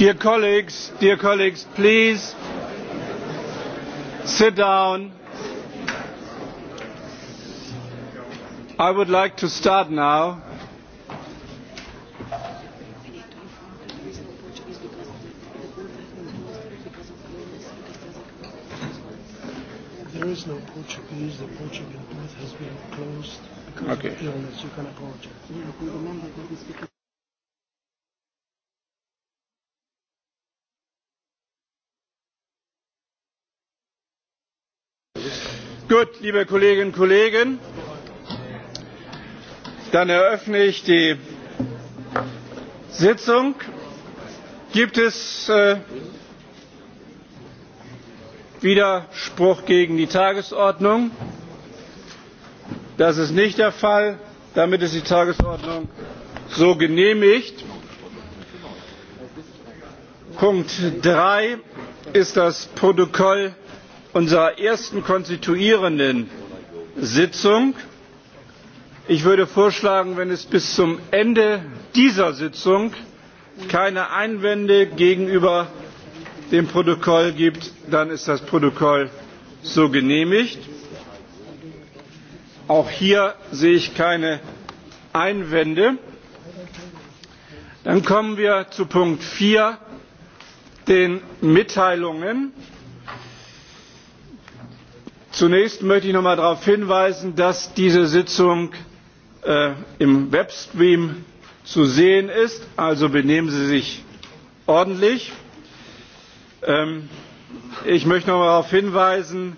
Dear colleagues, dear colleagues, please sit down. I would like to start now. There is no Portuguese. The Portuguese booth has been closed because okay. of illness. You can apologize. Gut, liebe Kolleginnen und Kollegen, dann eröffne ich die Sitzung. Gibt es äh, Widerspruch gegen die Tagesordnung? Das ist nicht der Fall. Damit ist die Tagesordnung so genehmigt. Punkt 3 ist das Protokoll unserer ersten konstituierenden sitzung. ich würde vorschlagen wenn es bis zum ende dieser sitzung keine einwände gegenüber dem protokoll gibt dann ist das protokoll so genehmigt. auch hier sehe ich keine einwände. dann kommen wir zu punkt vier den mitteilungen zunächst möchte ich noch einmal darauf hinweisen dass diese sitzung äh, im webstream zu sehen ist also benehmen sie sich ordentlich. Ähm, ich möchte noch einmal darauf hinweisen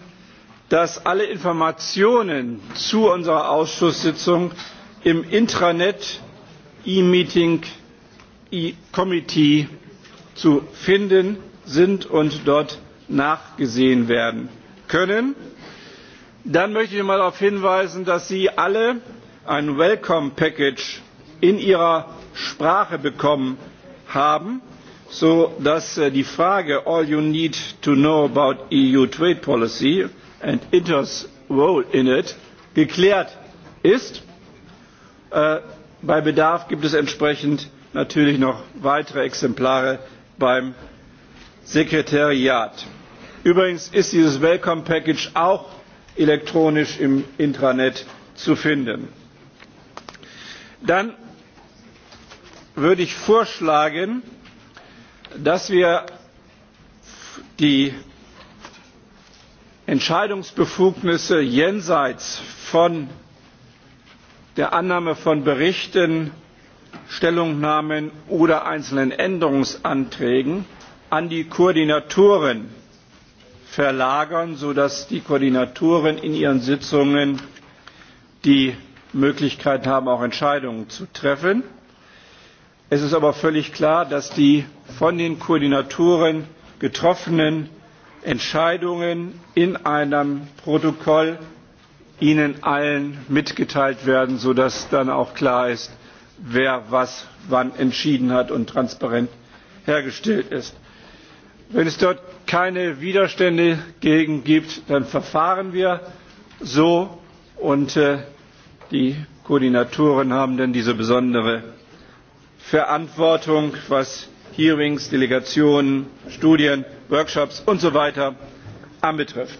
dass alle informationen zu unserer ausschusssitzung im intranet e meeting e committee zu finden sind und dort nachgesehen werden können dann möchte ich noch einmal darauf hinweisen dass sie alle ein welcome package in ihrer sprache bekommen haben sodass äh, die frage all you need to know about eu trade policy and inter's role in it geklärt ist. Äh, bei bedarf gibt es entsprechend natürlich noch weitere exemplare beim sekretariat. übrigens ist dieses welcome package auch elektronisch im Intranet zu finden. Dann würde ich vorschlagen, dass wir die Entscheidungsbefugnisse jenseits von der Annahme von Berichten, Stellungnahmen oder einzelnen Änderungsanträgen an die Koordinatoren verlagern, sodass die Koordinatoren in ihren Sitzungen die Möglichkeit haben, auch Entscheidungen zu treffen. Es ist aber völlig klar, dass die von den Koordinatoren getroffenen Entscheidungen in einem Protokoll Ihnen allen mitgeteilt werden, sodass dann auch klar ist, wer was wann entschieden hat und transparent hergestellt ist wenn es dort keine widerstände gegen gibt dann verfahren wir so und äh, die koordinatoren haben dann diese besondere verantwortung was hearings delegationen studien workshops usw. So anbetrifft.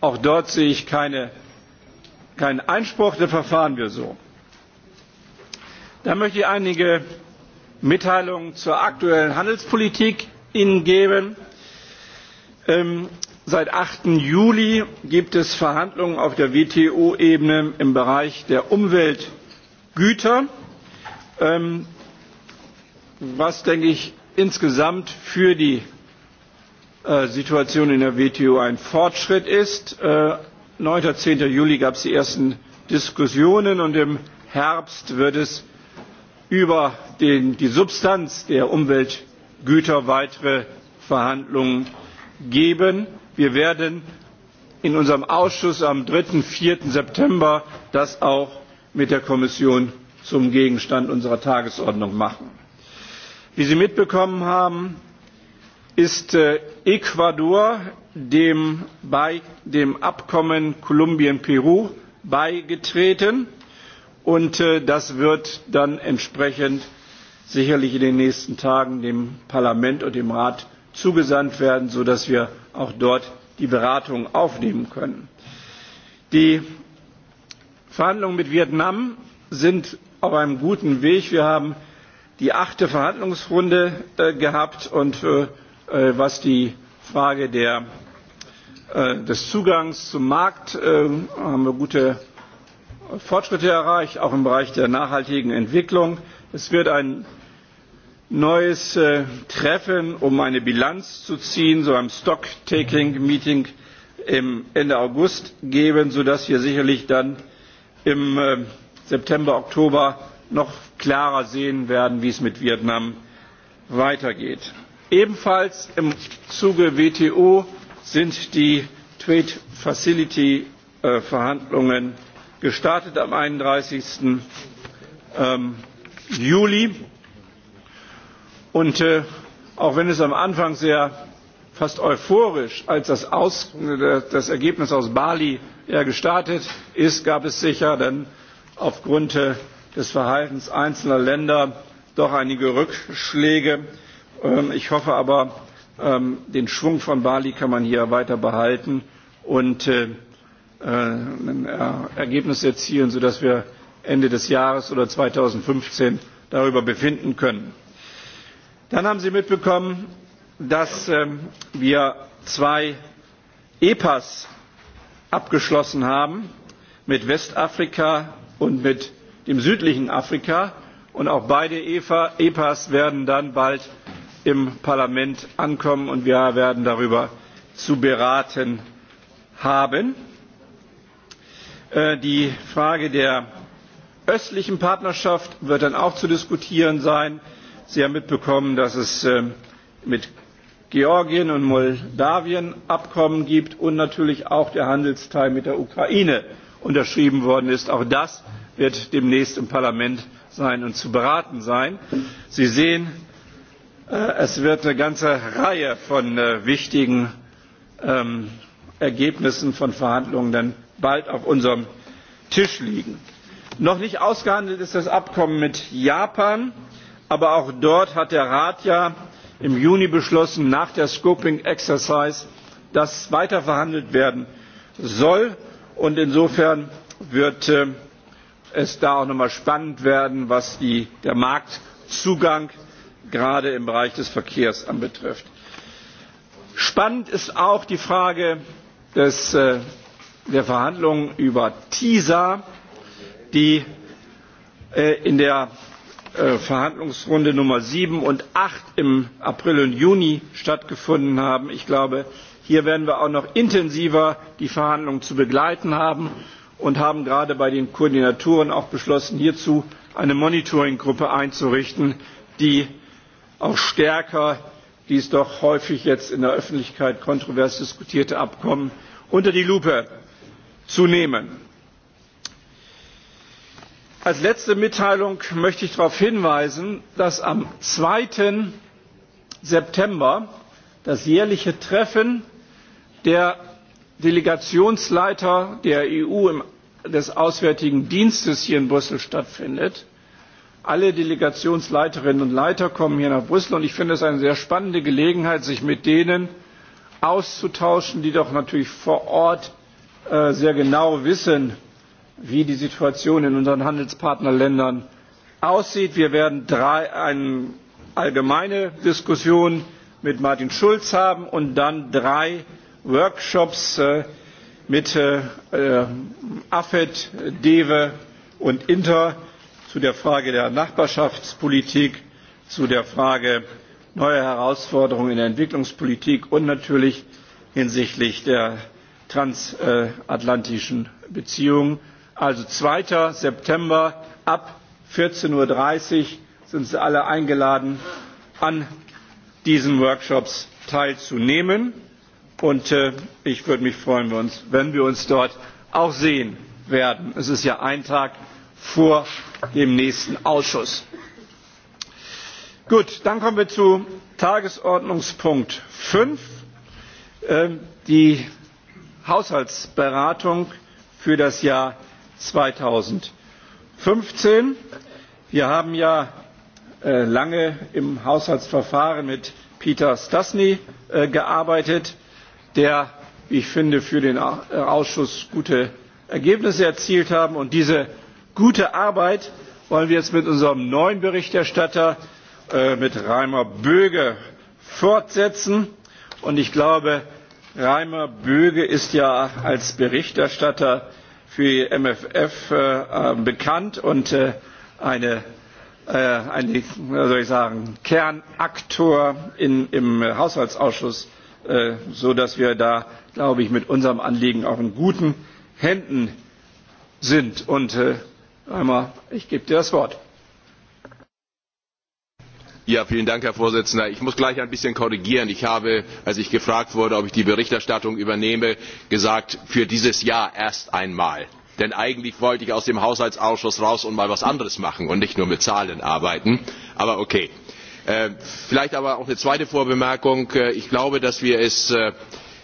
auch dort sehe ich keine, keinen einspruch da verfahren wir so. dann möchte ich einige mitteilung zur aktuellen handelspolitik ihnen geben. Ähm, seit. acht juli gibt es verhandlungen auf der wto ebene im bereich der umweltgüter ähm, was denke ich insgesamt für die äh, situation in der wto ein fortschritt ist. neun äh, zehn juli gab es die ersten diskussionen und im herbst wird es über die substanz der umweltgüter weitere verhandlungen geben. wir werden in unserem ausschuss am. drei vier september das auch mit der kommission zum gegenstand unserer tagesordnung machen. wie sie mitbekommen haben ist äh, ecuador dem abkommen kolumbien peru beigetreten und äh, das wird dann entsprechend sicherlich in den nächsten Tagen dem Parlament und dem Rat zugesandt werden, sodass wir auch dort die Beratung aufnehmen können. Die Verhandlungen mit Vietnam sind auf einem guten Weg. Wir haben die achte Verhandlungsrunde äh, gehabt und äh, äh was die Frage der, äh, des Zugangs zum Markt äh, haben wir gute fortschritte erreicht auch im bereich der nachhaltigen entwicklung. es wird ein neues äh, treffen um eine bilanz zu ziehen so ein stock taking meeting ende august geben sodass wir sicherlich dann im äh, september oktober noch klarer sehen werden wie es mit vietnam weitergeht. ebenfalls im zuge wto sind die trade facility äh, verhandlungen gestartet am. einunddreißig ähm, juli und äh, auch wenn es am anfang sehr fast euphorisch als das, aus, äh, das ergebnis aus bali ja, gestartet ist gab es sicher dann aufgrund äh, des verhaltens einzelner länder doch einige rückschläge. Ähm, ich hoffe aber ähm, den schwung von bali kann man hier weiter behalten und Äh, Ergebnis erzielen, sodass wir Ende des Jahres oder zweitausendfünfzehn darüber befinden können. Dann haben Sie mitbekommen, dass ähm, wir zwei epa abgeschlossen haben mit Westafrika und mit dem südlichen Afrika. Und auch beide epa werden dann bald im Parlament ankommen und wir werden darüber zu beraten haben. Äh, die frage der östlichen partnerschaft wird dann auch zu diskutieren sein. sie haben mitbekommen dass es ähm, mit georgien und moldawien abkommen gibt und natürlich auch der handelsteil mit der ukraine unterschrieben worden ist. auch das wird demnächst im parlament sein und zu beraten sein. sie sehen äh, es wird eine ganze reihe von äh, wichtigen ähm, ergebnissen von verhandlungen bald auf unserem tisch liegen. noch nicht ausgehandelt ist das abkommen mit japan aber auch dort hat der rat ja im juni beschlossen nach der scoping exercise dass weiter verhandelt werden soll und insofern wird äh, es da auch noch mal spannend werden was die, der marktzugang gerade im bereich des verkehrs anbetrifft. spannend ist auch die frage des äh, der Verhandlungen über TISA, die äh, in der äh, Verhandlungsrunde Nummer 7 und 8 im April und Juni stattgefunden haben. Ich glaube, hier werden wir auch noch intensiver die Verhandlungen zu begleiten haben und haben gerade bei den Koordinatoren auch beschlossen, hierzu eine Monitoringgruppe einzurichten, die auch stärker dies doch häufig jetzt in der Öffentlichkeit kontrovers diskutierte Abkommen unter die Lupe zu nehmen. als letzte mitteilung möchte ich darauf hinweisen dass am. zwei september das jährliche treffen der delegationsleiter der eu im, des auswärtigen dienstes hier in brüssel stattfindet. alle delegationsleiterinnen und leiter kommen hier nach brüssel und ich finde es eine sehr spannende gelegenheit sich mit denen auszutauschen die doch natürlich vor ort Äh, sehr genau wissen, wie die Situation in unseren Handelspartnerländern aussieht. Wir werden drei, eine allgemeine Diskussion mit Martin Schulz haben und dann drei Workshops äh, mit äh, AFET, DEWE und INTER zu der Frage der Nachbarschaftspolitik, zu der Frage neuer Herausforderungen in der Entwicklungspolitik und natürlich hinsichtlich der transatlantischen Beziehungen. Also 2. September ab 14.30 Uhr sind Sie alle eingeladen, an diesen Workshops teilzunehmen. Und äh, ich würde mich freuen, wir uns, wenn wir uns dort auch sehen werden. Es ist ja ein Tag vor dem nächsten Ausschuss. Gut, dann kommen wir zu Tagesordnungspunkt 5. Ähm, die haushaltsberatung für das jahr. zweitausendfünfzehn wir haben ja äh, lange im haushaltsverfahren mit peter stastny äh, gearbeitet der wie ich finde für den äh, ausschuss gute ergebnisse erzielt hat und diese gute arbeit wollen wir jetzt mit unserem neuen berichterstatter mit reimer böge fortsetzen und ich glaube reimer böge ist ja als berichterstatter für den mfr äh, äh, bekannt und äh, ein kernakteur im haushaltsausschuss sodass wir da glaube ich mit unserem anliegen auch in guten händen sind. reimer ich gebe dir das wort herr präsident! ich muss gleich ein bisschen korrigieren ich habe als ich gefragt wurde ob ich die berichterstattung übernehme gesagt für dieses jahr erst einmal denn eigentlich wollte ich aus dem haushaltsausschuss raus und mal etwas anderes machen und nicht nur mit zahlen arbeiten aber okay. Äh, vielleicht aber auch eine zweite vorbemerkung äh, ich glaube dass wir es äh,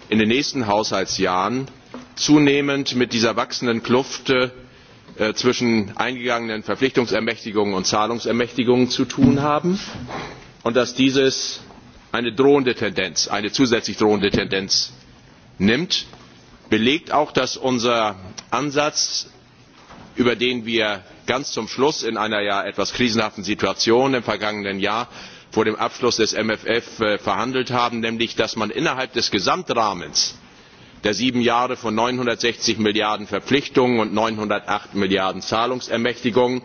in den nächsten haushaltsjahren zunehmend mit dieser wachsenden kluft Äh, zwischen eingegangenen verpflichtungsermächtigungen und zahlungsermächtigungen zu tun haben und dass dies eine drohende tendenz eine zusätzlich drohende tendenz nimmt belegt auch dass unser ansatz über den wir ganz zum schluss in einer ja etwas krisenhaften situation im vergangenen jahr vor dem abschluss des mfr äh, verhandelt haben nämlich dass man innerhalb des gesamtrahmens der sieben jahre von neunhundertsechzig milliarden verpflichtungen und neunhundertacht milliarden zahlungsermächtigungen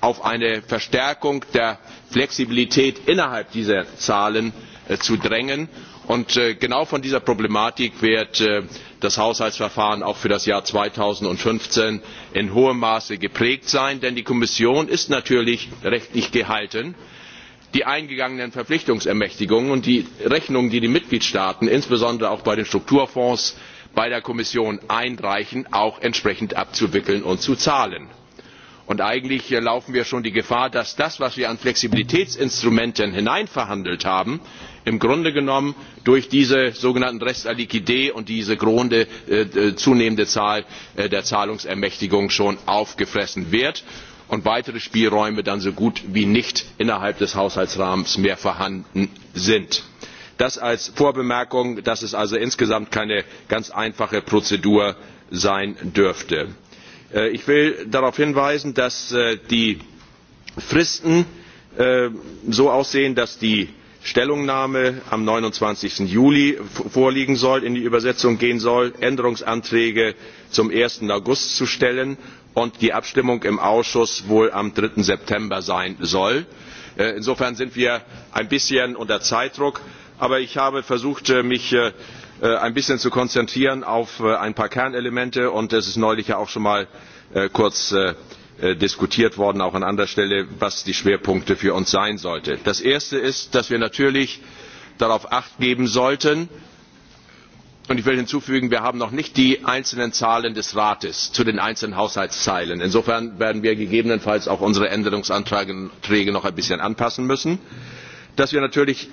auf eine verstärkung der flexibilität innerhalb dieser zahlen äh, zu drängen. Und äh, genau von dieser problematik wird äh, das haushaltsverfahren auch für das jahr zweitausendfünfzehn in hohem maße geprägt sein denn die kommission ist natürlich rechtlich gehalten die eingegangenen verpflichtungsermächtigungen und die rechnungen die die mitgliedstaaten insbesondere auch bei den strukturfonds bei der kommission einreichen auch entsprechend abzuwickeln und zu zahlen. Und eigentlich äh, laufen wir schon die gefahr dass das was wir an flexibilitätsinstrumenten hineinverhandelt haben im grunde genommen durch diese sogenannten reste liquider und diese drohende äh, äh, zunehmende zahl der zahlungsermächtigungen schon aufgefressen wird und weitere spielräume dann so gut wie nicht innerhalb des haushaltsrahmens mehr vorhanden sind das als vorbemerkung dass es also insgesamt keine ganz einfache prozedur sein dürfte. Äh, ich will darauf hinweisen dass äh, die fristen äh, so aussehen dass die stellungnahme am. neunundzwanzig juli vorliegen soll in die übersetzung gehen soll änderungsanträge zum. eins august zu stellen und die abstimmung im ausschuss wohl am. drei september sein soll. insofern sind wir ein bisschen unter zeitdruck aber ich habe versucht äh, mich äh, äh, ein bisschen zu konzentrieren auf ein paar kernelemente und es ist neulich ja auch schon mal kurz diskutiert worden auch an anderer stelle was die schwerpunkte für uns sein sollten. das erste ist dass wir natürlich darauf acht geben sollten und ich will hinzufügen wir haben noch nicht die einzelnen zahlen des rates zu den einzelnen haushaltszeilen. insofern werden wir gegebenenfalls auch unsere änderungsanträge noch ein bisschen anpassen müssen dass wir natürlich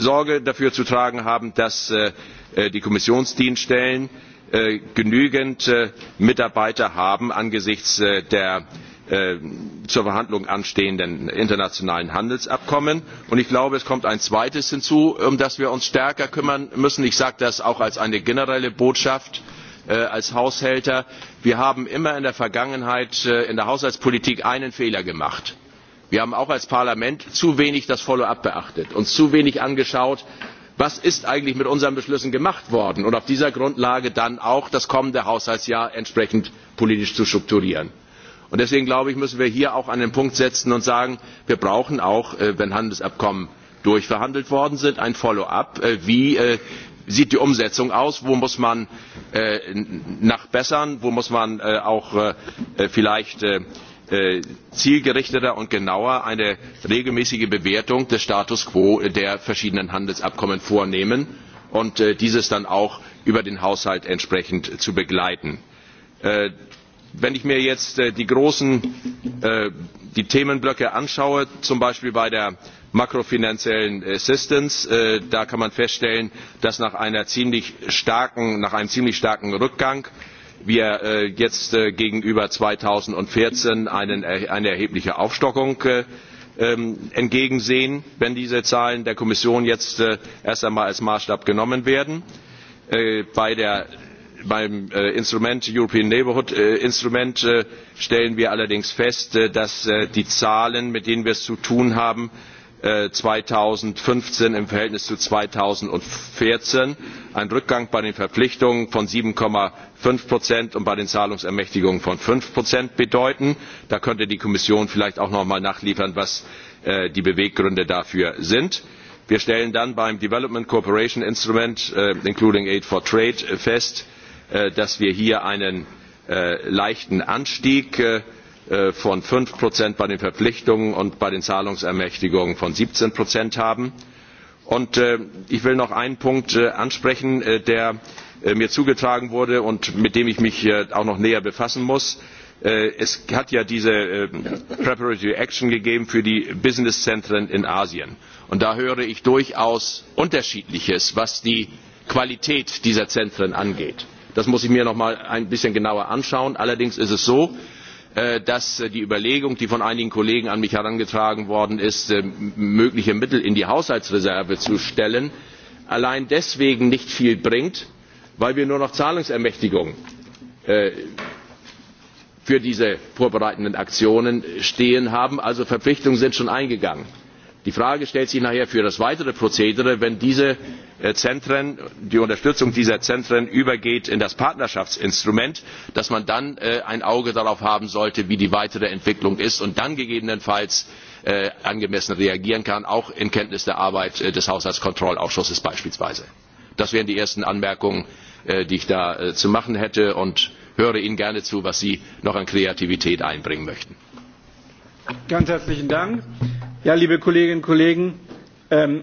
sorge dafür zu tragen haben dass äh, äh, die kommissionsdienststellen äh, genügend mitarbeiter haben angesichts der zur verhandlung anstehenden internationalen handelsabkommen. und ich glaube es kommt ein zweites hinzu um das wir uns stärker kümmern müssen ich sage das auch als eine generelle botschaft als haushälter wir haben immer in der vergangenheit in der haushaltspolitik einen fehler gemacht wir haben auch als parlament zu wenig das follow up beachtet uns zu wenig angeschaut was ist eigentlich mit unseren beschlüssen gemacht worden und auf dieser grundlage dann auch das kommende haushaltsjahr entsprechend politisch zu strukturieren. Und deswegen glaube ich müssen wir hier auch an den punkt setzen und sagen wir brauchen auch äh, wenn handelsabkommen durchverhandelt worden sind ein follow up äh, wie äh, sieht die umsetzung aus wo muss man nachbessern wo muss man auch vielleicht Äh, zielgerichteter und genauer eine regelmäßige bewertung des status quo der verschiedenen handelsabkommen vornehmen und äh, dieses dann auch über den haushalt entsprechend zu begleiten. Äh, wenn ich mir jetzt die großen die themenblöcke anschaue zum beispiel bei der makrofinanziellen assistance da kann man feststellen dass nach, nach einem ziemlich starken rückgang wir äh, jetzt äh, gegenüber zweitausendvierzehn er, eine erhebliche aufstockung äh, ähm, entgegensehen wenn diese zahlen der kommission jetzt erst einmal als maßstab genommen werden. beim instrument european neighbourhood instrument stellen wir allerdings fest dass die zahlen mit denen wir es zu tun haben Äh, zweitausendfünfzehn im verhältnis zu zweitausendvierzehn ein rückgang bei den verpflichtungen von sieben fünf und bei den zahlungsermächtigungen von fünf bedeuten. da könnte die kommission vielleicht auch noch einmal nachliefern was äh, die beweggründe dafür sind. wir stellen dann beim development cooperation instrument äh, including aid for trade fest dass wir hier einen leichten anstieg Äh, von fünf bei den verpflichtungen und bei den zahlungsermächtigungen von siebzehn haben. Und, äh, ich will noch einen punkt äh, ansprechen der mir zugetragen wurde und mit dem ich mich auch noch näher befassen muss es hat ja diese preparatory action gegeben für die businesszentren in asien und da höre ich durchaus unterschiedliches was die qualität dieser zentren angeht. das muss ich mir noch mal ein bisschen genauer anschauen. allerdings ist es so Äh, dass äh, die überlegung die von einigen kollegen an mich herangetragen worden ist äh, mögliche mittel in die haushaltsreserve zu stellen allein deswegen nicht viel bringt weil wir nur noch zahlungsermächtigungen für diese vorbereitenden aktionen stehen haben also verpflichtungen sind schon eingegangen die frage stellt sich nachher für das weitere prozedere wenn diese äh, zentren die unterstützung dieser zentren übergeht in das partnerschaftsinstrument dass man dann äh, ein auge darauf haben sollte wie die weitere entwicklung ist und dann gegebenenfalls äh, angemessen reagieren kann auch in kenntnis der arbeit des haushaltskontrollausschusses beispielsweise. das wären die ersten anmerkungen die ich da zu machen hätte und höre ihnen gerne zu was sie noch an kreativität einbringen möchten. ganz herzlichen dank! Ja, liebe Kolleginnen und Kollegen, ähm,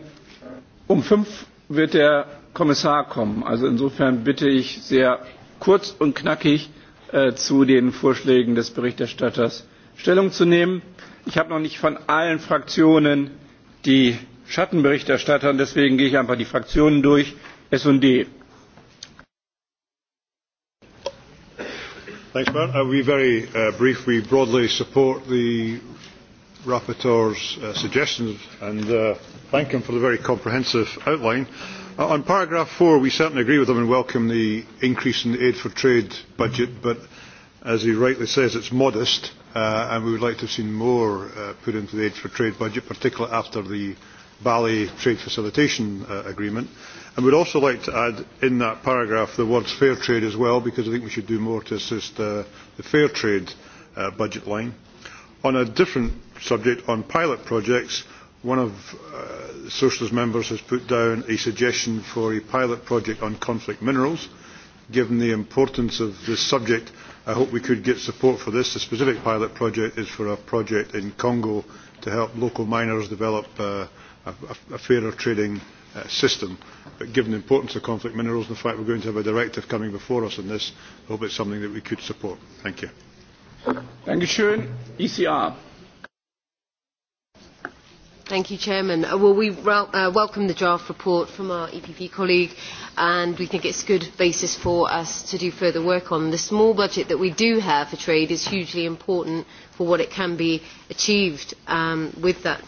um fünf uhr wird der Kommissar kommen. Also insofern bitte ich sehr kurz und knackig äh, zu den Vorschlägen des Berichterstatters Stellung zu nehmen. Ich habe noch nicht von allen Fraktionen die Schattenberichterstatter und deswegen gehe ich einfach die Fraktionen durch. S&D. Thanks, Bernd. I'll uh, be very uh, brief. We broadly support the rapporteur's uh, suggestions and uh, thank him for the very comprehensive outline. Uh, on paragraph four, we certainly agree with him and welcome the increase in the aid for trade budget, but as he rightly says, it's modest, uh, and we would like to have seen more uh, put into the aid for trade budget, particularly after the Bali trade facilitation uh, agreement. And we'd also like to add in that paragraph the words fair trade as well, because I think we should do more to assist uh, the fair trade uh, budget line. On a different subject on pilot projects, one of uh, the Socialist members has put down a suggestion for a pilot project on conflict minerals. Given the importance of this subject, I hope we could get support for this. The specific pilot project is for a project in Congo to help local miners develop uh, a, a fairer trading uh, system. But given the importance of conflict minerals, and the fact we're going to have a directive coming before us on this, I hope it's something that we could support. Thank you. Thank you. ECR. Thank you, Chairman. Uh, we uh, welcome the draft report from our EPP colleague, and we think it's a good basis for us to do further work on. The small budget that we do have for trade is hugely important for what it can be achieved um, with that.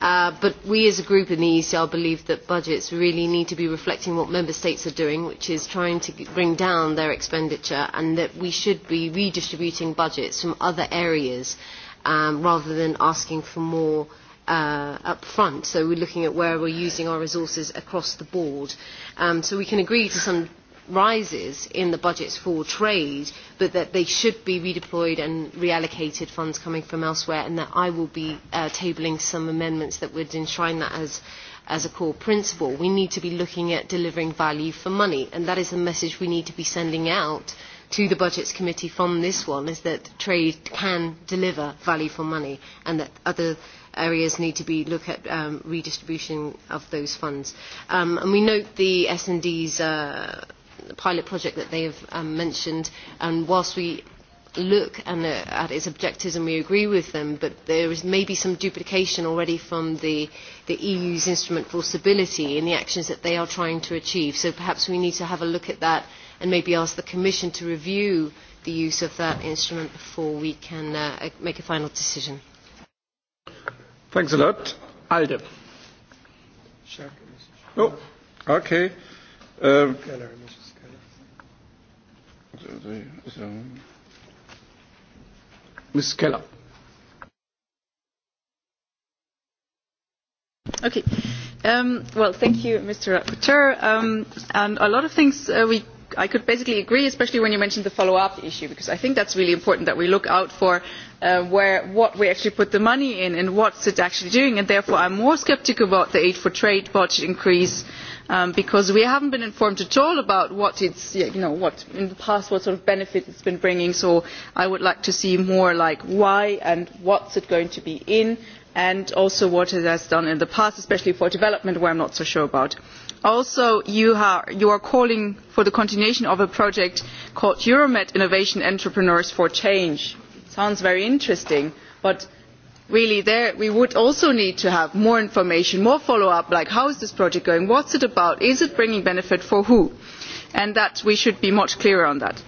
Uh, but we as a group in the ECR believe that budgets really need to be reflecting what member states are doing, which is trying to bring down their expenditure, and that we should be redistributing budgets from other areas um, rather than asking for more uh, up front. So we're looking at where we're using our resources across the board. Um, so we can agree to some rises in the budgets for trade, but that they should be redeployed and reallocated funds coming from elsewhere, and that I will be uh, tabling some amendments that would enshrine that as as a core principle. We need to be looking at delivering value for money, and that is the message we need to be sending out to the Budgets Committee from this one, is that trade can deliver value for money, and that other areas need to be look at um, redistribution of those funds. Um, and we note the S&D's uh, pilot project that they have um, mentioned, and whilst we look and, uh, at its objectives and we agree with them, but there is maybe some duplication already from the, the EU's instrument for stability in the actions that they are trying to achieve. So perhaps we need to have a look at that and maybe ask the Commission to review the use of that instrument before we can uh, make a final decision. Thanks a lot. Alde. Oh, okay. Um, Ms. Keller. Okay. Um, well, thank you, Mr. Rapporteur. Um, and a lot of things uh, we i could basically agree especially when you mentioned the follow up issue because i think it is really important that we look out for uh, where, what we actually put the money in and what it is actually doing and therefore i am more sceptical about the aid for trade budget increase um, because we have not been informed at all about what, you know, what in the past what sort of benefit it has been bringing so i would like to see more like why and what it is going to be in and also what it has done in the past especially for development where i am not so sure about. also you are, calling for the continuation of a project called euromed innovation entrepreneurs for change. it sounds very interesting but really there we would also need to have more information more follow up like how is this project going what is it about is it bringing benefit for who and that we should be much clearer on that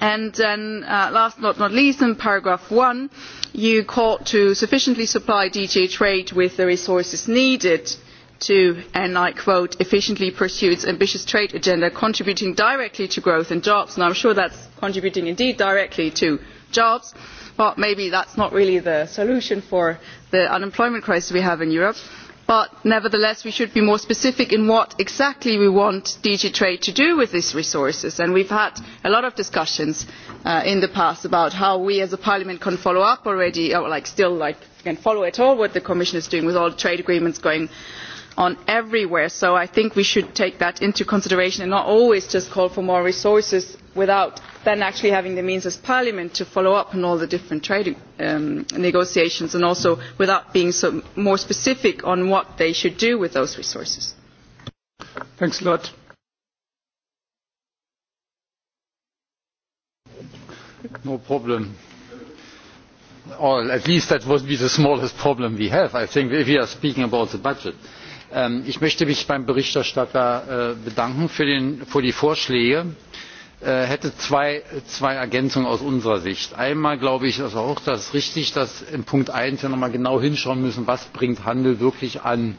and then uh, last but not least in paragraph one you call to sufficiently supply dg trade with the resources needed to and i quote efficiently pursue its ambitious trade agenda contributing directly to growth and jobs and i am sure that is contributing indeed directly to jobs but maybe that is not really the solution for the unemployment crisis we have in europe but nevertheless we should be more specific in what exactly we want dg trade to do with these resources and we have had a lot of discussions uh, in the past about how we as a parliament can follow up already or like, still like, can follow at all what the commission is doing with all the trade agreements going on everywhere so i think we should take that into consideration and not always just call for more resources without then actually having the means as Parliament to follow up on all the different trade um, negotiations and also without being so more specific on what they should do with those resources. Thanks a lot. No problem. Or at least that would be the smallest problem we have, I think, if we are speaking about the budget um, ich möchte mich beim berichterstatter äh, bedanken für, den, für die vorschläge Äh, hätte zwei ergänzungen aus unserer sicht einmal glaube ich ist auch das richtig dass wir in punkt eins noch einmal genau hinschauen müssen was bringt handel wirklich an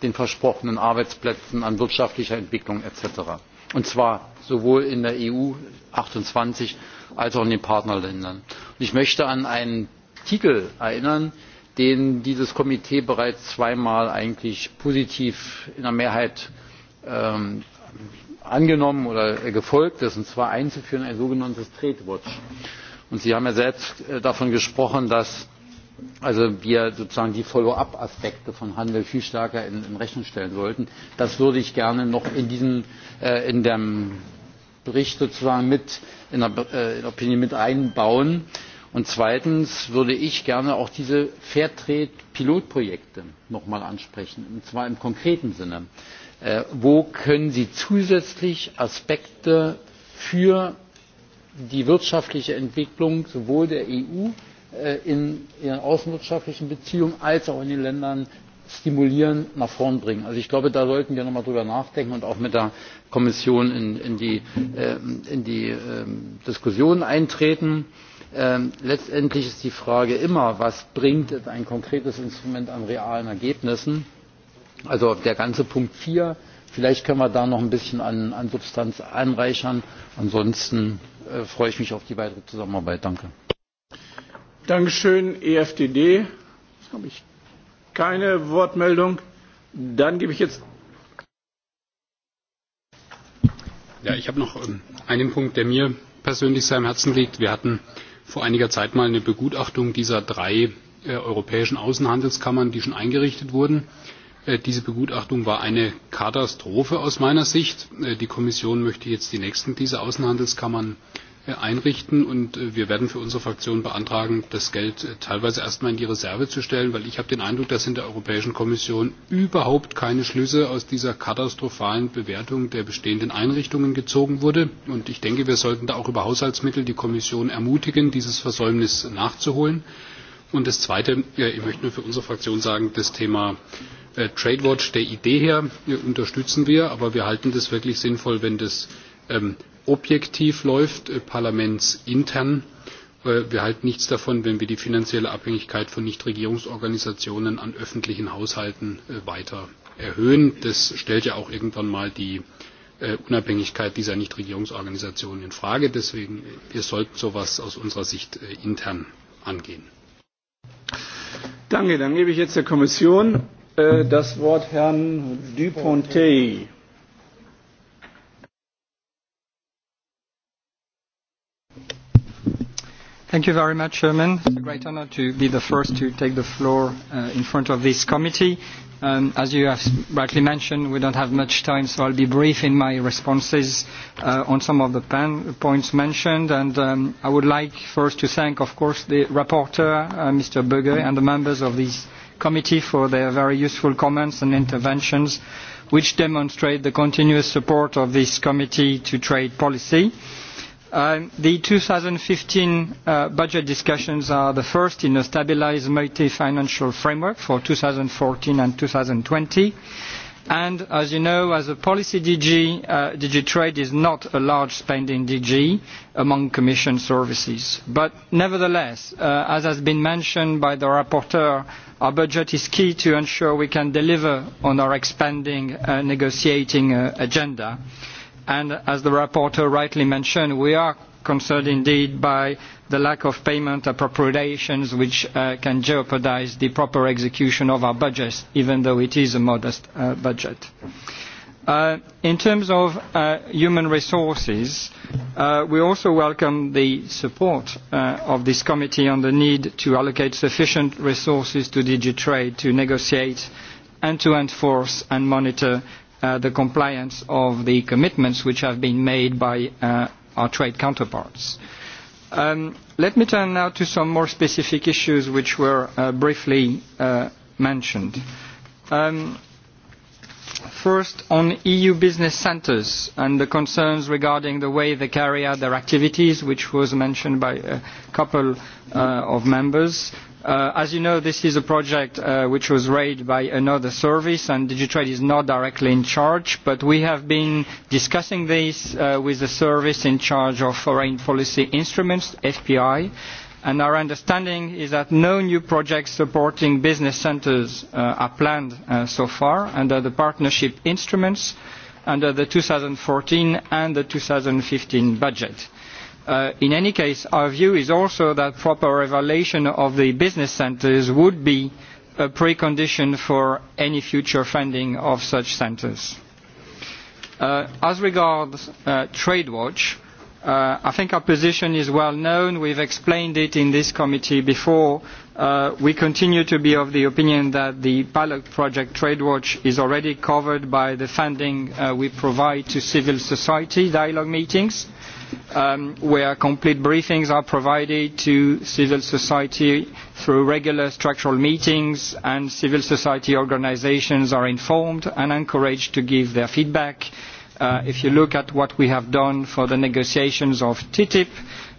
den versprochenen arbeitsplätzen an wirtschaftlicher entwicklung etc. und zwar sowohl in der eu achtundzwanzig als auch in den partnerländern. ich möchte an einen titel erinnern den dieses komitee bereits zweimal eigentlich positiv in der mehrheit ähm, angenommen oder gefolgt ist und zwar einzuführen ein sogenanntes trade watch. Und sie haben ja selbst äh, davon gesprochen dass wir sozusagen die follow up aspekte von handel viel stärker in, rechnung stellen sollten. das würde ich gerne noch in diesem äh, in dem bericht sozusagen mit äh, in der, opinion mit einbauen. und zweitens würde ich gerne auch diese fair trade pilotprojekte noch mal ansprechen und zwar im konkreten sinne Äh, wo können sie zusätzlich aspekte für die wirtschaftliche entwicklung sowohl der eu äh, in ihren außenwirtschaftlichen beziehungen als auch in den ländern stimulieren nach vorn bringen? ich glaube da sollten wir noch einmal drüber nachdenken und auch mit der kommission in die ähm, ähm, diskussion eintreten. Ähm, letztendlich ist die frage immer was bringt ein konkretes instrument an realen ergebnissen? also der ganze punkt vier vielleicht können wir da noch ein bisschen an substanz anreichern. ansonsten äh, freue ich mich auf die weitere zusammenarbeit. danke! dankeschön efdd habe ich keine wortmeldung. dann gebe ich jetzt ja ich habe noch ähm, einen punkt der mir persönlich sehr am herzen liegt. wir hatten vor einiger zeit mal eine begutachtung dieser drei äh, europäischen außenhandelskammern die schon eingerichtet wurden Äh, diese Begutachtung war eine Katastrophe aus meiner Sicht. Äh, die Kommission möchte jetzt die nächsten dieser Außenhandelskammern äh, einrichten und wir werden für unsere Fraktion beantragen, das Geld teilweise erstmal in die Reserve zu stellen, weil ich habe den Eindruck, dass in der Europäischen Kommission überhaupt keine Schlüsse aus dieser katastrophalen Bewertung der bestehenden Einrichtungen gezogen wurde. Und ich denke, wir sollten da auch über Haushaltsmittel die Kommission ermutigen, dieses Versäumnis nachzuholen. Und das Zweite, ich möchte nur für unsere Fraktion sagen, das Thema Äh, Trade Watch der Idee her äh, unterstützen wir, aber wir halten das wirklich sinnvoll, wenn das ähm, objektiv läuft, äh, parlamentsintern. Äh, wir halten nichts davon, wenn wir die finanzielle Abhängigkeit von Nichtregierungsorganisationen an öffentlichen Haushalten äh, weiter erhöhen. Das stellt ja auch irgendwann mal die äh, Unabhängigkeit dieser Nichtregierungsorganisationen in Frage. Deswegen, äh, wir sollten sowas aus unserer Sicht äh, intern angehen. Danke, dann gebe ich jetzt der Kommission Äh, das Wort Herrn Dupontet. Thank you very much, Chairman. It's a great honor to be the first to take the floor uh, in front of this committee. Um, as you have rightly mentioned, we don't have much time, so I'll be brief in my responses uh, on some of the pan points mentioned. And um, I would like first to thank, of course, the rapporteur, uh, Mr. Böge, and the members of this committee for their very useful comments and interventions which demonstrate the continuous support of this committee to trade policy. Um, the 2015 uh, budget discussions are the first in a stabilised multi-financial framework for 2014 and 2020 and as you know as a policy dg uh, dg trade is not a large spending dg among commission services but nevertheless uh, as has been mentioned by the rapporteur our budget is key to ensure we can deliver on our expanding uh, negotiating uh, agenda and as the rapporteur rightly mentioned we are concerned indeed by the lack of payment appropriations which uh, can jeopardise the proper execution of our budget, even though it is a modest uh, budget. Uh, in terms of uh, human resources, uh, we also welcome the support uh, of this committee on the need to allocate sufficient resources to DigiTrade to negotiate and to enforce and monitor the compliance of the commitments which have been made by our trade counterparts. Um, let me turn now to some more specific issues which were uh, briefly uh, mentioned. Um, first, on EU business centres and the concerns regarding the way they carry out their activities, which was mentioned by a couple uh, of members. Uh, as you know, this is a project uh, which was raised by another service, and Digitrade is not directly in charge, but we have been discussing this uh, with the service in charge of foreign policy instruments, FPI, and our understanding is that no new projects supporting business centres uh, are planned uh, so far under the partnership instruments under the 2014 and the 2015 budget Uh, in any case, our view is also that proper evaluation of the business centres would be a precondition for any future funding of such centres. Uh, as regards Trade uh, TradeWatch, I think our position is well known. We've explained it in this committee before. we continue to be of the opinion that the pilot project TradeWatch is already covered by the funding we provide to civil society dialogue meetings um, where complete briefings are provided to civil society through regular structural meetings and civil society organisations are informed and encouraged to give their feedback. Uh, if you look at what we have done for the negotiations of TTIP,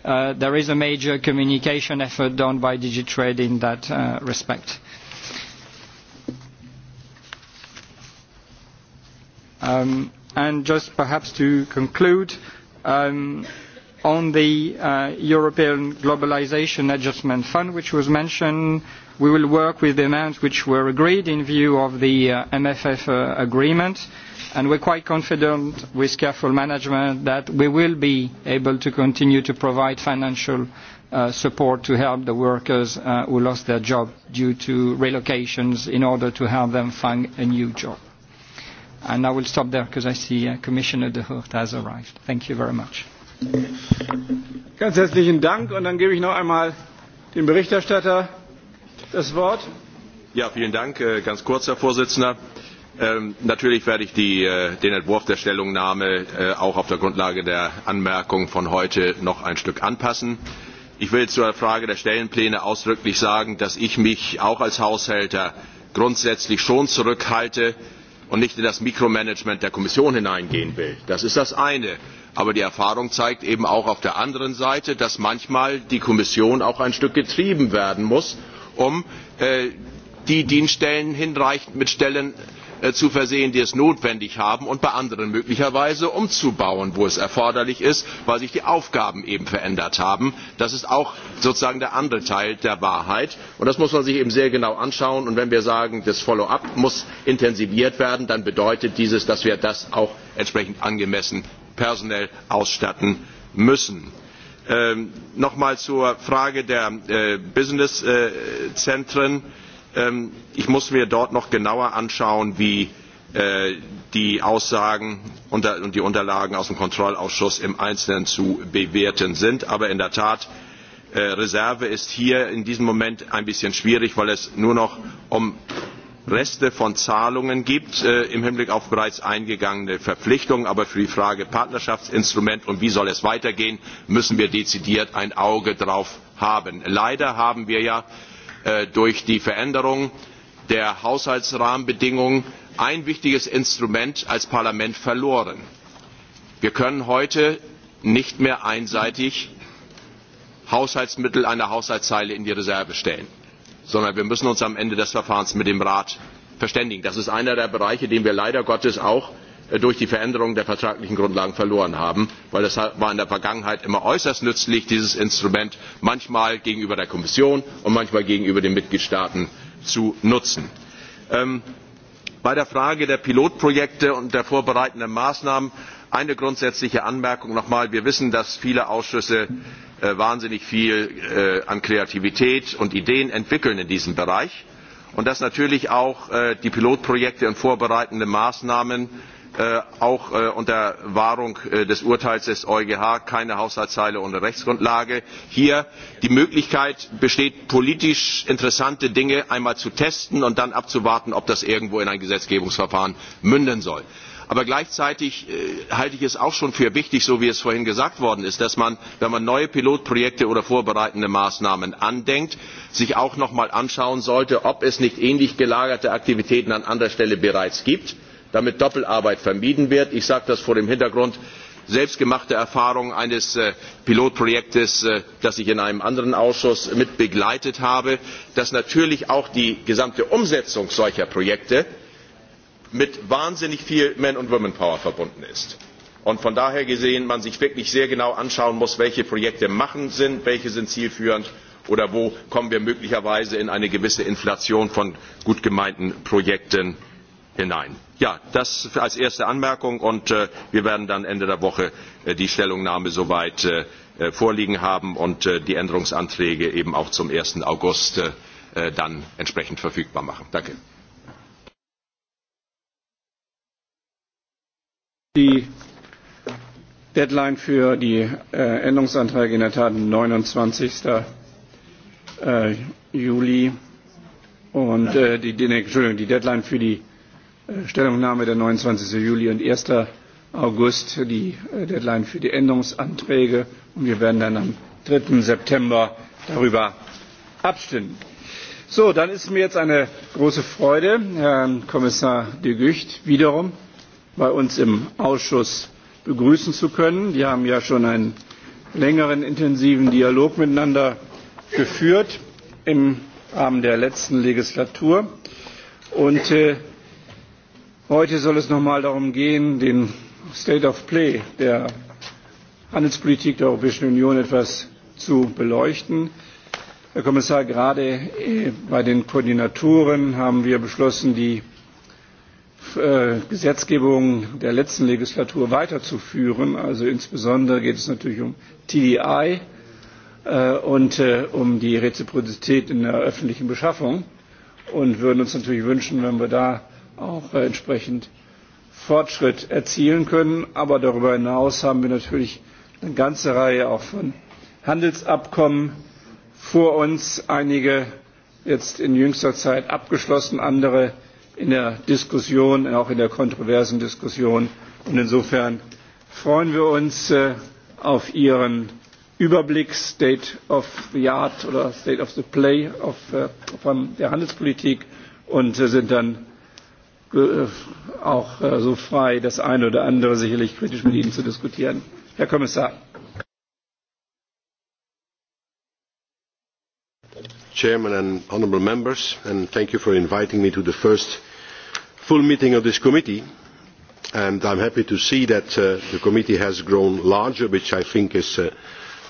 uh, there is a major communication effort done by DigiTrade in that uh, respect. Um, and just perhaps to conclude, uh, Um, on the uh, European Globalisation Adjustment Fund, which was mentioned, we will work with the amounts which were agreed in view of the uh, MFF uh, agreement, and we're quite confident with careful management that we will be able to continue to provide financial uh, support to help the workers uh, who lost their job due to relocations in order to help them find a new job. And I will stop there because I see uh, Commissioner de Hoogt has arrived. Thank you very much. Ganz herzlichen Dank und dann gebe ich noch einmal dem Berichterstatter das Wort. Ja, vielen Dank. Äh, ganz kurz, Herr Vorsitzender. Ähm, natürlich werde ich die, äh, den Entwurf der Stellungnahme äh, auch auf der Grundlage der Anmerkung von heute noch ein Stück anpassen. Ich will zur Frage der Stellenpläne ausdrücklich sagen, dass ich mich auch als Haushälter grundsätzlich schon zurückhalte, und nicht in das Mikromanagement der Kommission hineingehen will. Das ist das eine. Aber die Erfahrung zeigt eben auch auf der anderen Seite, dass manchmal die Kommission auch ein Stück getrieben werden muss, um äh, die Dienststellen hinreichend mit Stellen Äh, zu versehen die es notwendig haben und bei anderen möglicherweise umzubauen wo es erforderlich ist weil sich die aufgaben eben verändert haben. das ist auch sozusagen der andere teil der wahrheit und das muss man sich eben sehr genau anschauen. und wenn wir sagen das follow up muss intensiviert werden dann bedeutet dies dass wir das auch entsprechend angemessen personell ausstatten müssen. Ähm, noch zur frage der äh, business äh, zentren Ähm, ich muss mir dort noch genauer anschauen wie äh, die aussagen da, und die unterlagen aus dem kontrollausschuss im einzelnen zu bewerten sind. aber in der tat äh, reserve ist hier in diesem moment ein bisschen schwierig weil es nur noch um reste von zahlungen geht äh, im hinblick auf bereits eingegangene verpflichtungen. aber für die frage partnerschaftsinstrument und wie soll es weitergehen müssen wir dezidiert ein auge darauf haben. leider haben wir ja Äh, durch die veränderung der haushaltsrahmenbedingungen ein wichtiges instrument als parlament verloren. wir können heute nicht mehr einseitig haushaltsmittel einer haushaltszeile in die reserve stellen sondern wir müssen uns am ende des verfahrens mit dem rat verständigen. das ist einer der bereiche den wir leider gottes auch Äh, durch die Veränderung der vertraglichen Grundlagen verloren haben, weil das war in der Vergangenheit immer äußerst nützlich, dieses Instrument manchmal gegenüber der Kommission und manchmal gegenüber den Mitgliedstaaten zu nutzen. Ähm, bei der Frage der Pilotprojekte und der vorbereitenden Maßnahmen eine grundsätzliche Anmerkung nochmal. Wir wissen, dass viele Ausschüsse äh, wahnsinnig viel äh, an Kreativität und Ideen entwickeln in diesem Bereich und dass natürlich auch äh, die Pilotprojekte und vorbereitende Maßnahmen Äh, auch äh, unter wahrung äh, des urteils des eugh keine haushaltszeile ohne rechtsgrundlage. hier die möglichkeit besteht politisch interessante dinge einmal zu testen und dann abzuwarten ob das irgendwo in ein gesetzgebungsverfahren münden soll. aber gleichzeitig halte ich es auch schon für wichtig so wie es vorhin gesagt worden ist dass man wenn man neue pilotprojekte oder vorbereitende maßnahmen andenkt sich auch noch einmal anschauen sollte ob es nicht ähnlich gelagerte aktivitäten an anderer stelle bereits gibt damit doppelarbeit vermieden wird. ich sage das vor dem hintergrund selbstgemachter erfahrungen eines äh, pilotprojekts äh, das ich in einem anderen ausschuss mit begleitet habe dass natürlich auch die gesamte umsetzung solcher projekte mit wahnsinnig viel man und woman power verbunden ist. Und von daher gesehen man sich wirklich sehr genau anschauen muss welche projekte machen sinn welche sind zielführend oder wo kommen wir möglicherweise in eine gewisse inflation von gut gemeinten projekten hinein. Ja, das als erste Anmerkung und äh, wir werden dann Ende der Woche äh, die Stellungnahme soweit äh, äh vorliegen haben und äh, die Änderungsanträge eben auch zum 1. August äh, äh, dann entsprechend verfügbar machen. Danke. Die Deadline für die äh, Änderungsanträge in der Tat 29. Äh, Juli und äh, die, die, Entschuldigung, die Deadline für die Stellungnahme der 29. Juli und 1. August die äh, Deadline für die Änderungsanträge und wir werden dann am 3. September darüber abstimmen. So, dann ist mir jetzt eine große Freude, Herrn Kommissar de Gucht wiederum bei uns im Ausschuss begrüßen zu können. Wir haben ja schon einen längeren, intensiven Dialog miteinander geführt im Rahmen der letzten Legislatur. Und äh, Heute soll es nochmal darum gehen, den State of Play der Handelspolitik der Europäischen Union etwas zu beleuchten. Herr Kommissar, gerade äh, bei den Koordinatoren haben wir beschlossen, die äh, Gesetzgebung der letzten Legislatur weiterzuführen. Also insbesondere geht es natürlich um TDI äh, und um die Reziprozität in der öffentlichen Beschaffung und würden uns natürlich wünschen, wenn wir da auch entsprechend Fortschritt erzielen können. Aber darüber hinaus haben wir natürlich eine ganze Reihe auch von Handelsabkommen vor uns, einige jetzt in jüngster Zeit abgeschlossen, andere in der Diskussion, auch in der kontroversen Diskussion. Und insofern freuen wir uns äh, auf Ihren Überblick, State of the Art oder State of the Play of, äh, von der Handelspolitik und äh, sind dann Äh, auch äh, so frei, das eine oder andere sicherlich kritisch mit Ihnen zu diskutieren. Herr Kommissar. Chairman and honourable members, and thank you for inviting me to the first full meeting of this committee. And I'm happy to see that uh, the committee has grown larger, which I think is uh,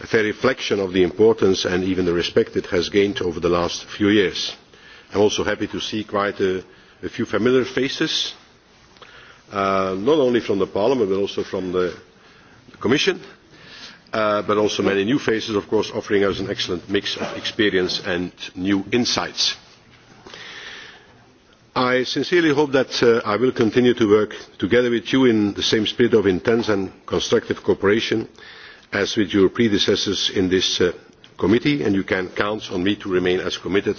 a fair reflection of the importance and even the respect it has gained over the last few years. I'm also happy to see quite a a few familiar faces, uh, not only from the Parliament but also from the, the Commission, uh, but also many new faces, of course, offering us an excellent mix of experience and new insights. I sincerely hope that uh, I will continue to work together with you in the same spirit of intense and constructive cooperation as with your predecessors in this uh, committee, and you can count on me to remain as committed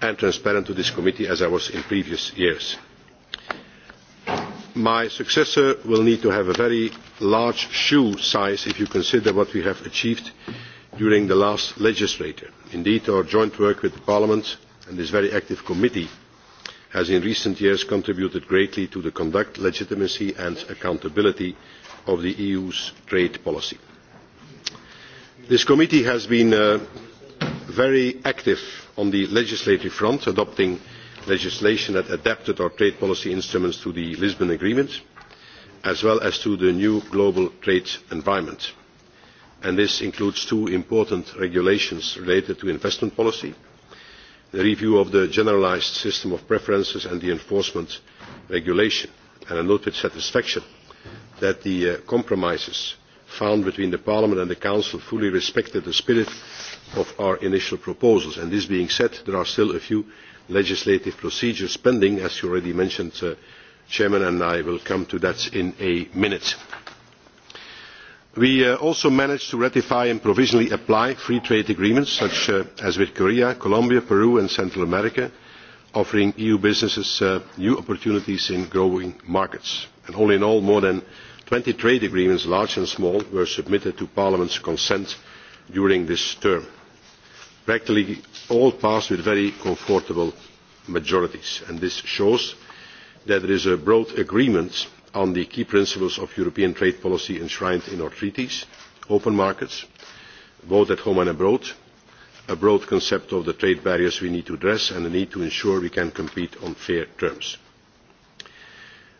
and transparent to this committee as i was in previous years. my successor will need to have a very large shoe size if you consider what we have achieved during the last legislature. indeed our joint work with parliament and this very active committee has in recent years contributed greatly to the conduct legitimacy and accountability of the eu's trade policy. this committee has been uh, very active on the legislative front adopting legislation that adapted our trade policy instruments to the lisbon agreement as well as to the new global trade environment and this includes two important regulations related to investment policy the review of the generalised system of preferences and the enforcement regulation and i note with satisfaction that the uh, compromises found between parliament and the council fully respected the spirit of our initial proposals. And this being said there are still a few legislative procedures pending as you already mentioned uh, chairman and i will come to that in a minute. we uh, also managed to ratify and provisionally apply free trade agreements such uh, as with korea colombia peru and central america offering eu businesses new opportunities in growing markets. And all in all more than twenty trade agreements large and small were submitted to parliament's consent during this term. practically all passed with very comfortable majorities and this shows that there is a broad agreement on the key principles of european trade policy enshrined in our treaties open markets both at home and abroad a broad concept of the trade barriers we need to address and the need to ensure we can compete on fair terms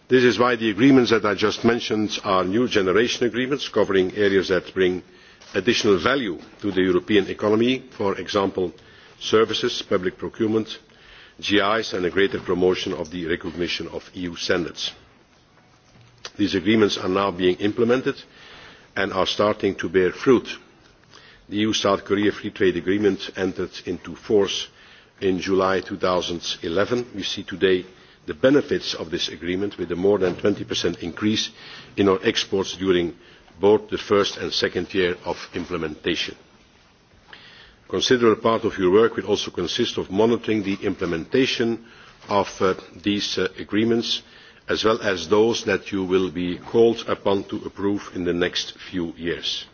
this is why the agreements that i just mentioned are new generation agreements covering areas that bring additional value to the european economy for example services public procurement gis and a greater promotion of the recognition of eu standards. these agreements are now being implemented and are starting to bear fruit. the eu south korea free trade agreement entered into force in july two thousand and eleven we see today the benefits of this agreement with a more than 20% increase in our exports during both the first and second year of implementation. A considerable part of your work will also consist of monitoring the implementation of uh, these uh, agreements as well as those that you will be called upon to approve in the next few years.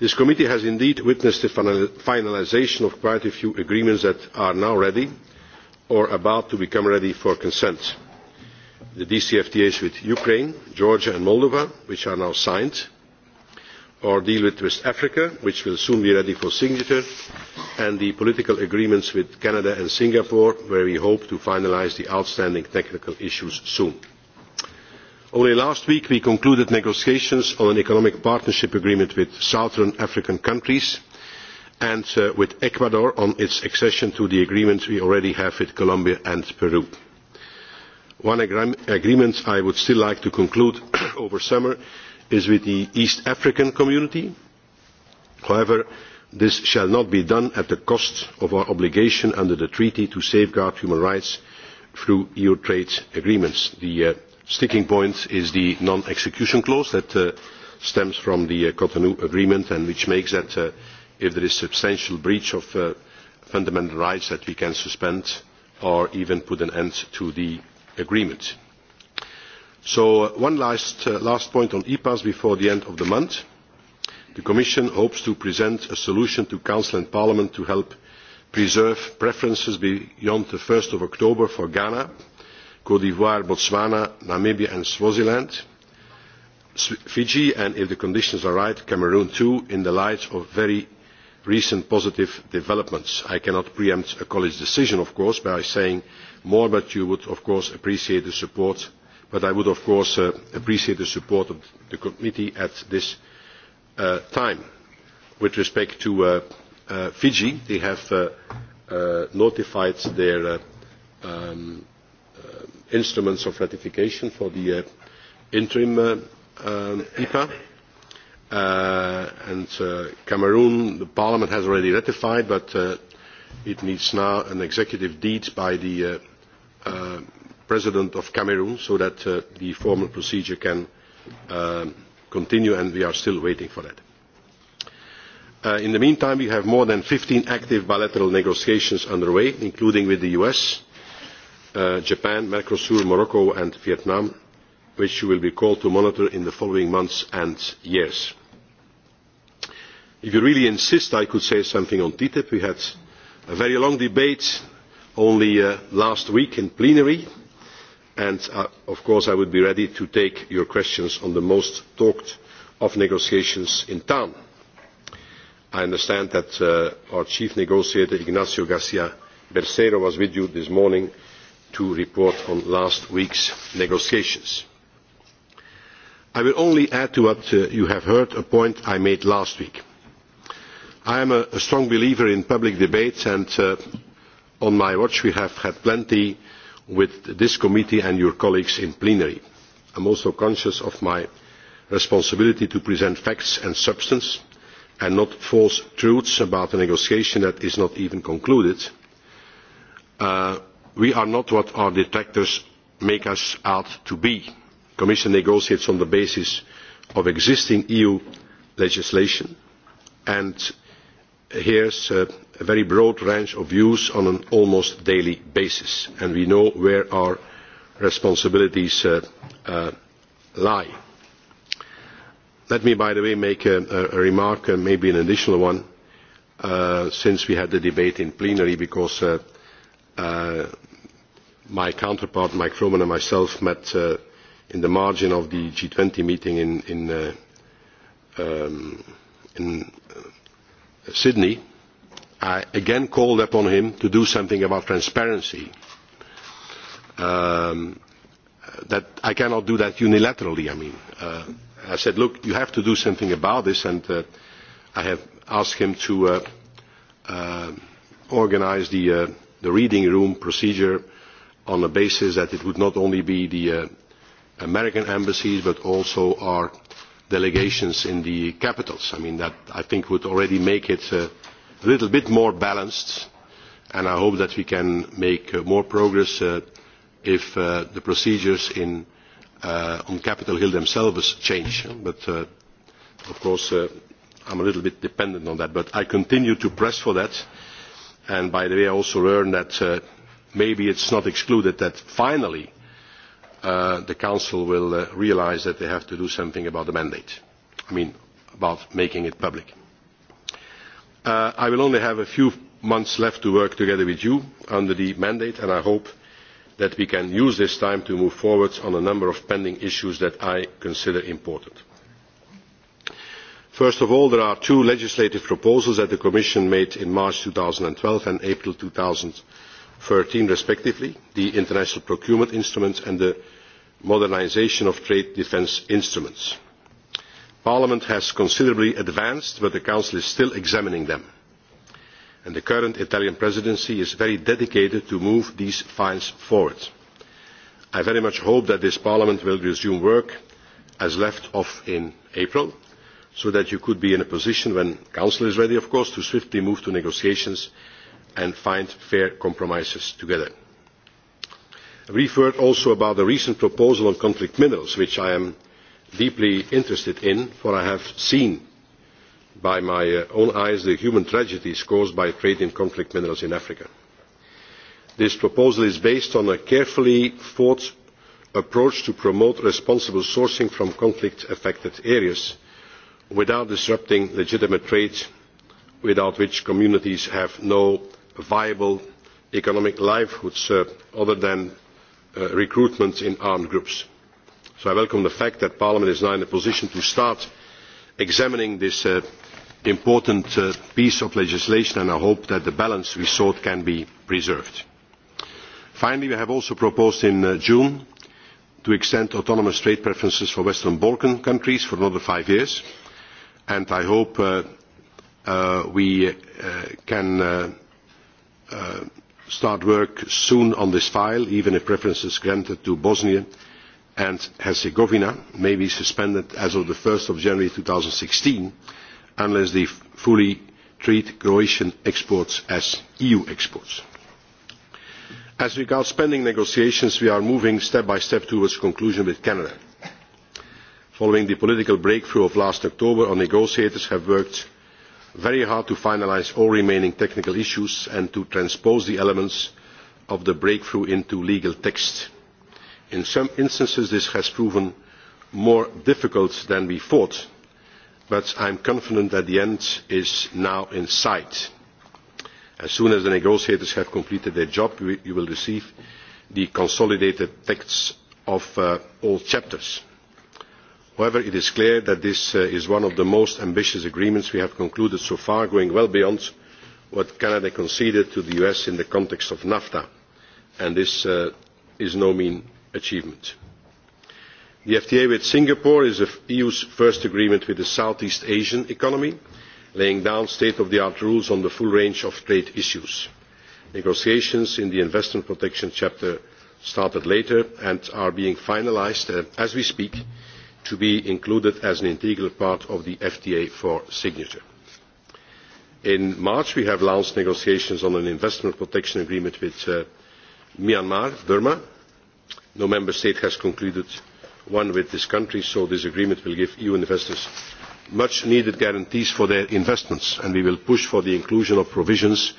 This committee has indeed witnessed the finalisation of quite a few agreements that are now ready or about to become ready for consent the dcftas with ukraine georgia and moldova which are now signed our deal with west africa which will soon be ready for signature and the political agreements with canada and singapore where we hope to finalise the outstanding technical issues soon. only last week we concluded negotiations on an economic partnership agreement with southern african countries and with ecuador on its accession to the agreement we already have with colombia and peru. one agreement i would still like to conclude over summer is with the east african community. however this shall not be done at the cost of our obligation under the treaty to safeguard human rights through eu trade agreements. the uh, sticking point is the non execution clause that uh, stems from the uh, cotonou agreement and which makes that if there is substantial breach of uh, fundamental rights that we can suspend or even put an end to the agreement. So uh, one last, uh, last point on EPAS before the end of the month. The Commission hopes to present a solution to Council and Parliament to help preserve preferences beyond the 1st of October for Ghana, Cote d'Ivoire, Botswana, Namibia and Swaziland. Fiji and, if the conditions are right, Cameroon too, in the light of very recent positive developments. i cannot pre empt a college decision of course by saying more but you would of course appreciate the support but i would of course uh, appreciate the support of the committee at this uh, time. with respect to uh, fiji they have notified their um, instruments of ratification for the interim epa um, Uh, and uh, cameroon the parliament has already ratified but uh, it needs now an executive deed by the uh, uh, president of cameroon so that uh, the formal procedure can continue and we are still waiting for that. in the meantime we have more than fifteen active bilateral negotiations under way including with the us japan mercosur morocco and vietnam which you will be called to monitor in the following months and years if you really insist i could say something on ttip. we had a very long debate only uh, last week in plenary and uh, of course i would be ready to take your questions on the most talked of negotiations in town. i understand that uh, our chief negotiator ignacio garca bercero was with you this morning to report on last week's negotiations. i will only add to what you have heard a point i made last week i am a strong believer in public debate and uh, on my watch we have had plenty with this committee and your colleagues in plenary. i am also conscious of my responsibility to present facts and substance and not false truths about a negotiation that is not even concluded. Uh, we are not what our detractors make us out to be. the commission negotiates on the basis of existing eu legislation and hears uh, a very broad range of views on an almost daily basis and we know where our responsibilities uh, uh, lie. Let me, by the way, make a, a remark, uh, maybe an additional one, uh, since we had the debate in plenary because uh, my counterpart, Mike Froman, and myself met in the margin of the G20 meeting in, in, um, in Sydney, I again called upon him to do something about transparency. Um, that I cannot do that unilaterally. I mean, uh, I said, look, you have to do something about this, and uh, I have asked him to uh, uh, organise the, uh, the reading room procedure on the basis that it would not only be the uh, American embassies but also our delegations in the capitals. I mean, that I think would already make it a little bit more balanced, and I hope that we can make uh, more progress uh, if uh, the procedures in, on Capitol Hill themselves change. But of course, I'm a little bit dependent on that, but I continue to press for that. And by the way, I also learned that uh, maybe it's not excluded that finally Uh, the Council will uh, realise that they have to do something about the mandate. I mean, about making it public. Uh, I will only have a few months left to work together with you under the mandate, and I hope that we can use this time to move forward on a number of pending issues that I consider important. First of all, there are two legislative proposals that the Commission made in March 2012 and April 2013, respectively, the International Procurement Instrument and the modernisation of trade defence instruments. parliament has considerably advanced but the council is still examining them and the current italian presidency is very dedicated to moving these files forward. i very much hope that this parliament will resume work as left off in april so that you could be in a position when the council is ready of course to swiftly move to negotiations and find fair compromises together brief word also about the recent proposal on conflict minerals which i am deeply interested in for i have seen by my uh, own eyes the human tragedies caused by trade in conflict minerals in africa. this proposal is based on a carefully thought approach to promote responsible sourcing from conflict affected areas without disrupting legitimate trade without which communities have no viable economic livelihoods other than Uh, recruitment in armed groups. so i welcome the fact that parliament is now in a position to start examining this uh, important uh, piece of legislation and i hope that the balance we sought can be preserved. finally we have also proposed in june to extend autonomous trade preferences for western balkan countries for another five years and i hope we can start work soon on this file even if preference granted to bosnia and herzegovina may be suspended as of one january two thousand and sixteen unless they fully treat croatian exports as eu exports. as regards pending negotiations we are moving step by step towards conclusion with canada. following the political breakthrough of last october our negotiators have worked very hard to finalise all remaining technical issues and to transpose the elements of the breakthrough into legal text. in some instances this has proven more difficult than we thought but i am confident that the end is now in sight. as soon as the negotiators have completed their job you will receive the consolidated texts of uh, all chapters however it is clear that this uh, is one of the most ambitious agreements we have concluded so far going well beyond what canada conceded to the us in the context of nafta and this uh, is no mean achievement. the fta with singapore is the eu's first agreement with a Southeast asian economy laying down state of the art rules on the full range of trade issues. negotiations in the investment protection chapter started later and are being finalised uh, as we speak to be included as an integral part of the FTA for signature. In March, we have launched negotiations on an investment protection agreement with uh, Myanmar, Burma. No member state has concluded one with this country, so this agreement will give EU investors much needed guarantees for their investments, and we will push for the inclusion of provisions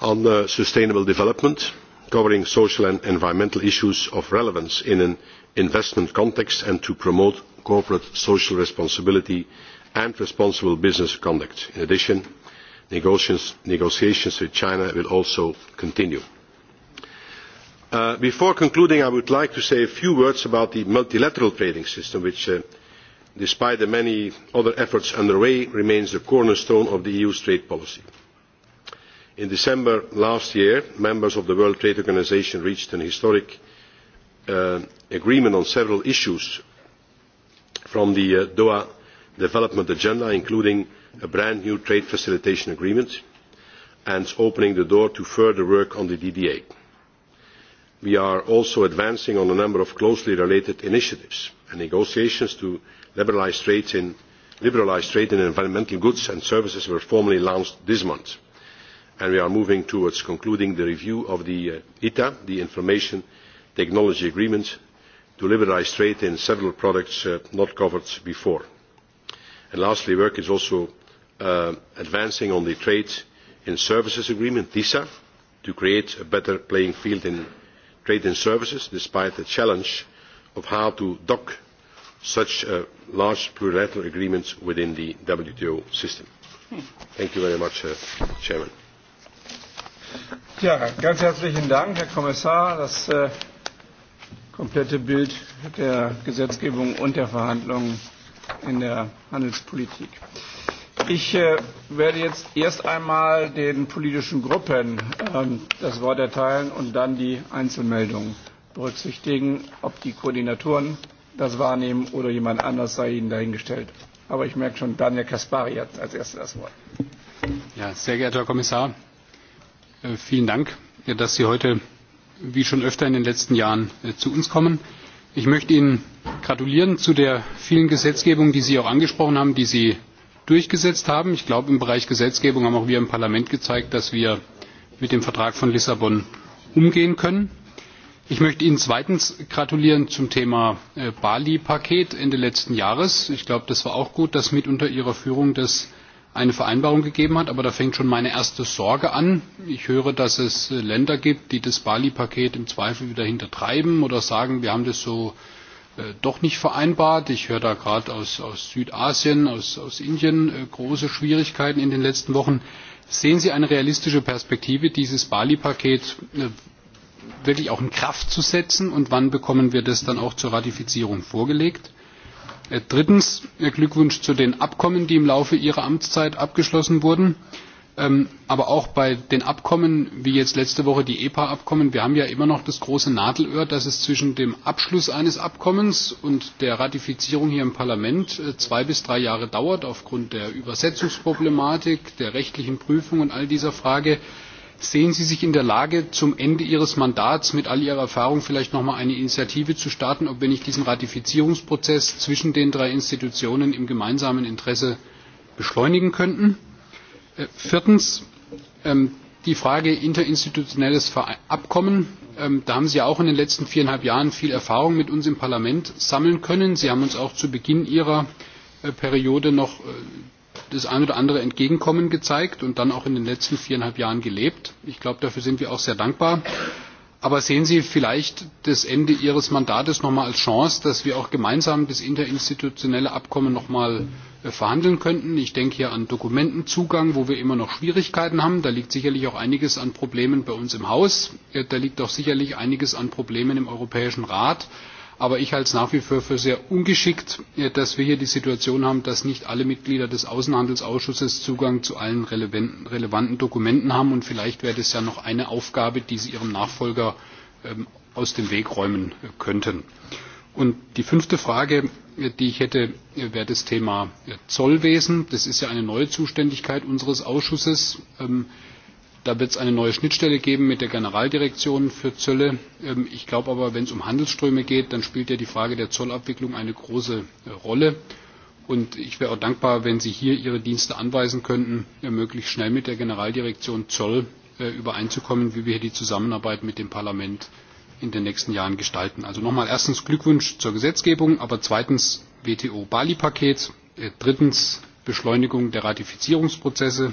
on uh, sustainable development covering social and environmental issues of relevance in an investment context and to promote corporate social responsibility and responsible business conduct. in addition negotiations with china will also continue. Uh, before concluding i would like to say a few words about the multilateral trading system which uh, despite the many other efforts under way remains the cornerstone of the eu's trade policy in december last year members of the world trade organisation reached an historic uh, agreement on several issues from the uh, doha development agenda including a brand new trade facilitation agreement and opening the door to further work on the dda. we are also advancing on a number of closely related initiatives and negotiations to liberalise trade in environmental goods and services were formally launched this month and we are moving towards concluding the review of the uh, ita the information technology agreement to liberalise trade in several products uh, not covered before. lastly work is also uh, advancing on the trade in services agreement tisa to create a better playing field in trade in services despite the challenge of how to dock such a large plurilateral agreement within the wto system. Hmm. thank you very much chairman. Ja, ganz herzlichen Dank, Herr Kommissar. Das äh, komplette Bild der Gesetzgebung und der Verhandlungen in der Handelspolitik. Ich äh, werde jetzt erst einmal den politischen Gruppen ähm, das Wort erteilen und dann die Einzelmeldungen berücksichtigen, ob die Koordinatoren das wahrnehmen oder jemand anders sei Ihnen dahingestellt. Aber ich merke schon, Daniel Kaspari hat als erster das Wort. Ja, sehr geehrter Herr Kommissar, Äh, vielen Dank, dass Sie heute wie schon öfter in den letzten Jahren äh, zu uns kommen. Ich möchte Ihnen gratulieren zu der vielen Gesetzgebung, die Sie auch angesprochen haben, die Sie durchgesetzt haben. Ich glaube, im Bereich Gesetzgebung haben auch wir im Parlament gezeigt, dass wir mit dem Vertrag von Lissabon umgehen können. Ich möchte Ihnen zweitens gratulieren zum Thema äh, Bali-Paket Ende letzten Jahres. Ich glaube, das war auch gut, dass mit unter Ihrer Führung das eine Vereinbarung gegeben hat. Aber da fängt schon meine erste Sorge an. Ich höre, dass es Länder gibt, die das Bali-Paket im Zweifel wieder hintertreiben oder sagen, wir haben das so äh, doch nicht vereinbart. Ich höre da gerade aus, aus Südasien, aus, aus Indien äh, große Schwierigkeiten in den letzten Wochen. Sehen Sie eine realistische Perspektive, dieses Bali-Paket äh, wirklich auch in Kraft zu setzen? Und wann bekommen wir das dann auch zur Ratifizierung vorgelegt? Äh, drittens ihr glückwunsch zu den abkommen die im laufe ihrer amtszeit abgeschlossen wurden ähm, aber auch bei den abkommen wie jetzt letzte woche die epa abkommen wir haben ja immer noch das große nadelöhr dass es zwischen dem abschluss eines abkommens und der ratifizierung hier im parlament äh, zwei bis drei jahre dauert aufgrund der übersetzungsproblematik der rechtlichen prüfung und all dieser fragen. Sehen Sie sich in der Lage, zum Ende Ihres Mandats mit all Ihrer Erfahrung vielleicht noch einmal eine Initiative zu starten, ob wir nicht diesen Ratifizierungsprozess zwischen den drei Institutionen im gemeinsamen Interesse beschleunigen könnten? Äh, viertens, ähm, die Frage interinstitutionelles Abkommen. Ähm, da haben Sie ja auch in den letzten viereinhalb Jahren viel Erfahrung mit uns im Parlament sammeln können. Sie haben uns auch zu Beginn Ihrer äh, Periode noch äh, das ein oder andere Entgegenkommen gezeigt und dann auch in den letzten viereinhalb Jahren gelebt. Ich glaube, dafür sind wir auch sehr dankbar. Aber sehen Sie vielleicht das Ende Ihres Mandates nochmal als Chance, dass wir auch gemeinsam das interinstitutionelle Abkommen noch nochmal äh, verhandeln könnten. Ich denke hier an Dokumentenzugang, wo wir immer noch Schwierigkeiten haben. Da liegt sicherlich auch einiges an Problemen bei uns im Haus. Äh, da liegt auch sicherlich einiges an Problemen im Europäischen Rat. Aber ich halte es nach wie vor für sehr ungeschickt, äh, dass wir hier die Situation haben, dass nicht alle Mitglieder des Außenhandelsausschusses Zugang zu allen relevanten, Dokumenten haben. Und vielleicht wäre das ja noch eine Aufgabe, die Sie Ihrem Nachfolger ähm, aus dem Weg räumen äh, könnten. Und die fünfte Frage, äh, die ich hätte, wäre das Thema Zollwesen. Das ist ja eine neue Zuständigkeit unseres Ausschusses. Ähm, da wird es eine neue Schnittstelle geben mit der Generaldirektion für Zölle. Ähm, ich glaube aber, wenn es um Handelsströme geht, dann spielt die Frage der Zollabwicklung eine große äh, Rolle. Und ich wäre auch dankbar, wenn Sie hier Ihre Dienste anweisen könnten, äh, möglichst schnell mit der Generaldirektion Zoll äh, übereinzukommen, wie wir die Zusammenarbeit mit dem Parlament in den nächsten Jahren gestalten. Also nochmal erstens Glückwunsch zur Gesetzgebung, aber zweitens WTO-Bali-Paket, drittens Beschleunigung der Ratifizierungsprozesse,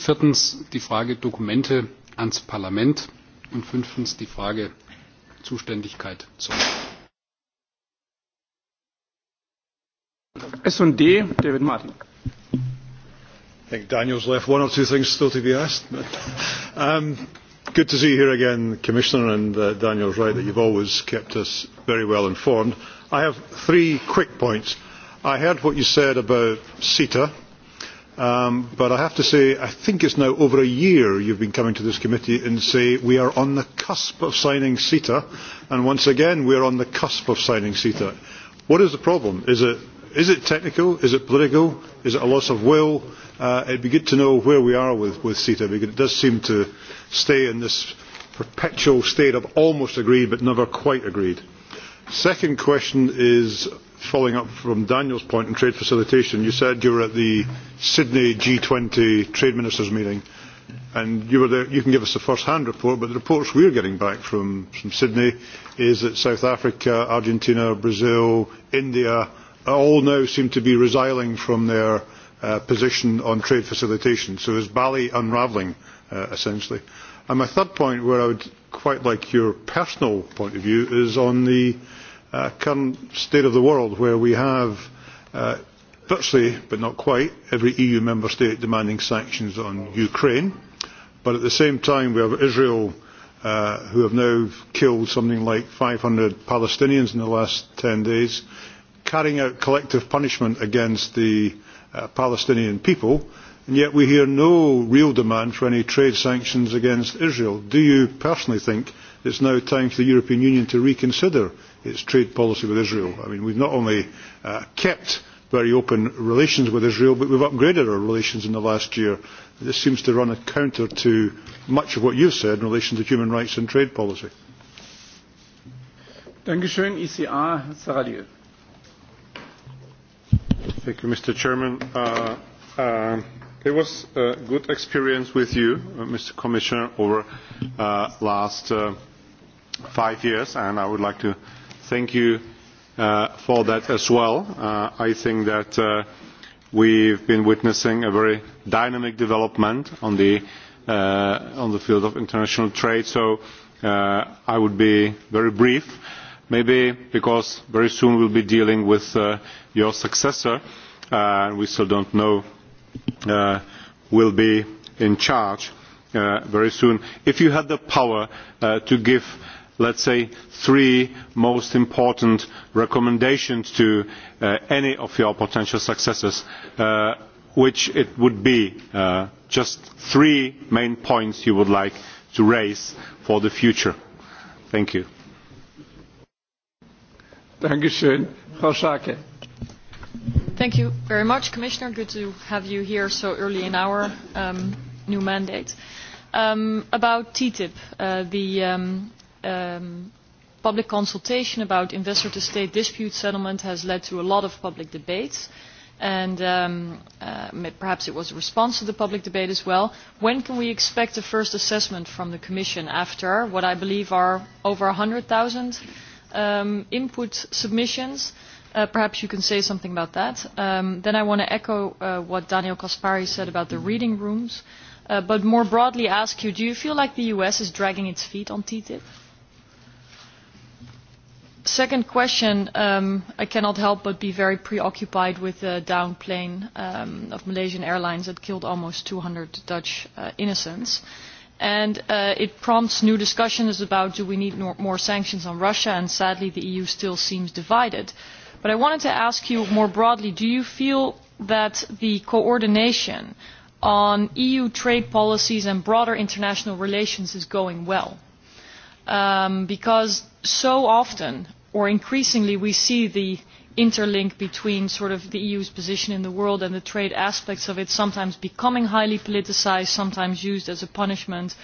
viertens die Frage Dokumente ans Parlament und fünftens die Frage Zuständigkeit Zoll. S&D, David Martin. I think Daniel's left one or two things still to be asked. But, um, good to see you here again, Commissioner, and uh, Daniel's right that you've always kept us very well informed. I have three quick points. I heard what you said about CETA, Um, but I have to say, I think it's now over a year you've been coming to this committee and say we are on the cusp of signing CETA, and once again we are on the cusp of signing CETA. What is the problem? Is it, is it technical? Is it political? Is it a loss of will? Uh, it'd be good to know where we are with, with CETA because it does seem to stay in this perpetual state of almost agreed but never quite agreed. Second question is following up from Daniel's point on trade facilitation, you said you were at the Sydney G20 trade ministers meeting, and you, were there, you can give us a first-hand report, but the reports we're getting back from, from Sydney is that South Africa, Argentina, Brazil, India all now seem to be resiling from their Uh, position on trade facilitation. So is Bali unravelling, uh, essentially. And my third point, where I would quite like your personal point of view, is on the Uh, current state of the world where we have uh, virtually, but not quite, every EU member state demanding sanctions on Ukraine. But at the same time, we have Israel which uh, who have now killed something like 500 Palestinians in the last 10 days, carrying out collective punishment against the Palestinian people, and yet we hear no real demand for any trade sanctions against Israel. Do you personally think it's now time for the European Union to reconsider its trade policy with Israel. I mean, we've not only uh, kept very open relations with Israel, but we've upgraded our relations in the last year. This seems to run counter to much of what you've said in relation to human rights and trade policy. Thank you, Mr. Chairman. Uh, uh, it was a good experience with you, uh, Mr. Commissioner, over uh, last uh, five years, and I would like to thank you uh, for that as well. Uh, I think that uh, we've been witnessing a very dynamic development on the, uh, on the field of international trade, so uh, I would be very brief, maybe because very soon we'll be dealing with uh, your successor, uh, and we still don't know uh, will be in charge uh, very soon. If you had the power uh, to give let us say three most important recommendations to uh, any of your potential successors uh, which it would be uh, just three main points you would like to raise for the future. Thank you. Thank you very much, Commissioner. Good to have you here so early in our um, new mandate. Um, about TTIP, uh, the um, um, public consultation about investor-to-state dispute settlement has led to a lot of public debates and um, uh, perhaps it was a response to the public debate as well. When can we expect the first assessment from the Commission after what I believe are over 100,000 um, input submissions? Uh, perhaps you can say something about that. Um, then I want to echo uh, what Daniel Kaspari said about the reading rooms, uh, but more broadly ask you, do you feel like the US is dragging its feet on TTIP? Second question, um, I cannot help but be very preoccupied with the downed plane um, of Malaysian Airlines that killed almost 200 Dutch uh, innocents. And uh, it prompts new discussions about do we need no more sanctions on Russia, and sadly the EU still seems divided. But I wanted to ask you more broadly, do you feel that the coordination on EU trade policies and broader international relations is going well? um, because so often or increasingly we see the interlink between sort of the EU's position in the world and the trade aspects of it sometimes becoming highly politicized, sometimes used as a punishment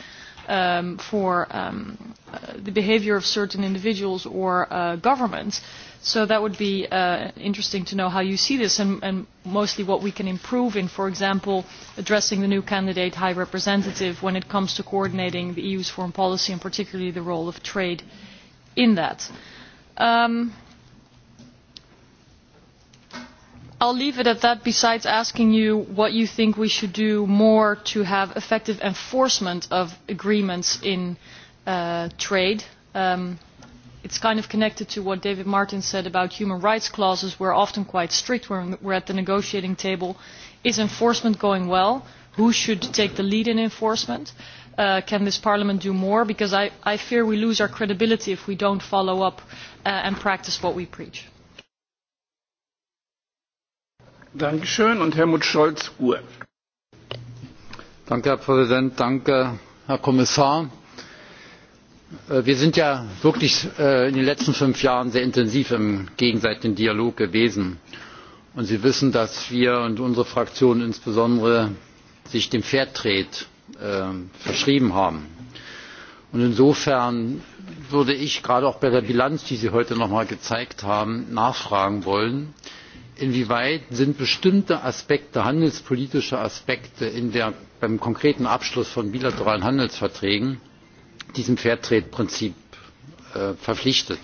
um, for um, uh, the behavior of certain individuals or uh, governments. So that would be uh, interesting to know how you see this and, and mostly what we can improve in, for example, addressing the new candidate High Representative when it comes to coordinating the EU's foreign policy and particularly the role of trade in that. Um, I'll leave it at that besides asking you what you think we should do more to have effective enforcement of agreements in uh, trade. Um, it's kind of connected to what David Martin said about human rights clauses. We're often quite strict when we're at the negotiating table. Is enforcement going well? Who should take the lead in enforcement? Uh, can this parliament do more? Because I, I fear we lose our credibility if we don't follow up uh, and practice what we preach. Dankeschön und Helmut Scholz, Uhr. Danke, Herr Präsident. Danke, Herr Kommissar Äh, wir sind ja wirklich äh, in den letzten fünf jahren sehr intensiv im gegenseitigen dialog gewesen und sie wissen dass wir und unsere fraktion insbesondere sich dem fairtrade äh, verschrieben haben. insofern würde ich gerade auch bei der bilanz die sie heute noch einmal gezeigt haben nachfragen wollen inwieweit sind bestimmte aspekte handelspolitische aspekte beim konkreten abschluss von bilateralen handelsverträgen diesem fairtrade prinzip äh, verpflichtet.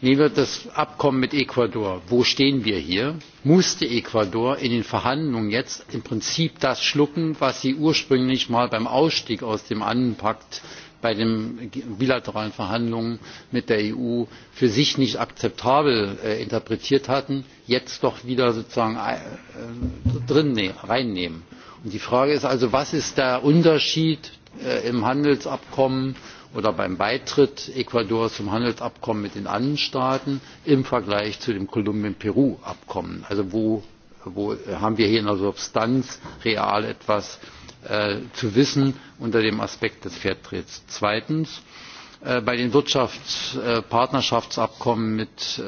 nehmen wir das abkommen mit ecuador wo stehen wir hier? musste ecuador in den verhandlungen jetzt im prinzip das schlucken was es ursprünglich mal beim ausstieg aus dem andenpakt bei den bilateralen verhandlungen mit der eu für sich nicht akzeptabel äh, interpretiert hatte jetzt doch wieder sozusagen äh, reinnehmen? die frage ist also was ist der unterschied Äh, im handelsabkommen oder beim beitritt ecuadors zum handelsabkommen mit den andenstaaten im vergleich zu dem kolumbien peru abkommen? also wo haben wir hier in der substanz real etwas äh, zu wissen unter dem aspekt des fairtrades? zweitens äh, bei den wirtschaftspartnerschaftsabkommen mit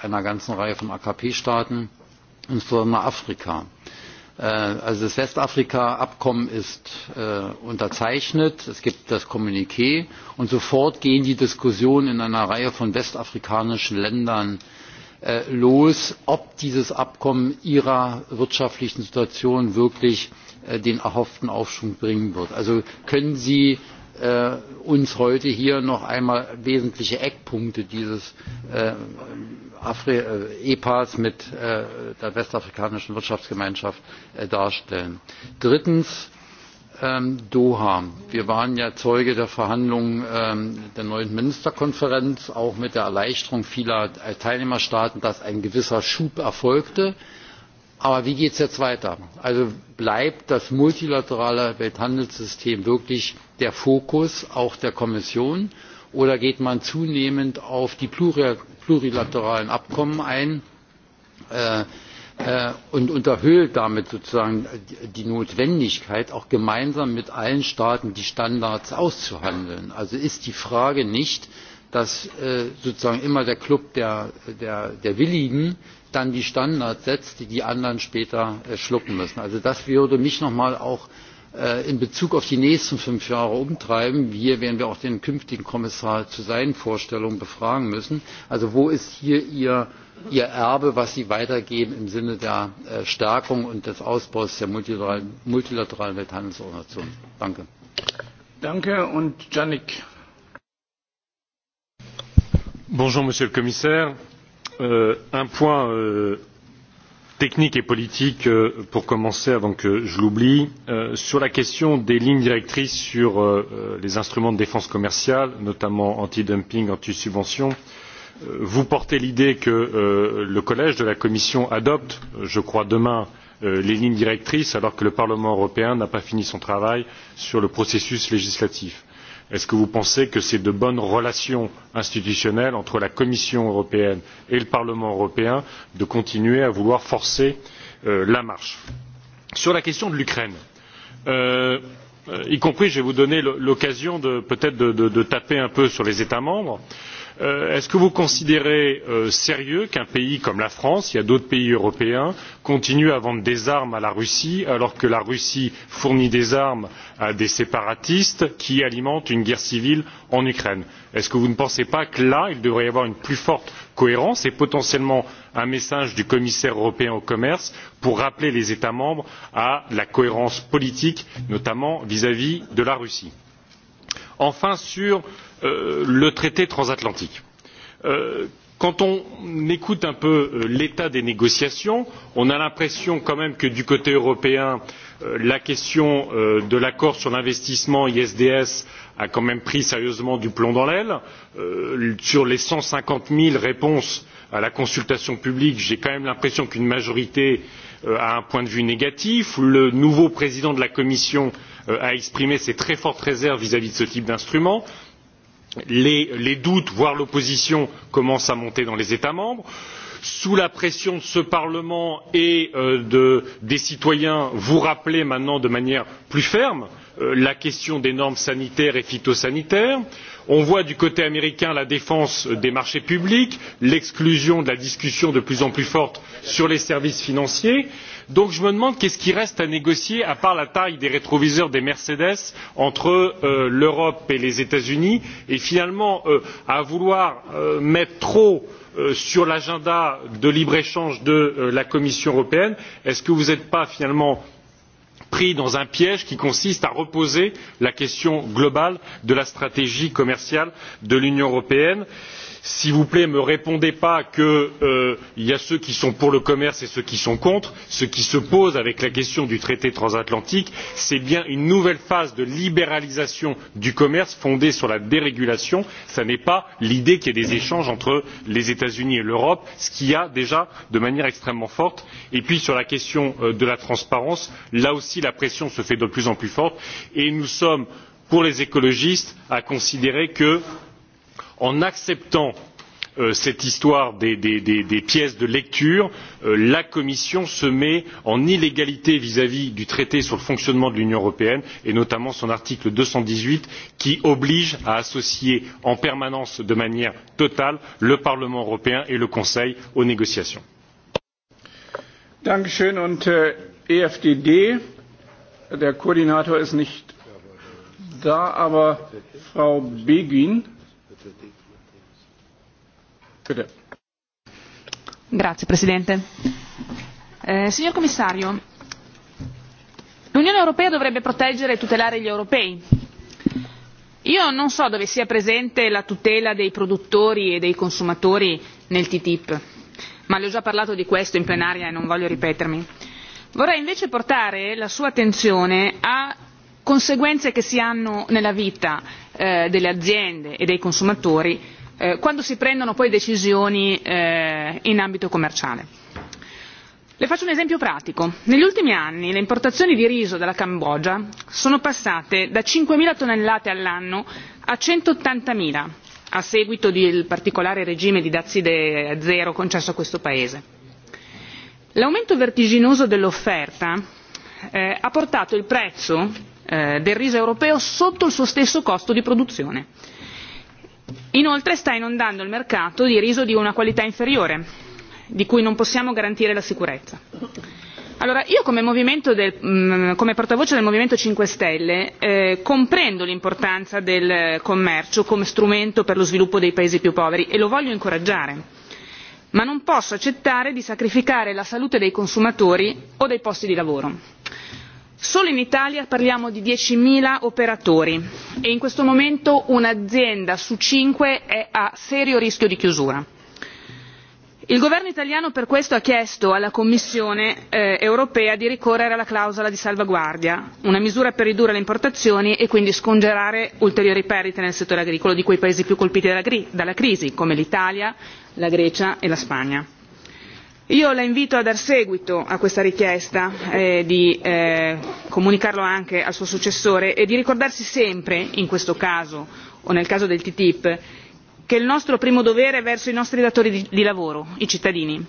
einer ganzen reihe von akp staaten insbesondere afrika Äh, also das westafrika abkommen ist äh, unterzeichnet es gibt das kommuniqu und sofort gehen die diskussionen in einer reihe von westafrikanischen ländern äh, los ob dieses abkommen ihrer wirtschaftlichen situation wirklich den erhofften aufschwung bringen wird. also können sie uns heute hier noch einmal wesentliche eckpunkte dieses abkommens Äh, epas mit äh, der westafrikanischen wirtschaftsgemeinschaft äh, darstellen. drittens ähm, doha wir waren ja zeuge der verhandlungen ähm, der neuen ministerkonferenz auch mit der erleichterung vieler teilnehmerstaaten dass ein gewisser schub erfolgte. aber wie geht es jetzt weiter? bleibt das multilaterale welthandelssystem wirklich der fokus auch der kommission? oder geht man zunehmend auf die plurilateralen abkommen ein äh, äh, und unterhöhlt damit sozusagen die notwendigkeit auch gemeinsam mit allen staaten die standards auszuhandeln? also ist die frage nicht dass äh, sozusagen immer der club der, willigen dann die standards setzt die die anderen später schlucken müssen? also das würde mich nochmal auch Äh, in bezug auf die nächsten fünf jahre umtreiben. hier werden wir auch den künftigen kommissar zu seinen vorstellungen befragen müssen. also wo ist hier ihr, erbe das sie weitergeben im sinne der äh, stärkung und des ausbaus der multilateralen, welthandelsorganisation? danke technique et politique euh, pour commencer avant que je l'oublie euh, sur la question des lignes directrices sur euh, les instruments de défense commerciale notamment anti antidumping anti subvention vous portez l'idée que le collège de la commission adopte je crois demain les lignes directrices alors que le parlement européen n'a pas fini son travail sur le processus législatif est ce que vous pensez que c'est de bonnes relations institutionnelles entre la commission européenne et le parlement européen de continuer à vouloir forcer euh, la marche? sur la question de l'ukraine euh, je vais vous donner l'occasion peut être de, de taper un peu sur les états membres Euh, est ce que vous considérez euh, sérieux qu'un pays comme la france il y a d'autres pays européens continue à vendre des armes à la russie alors que la russie fournit des armes à des séparatistes qui alimentent une guerre civile en ukraine? est ce que vous ne pensez pas que là il devrait y avoir une plus forte cohérence et potentiellement un message du commissaire européen au commerce pour rappeler les états membres à la cohérence politique notamment vis à vis de la russie? enfin sur euh, le traité transatlantique euh, quand on écoute un peu euh, l'état des négociations on a l'impression quand même que du côté européen la question de l'accord sur l'investissement isds a quand même pris sérieusement du plomb dans l'aile. sur les cent cinquante zéro réponses à la consultation publique j'ai quand même l'impression qu'une majorité a un point de vue négatif. le nouveau président de la commission a a euh, exprimé ses très fortes réserves vis à vis de ce type d'instrument. Les, doutes voire l'opposition commencent à monter dans les états membres sous la pression de ce parlement et euh, des citoyens vous rappelez maintenant de manière plus ferme Euh, la question des normes sanitaires et phytosanitaires on voit du côté américain la défense des marchés publics l'exclusion de la discussion de plus en plus forte sur les services financiers donc je me demande qu'est ce qui reste à négocier à part la taille des rétroviseurs des mercedes entre euh, l'europe et les états unis et finalement euh, à vouloir mettre trop sur l'agenda de libre échange de la commission européenne est ce que vous n'êtes pas finalement pris dans un piège qui consiste à reposer la question globale de la stratégie commerciale de l'union européenne sur s'il vous plaît ne me répondez pas qu'il euh, y a ceux qui sont pour le commerce et ceux qui sont contre ce qui se pose avec la question du traité transatlantique c'est bien une nouvelle phase de libéralisation du commerce fondée sur la dérégulation ce n'est pas l'idée qu'il y ait des échanges entre les états unis et l'europe ce qu'il y a déjà de manière extrêmement forte et puis sur la question euh, de la transparence là aussi la pression se fait de plus en plus forte et nous sommes pour les écologistes à considérer que en acceptant euh, cette histoire des, pièces de lecture euh, la commission se met en illégalité vis à vis du traité sur le fonctionnement de l'union européenne et notamment de son article deux cent dix huit qui oblige à associer en permanence de manière totale le parlement européen et le conseil aux négociations. Grazie Presidente. Eh, signor Commissario, l'Unione Europea dovrebbe proteggere e tutelare gli europei. Io non so dove sia presente la tutela dei produttori e dei consumatori nel TTIP, ma le ho già parlato di questo in plenaria e non voglio ripetermi. Vorrei invece portare la sua attenzione a conseguenze che si hanno nella vita Eh, delle aziende e dei consumatori eh, quando si prendono poi decisioni eh, in ambito commerciale. Le faccio un esempio pratico. Negli ultimi anni le importazioni di riso dalla Cambogia sono passate da 5.000 tonnellate all'anno a 180.000 a seguito del particolare regime di dazi zero concesso a questo Paese. L'aumento vertiginoso dell'offerta eh, ha portato il prezzo Eh, del riso europeo sotto il suo stesso costo di produzione. Inoltre sta inondando il mercato di riso di una qualità inferiore, di cui non possiamo garantire la sicurezza. Allora, io come, movimento del, mm, come portavoce del Movimento cinque Stelle eh, comprendo l'importanza del commercio come strumento per lo sviluppo dei paesi più poveri e lo voglio incoraggiare ma non posso accettare di sacrificare la salute dei consumatori o dei posti di lavoro solo in italia parliamo di dieci zero operatori e in questo momento un'azienda su cinque è a serio rischio di chiusura. il governo italiano per questo ha chiesto alla commissione eh, europea di ricorrere alla clausola di salvaguardia una misura per ridurre le importazioni e quindi scongiurare ulteriori perdite nel settore agricolo di quei paesi più colpiti dalla crisi come l'italia la grecia e la spagna io la invito a dar seguito a questa richiesta eh, di eh, comunicarlo anche al suo successore e di ricordarsi sempre in questo caso o nel caso del ttip che il nostro primo dovere è verso i nostri datori di, lavoro i cittadini.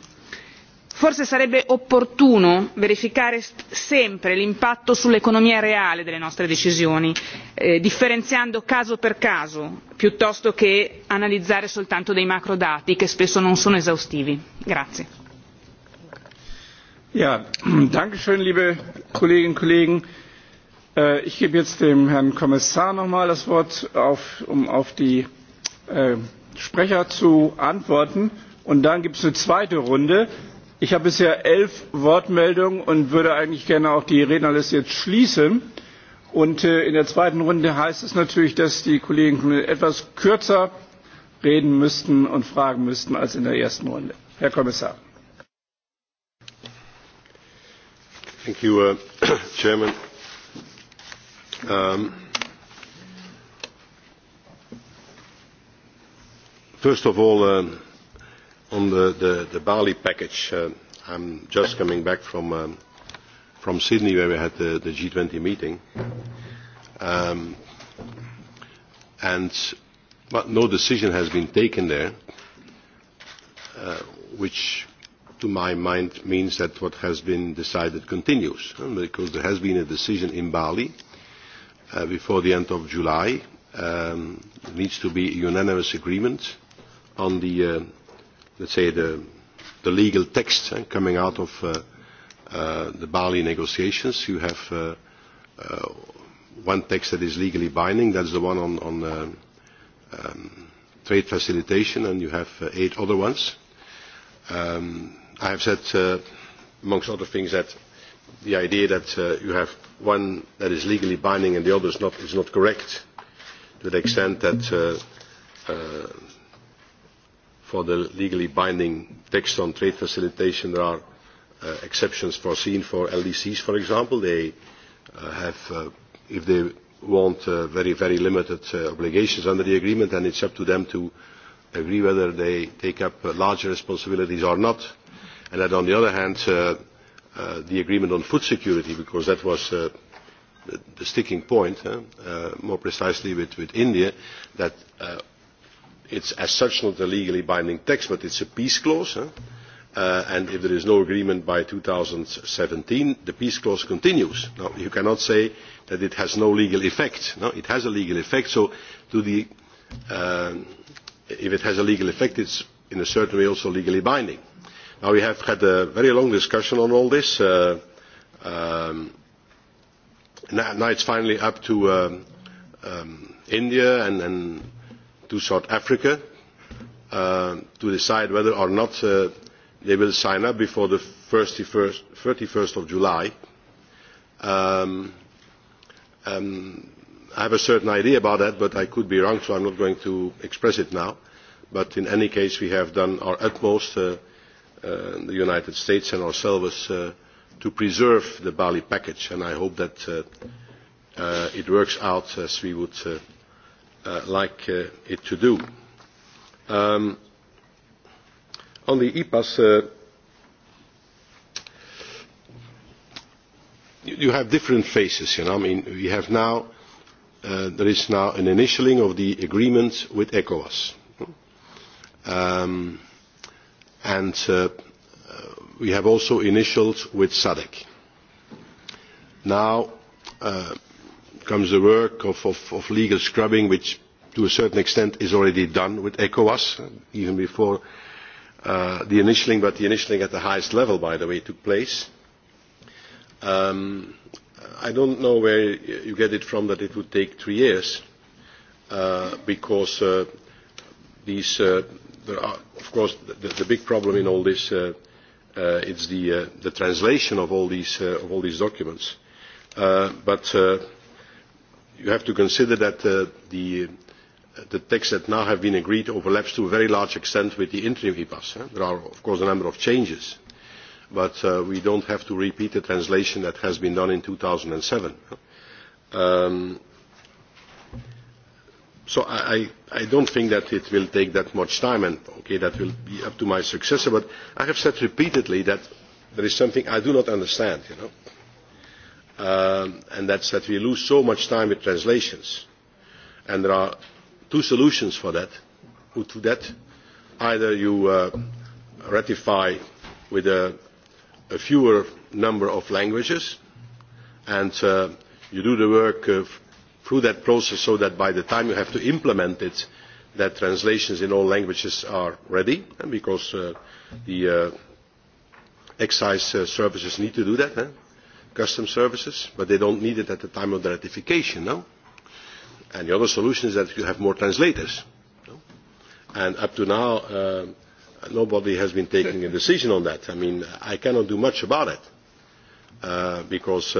forse sarebbe opportuno verificare sempre l'impatto sull'economia reale delle nostre decisioni eh, differenziando caso per caso piuttosto che analizzare soltanto dei macrodati che spesso non sono esaustivi. danke schön, liebe Kolleginnen und Kollegen. Äh, ich gebe jetzt dem Herrn Kommissar noch einmal das Wort, um auf die äh, Sprecher zu antworten. Und dann gibt es eine zweite Runde. Ich habe bisher elf Wortmeldungen und würde eigentlich gerne auch die Rednerliste jetzt schließen. Äh, in der zweiten Runde heißt es natürlich, dass die Kolleginnen und Kollegen etwas kürzer reden und fragen müssten als in der ersten Runde. Herr Kommissar. Thank you, uh, Chairman. Um, first of all, um, on the, the, the Bali package, uh, I'm just coming back from, um, from Sydney where we had the, the G20 meeting. Um, and but no decision has been taken there, uh, which to my mind, means that what has been decided continues, because there has been a decision in Bali uh, before the end of July. Um, there needs to be a unanimous agreement on the, uh, let's say, the, the legal text uh, coming out of uh, uh, the Bali negotiations. You have uh, uh, one text that is legally binding, that's the one on, on uh, um, trade facilitation, and you have uh, eight other ones. Um, I have said, uh, amongst other things, that the idea that uh, you have one that is legally binding and the other is not, is not correct to the extent that uh, uh, for the legally binding text on trade facilitation there are uh, exceptions foreseen for LDCs, for example. They uh, have, uh, if they want uh, very, very limited uh, obligations under the agreement, then it's up to them to agree whether they take up uh, larger responsibilities or not and that on the other hand uh, uh, the agreement on food security because that was uh, the sticking point more precisely with, with india that it is as such not a legally binding text but it is a peace clause uh, and if there is no agreement by two thousand and seventeen the peace clause continues. Now, you cannot say that it has no legal effect. No, it has a legal effect so the, uh, if it has a legal effect it is in a certain way also legally binding. Now, we have had a very long discussion on all this. Uh, um, now it's finally up to um, um, India and, and to South Africa uh, to decide whether or not uh, they will sign up before the 31st, 31st of July. Um, um, I have a certain idea about that, but I could be wrong, so I'm not going to express it now. But in any case, we have done our utmost uh, Uh, the united states and ourselves uh, to preserve the bali package and i hope that uh, it works out as we would like it to do. Um, on the epas you have different phases you know? I mean, we have now uh, there is now an initialing of the agreement with ecowas um, and uh, uh, we have also initialled with SADC. Now uh, comes the work of, legal scrubbing, which to a certain extent is already done with ECOWAS, even before the initialing, but the initialing at the highest level, by the way, took place. Um, I don't know where you get it from that it would take three years, because these there are, of course, the, the big problem in all this uh, uh, is the, uh, the translation of all these, uh, of all these documents. Uh, but uh, you have to consider that uh, the, the texts that now have been agreed overlaps to a very large extent with the interim EPAs. There are, of course, a number of changes, but uh, we don't have to repeat the translation that has been done in 2007. Um, So I, I don't think that it will take that much time, and okay, that will be up to my successor. But I have said repeatedly that there is something I do not understand, you know, um, and that's that we lose so much time with translations. And there are two solutions for that. To that, either you uh, ratify with a, a fewer number of languages, and uh, you do the work of through that process so that by the time you have to implement it that translations in all languages are ready because uh, the uh, excise uh, services need to do that eh? customs services but they do not need it at the time of the ratification no? and the other solution is that you have more translators no? and up to now nobody has been taking a decision on that. i mean i cannot do much about it because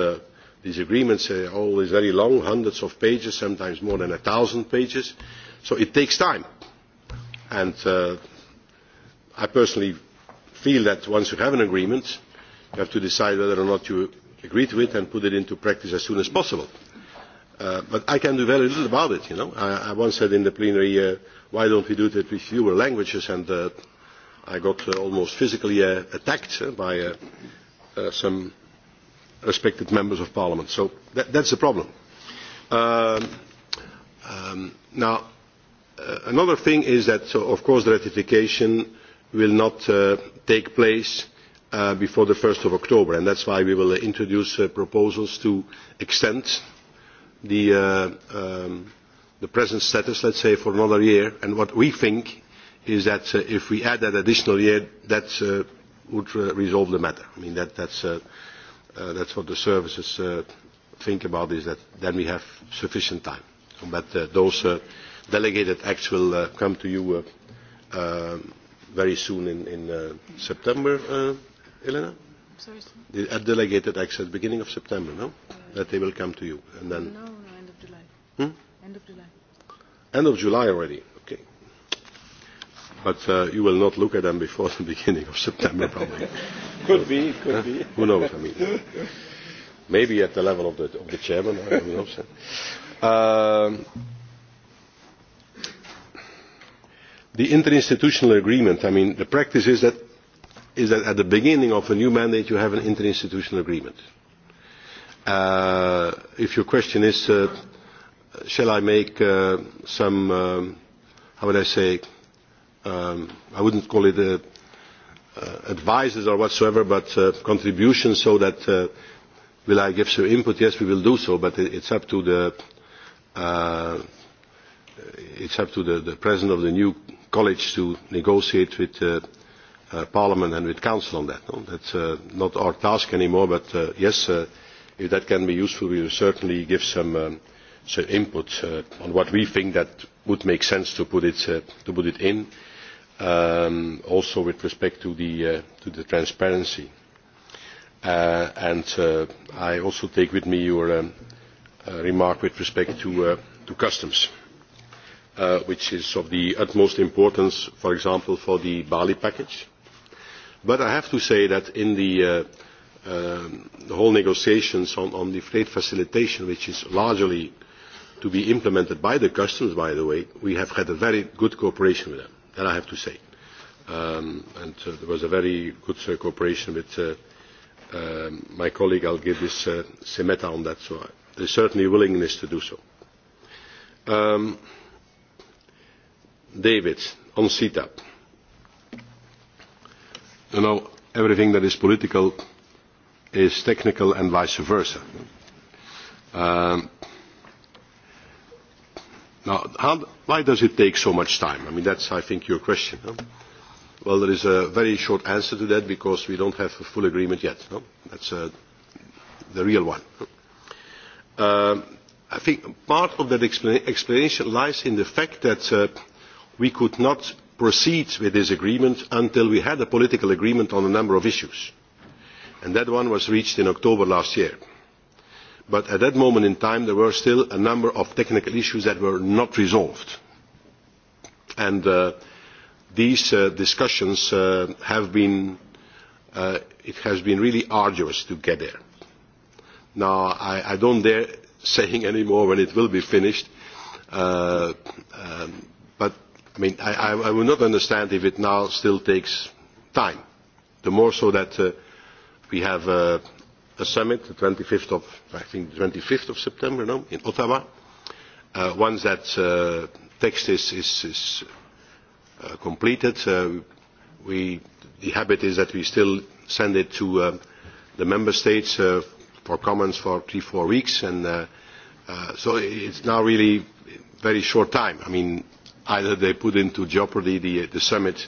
these agreements are uh, always very long hundreds of pages sometimes more than a thousand pages so it takes time and uh, i personally feel that once you have an agreement you have to decide whether or not you agree to it and put it into practice as soon as possible. Uh, but I can do very little about it, you know. I, I once said in the plenary, uh, why don't we do it with fewer languages? And uh, I got uh, almost physically uh, attacked uh, by uh, uh, some respected members of parliament. So that, that's the problem. Um, um, now, uh, another thing is that, so uh, of course, the ratification will not uh, take place uh, before the 1st of October, and that's why we will uh, introduce uh, proposals to extend the, um, the present status, let's say, for another year. And what we think is that if we add that additional year, that would resolve the matter. I mean, that, that's uh, that's what the services uh, think about is that then we have sufficient time. But uh, those uh, delegated acts will uh, come to you uh, uh, very soon in, in uh, September, uh, Elena? Sorry, sir. The uh, delegated acts at the beginning of September, no? Uh, that they will come to you. and then. No, no, end of July. Hmm? End of July. End of July already. But uh, you will not look at them before the beginning of September, probably. could be, could huh? be. Who knows? I mean, maybe at the level of the, of the chairman. Who knows? Um, the interinstitutional agreement. I mean, the practice is that is that at the beginning of a new mandate you have an interinstitutional agreement. Uh, if your question is, uh, shall I make uh, some, um, how would I say? um, I wouldn't call it a, uh, uh, advices or whatsoever, but uh, contributions so that uh, will I give some input? Yes, we will do so, but it, it's up to the uh, it's up to the, the president of the new college to negotiate with uh, uh, Parliament and with Council on that. No? That's uh, not our task anymore, but uh, yes, uh, if that can be useful, we will certainly give some, um, some input uh, on what we think that would make sense to put it, uh, to put it in Um, also with respect to the, uh, transparency. Uh, and uh, I also take with me your um, remark with respect to, customs, which is of the utmost importance, for example, for the Bali package. But I have to say that in the, um, whole negotiations on, the trade facilitation, which is largely to be implemented by the customs, by the way, we have had a very good cooperation with them that I have to say. Um, and uh, there was a very good uh, cooperation with uh, uh, my colleague Algidis uh, Semeta on that, so there is certainly willingness to do so. Um, David, on CETA. You know, everything that is political is technical and vice versa. Um, Now, how, why does it take so much time? I mean, that's, I think, your question. No? Well, there is a very short answer to that because we don't have a full agreement yet. No? That's uh, the real one. Uh, I think part of that explana explanation lies in the fact that uh, we could not proceed with this agreement until we had a political agreement on a number of issues. And that one was reached in October last year but at that moment in time there were still a number of technical issues that were not resolved and uh, these uh, discussions uh, have been uh, it has been really arduous to get there. Now I, I don't dare saying any more when it will be finished, uh, um, but I mean I, I, I will not understand if it now still takes time. The more so that uh, we have a summit, the 25th of, I think, the 25th of September, no, in Ottawa. Uh, once that uh, text is, is, is uh, completed, uh, we, the habit is that we still send it to uh, the member states uh, for comments for three, four weeks, and uh, uh, so it's now really very short time. I mean, either they put into jeopardy the, the summit,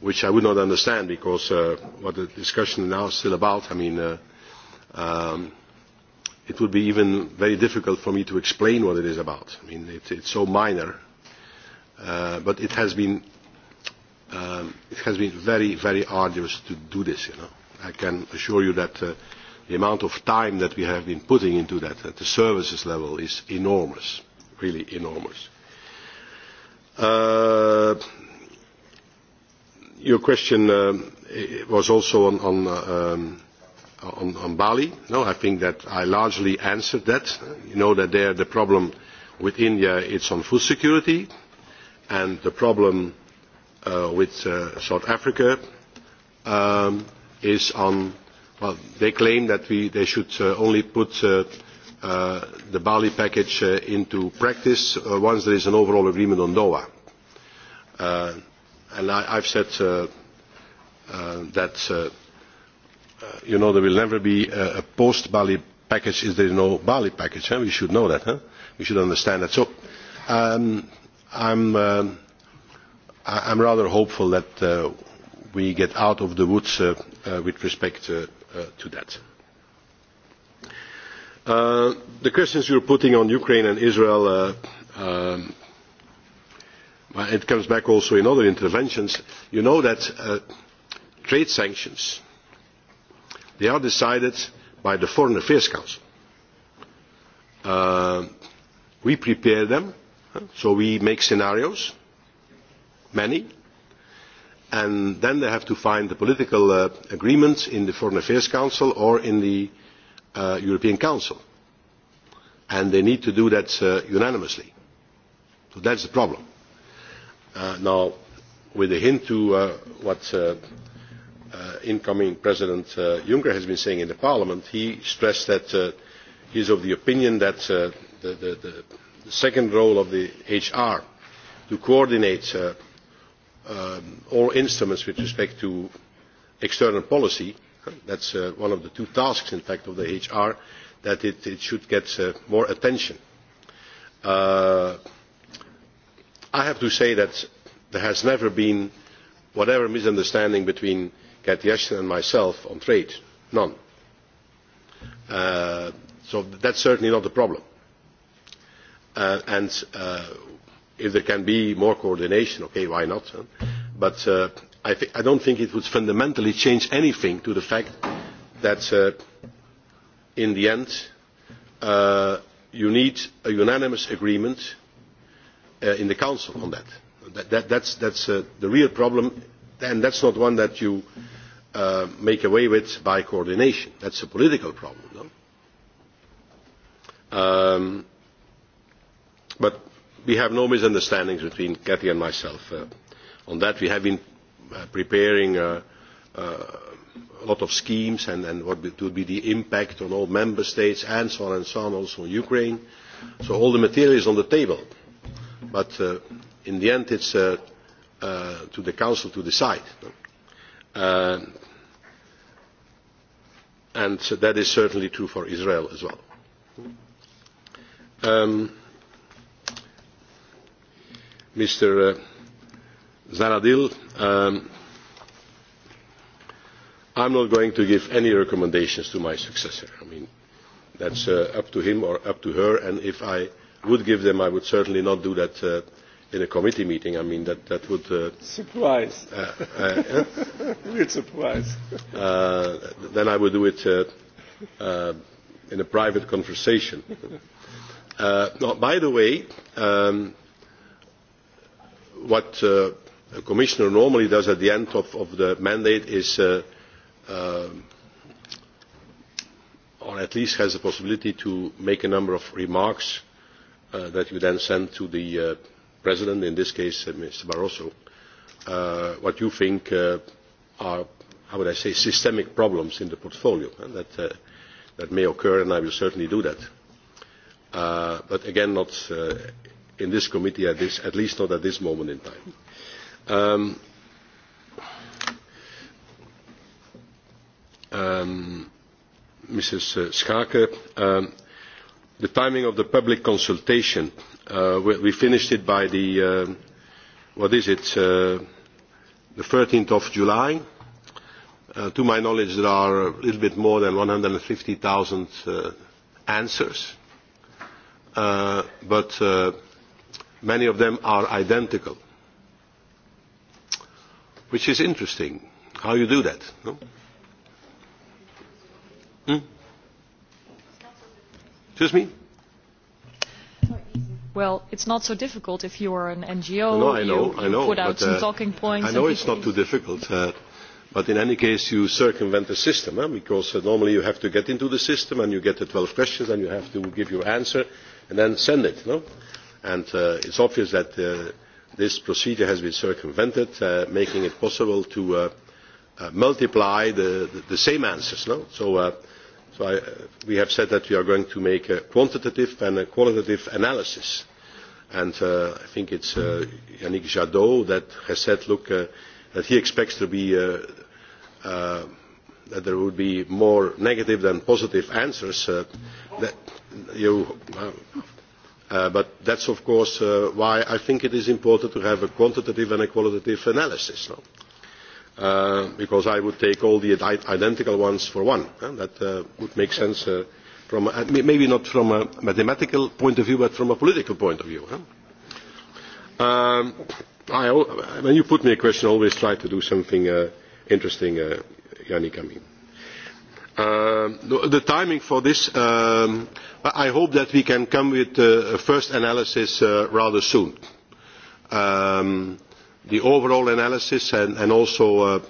which I would not understand because uh, what the discussion now is still about. I mean. Uh, um, it would be even very difficult for me to explain what it is about. I mean, it, it's so minor, uh, but it has been um, it has been very, very arduous to do this. You know, I can assure you that uh, the amount of time that we have been putting into that at the services level is enormous, really enormous. Uh, your question um, was also on, on uh, um, on, on Bali. No, I think that I largely answered that. You know that there the problem with India it's on food security, and the problem uh, with uh, South Africa um, is on. Well, they claim that we, they should uh, only put uh, uh, the Bali package uh, into practice uh, once there is an overall agreement on Doha. Uh, and I, I've said uh, uh, that. Uh, Uh, you know there will never be a post bali package if there is no bali package. we should know that. we should understand that. so um, um, i i'm rather hopeful that uh, we get out of the woods uh, with respect to that. the questions you're putting on ukraine and israel um, it comes back also in other interventions. you know that trade sanctions they are decided by the foreign affairs council. Uh, we prepare them so we make scenarios many and then they have to find the political uh, agreement in the foreign affairs council or in the uh, european council and they need to do that unanimously. so that is the problem. now with a hint to what Uh, incoming President uh, Juncker has been saying in the Parliament, he stressed that uh, he is of the opinion that the, second role of the HR to coordinate um, all instruments with respect to external policy, that is one of the two tasks in fact of the HR, that it, should get more attention. I have to say that there has never been whatever misunderstanding between Cathy Ashton and myself on trade, none. Uh, so is certainly not a problem. Uh, and uh, if there can be more coordination, okay, why not? Huh? But uh, I, th- I don't think it would fundamentally change anything to the fact that uh, in the end uh, you need a unanimous agreement uh, in the Council on that. that, that that's that's uh, the real problem, and that's not one that you uh, Uh, make away with by coordination. That's a political problem. No? Um, but we have no misunderstandings between Cathy and myself. Uh, on that, we have been uh, preparing uh, uh, a lot of schemes and, and what would be the impact on all member states and so on and so on, also on Ukraine. So all the material is on the table. But uh, in the end, it's uh, uh, to the Council to decide. No? Uh, and that is certainly true for israel as well. mr um, uh, zahradil i am um, not going to give any recommendations to my successor. i mean that is uh, up to him or up to her and if i were to give them i would certainly not do that uh, in a committee meeting. I mean, that, that would... Uh, surprise. Uh, uh, yeah? surprise. Uh, then I would do it uh, uh, in a private conversation. Uh, no, by the way, um, what uh, a commissioner normally does at the end of, of the mandate is, uh, uh, or at least has the possibility to make a number of remarks uh, that you then send to the uh, president in this case uh, mr barroso uh, what you think uh, are how would i say systemic problems in the portfolio that, that may occur and i will certainly do that but again not in this committee at, this, at least not at this moment in time. Um, um, Mrs. Schaake, um, the timing of the public consultation Uh, we, we finished it by the, uh, what is it, uh, the 13th of July. Uh, to my knowledge, there are a little bit more than 150,000 uh, answers, uh, but uh, many of them are identical, which is interesting. How you do that? No? Hmm? Excuse me? well, it's not so difficult if you are an NGO. No, I know, you, I know. Put out but, some uh, talking points. I know it's not too difficult. Uh, but in any case, you circumvent the system, huh? because uh, normally you have to get into the system and you get the 12 questions and you have to give your answer and then send it. No? And uh, it's obvious that uh, this procedure has been circumvented, uh, making it possible to uh, uh, multiply the, the, the same answers. No? So. Uh, so we have said that we are going to make a quantitative and a qualitative analysis and uh, I think it's is uh, Yannick Jadot that has said, look, uh, that he expects to be that there would be more negative than positive answers. but that is but that's of course why I think it is important to have a quantitative and a qualitative analysis. Uh, because I would take all the identical ones for one. that uh, would make sense uh, from a, maybe not from a mathematical point of view, but from a political point of view. Huh? Um, I, when you put me a question, I always try to do something uh, interesting, uh, Yannick. I mean. Um, the, the timing for this, um, I hope that we can come with a first analysis rather soon. Um, the overall analysis and, also uh,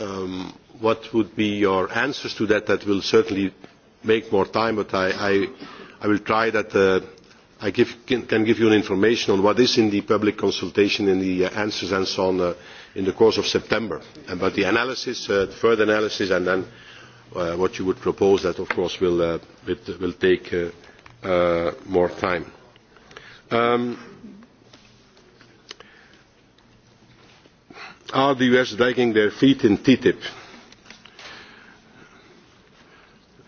um, what would be your answers to that. That will certainly make more time, but I, I, I will try that uh, I give, can, can, give you information on what is in the public consultation in the uh, answers and so on uh, in the course of September. And, but the analysis, uh, further analysis, and then uh, what you would propose, that of course will, will take more time. Um, are the us dragging their feet in ttip?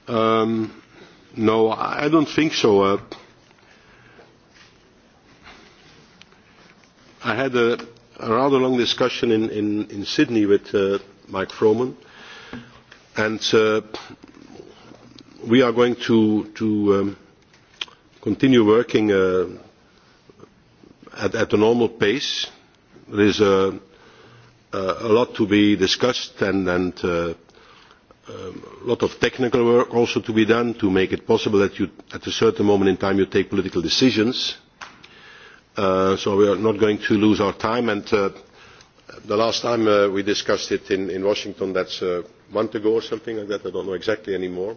Um, no i don't think so. Uh, i had a, a rather long discussion in, in, in sydney with uh, mike froman and uh, we are going to, to um, continue working uh, at, at a normal pace. there is a Uh, a lot to be discussed and, a uh, um, lot of technical work also to be done to make it possible that at a certain moment in time you take political decisions. Uh, so we are not going to lose our time. And the last time we discussed it in, Washington, that's a month ago or something like that. I don't know exactly anymore.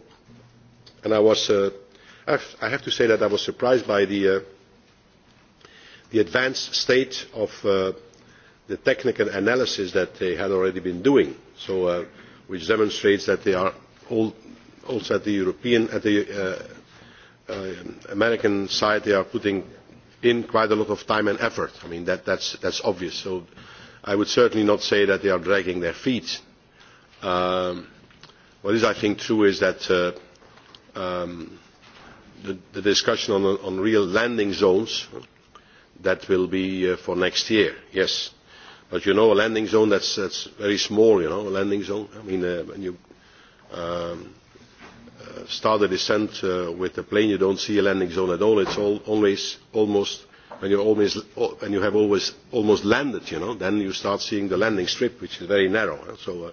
And I was, I have to say that I was surprised by the, advanced state of the technical analysis that they had already been doing so, uh, which demonstrates that they are also at the european at the uh, uh, american side they are putting in quite a lot of time and effort i mean that is obvious so i would certainly not say that they are dragging their feet. Um, what is i think true is that um, the, discussion on, on real landing zones that will be for next year yes but you know a landing zone that's that's very small you know a landing zone i mean uh, when you um, uh, start a descent uh, with a plane you don't see a landing zone at all it's all always almost when you always when you have always almost landed you know then you start seeing the landing strip which is very narrow eh? so uh,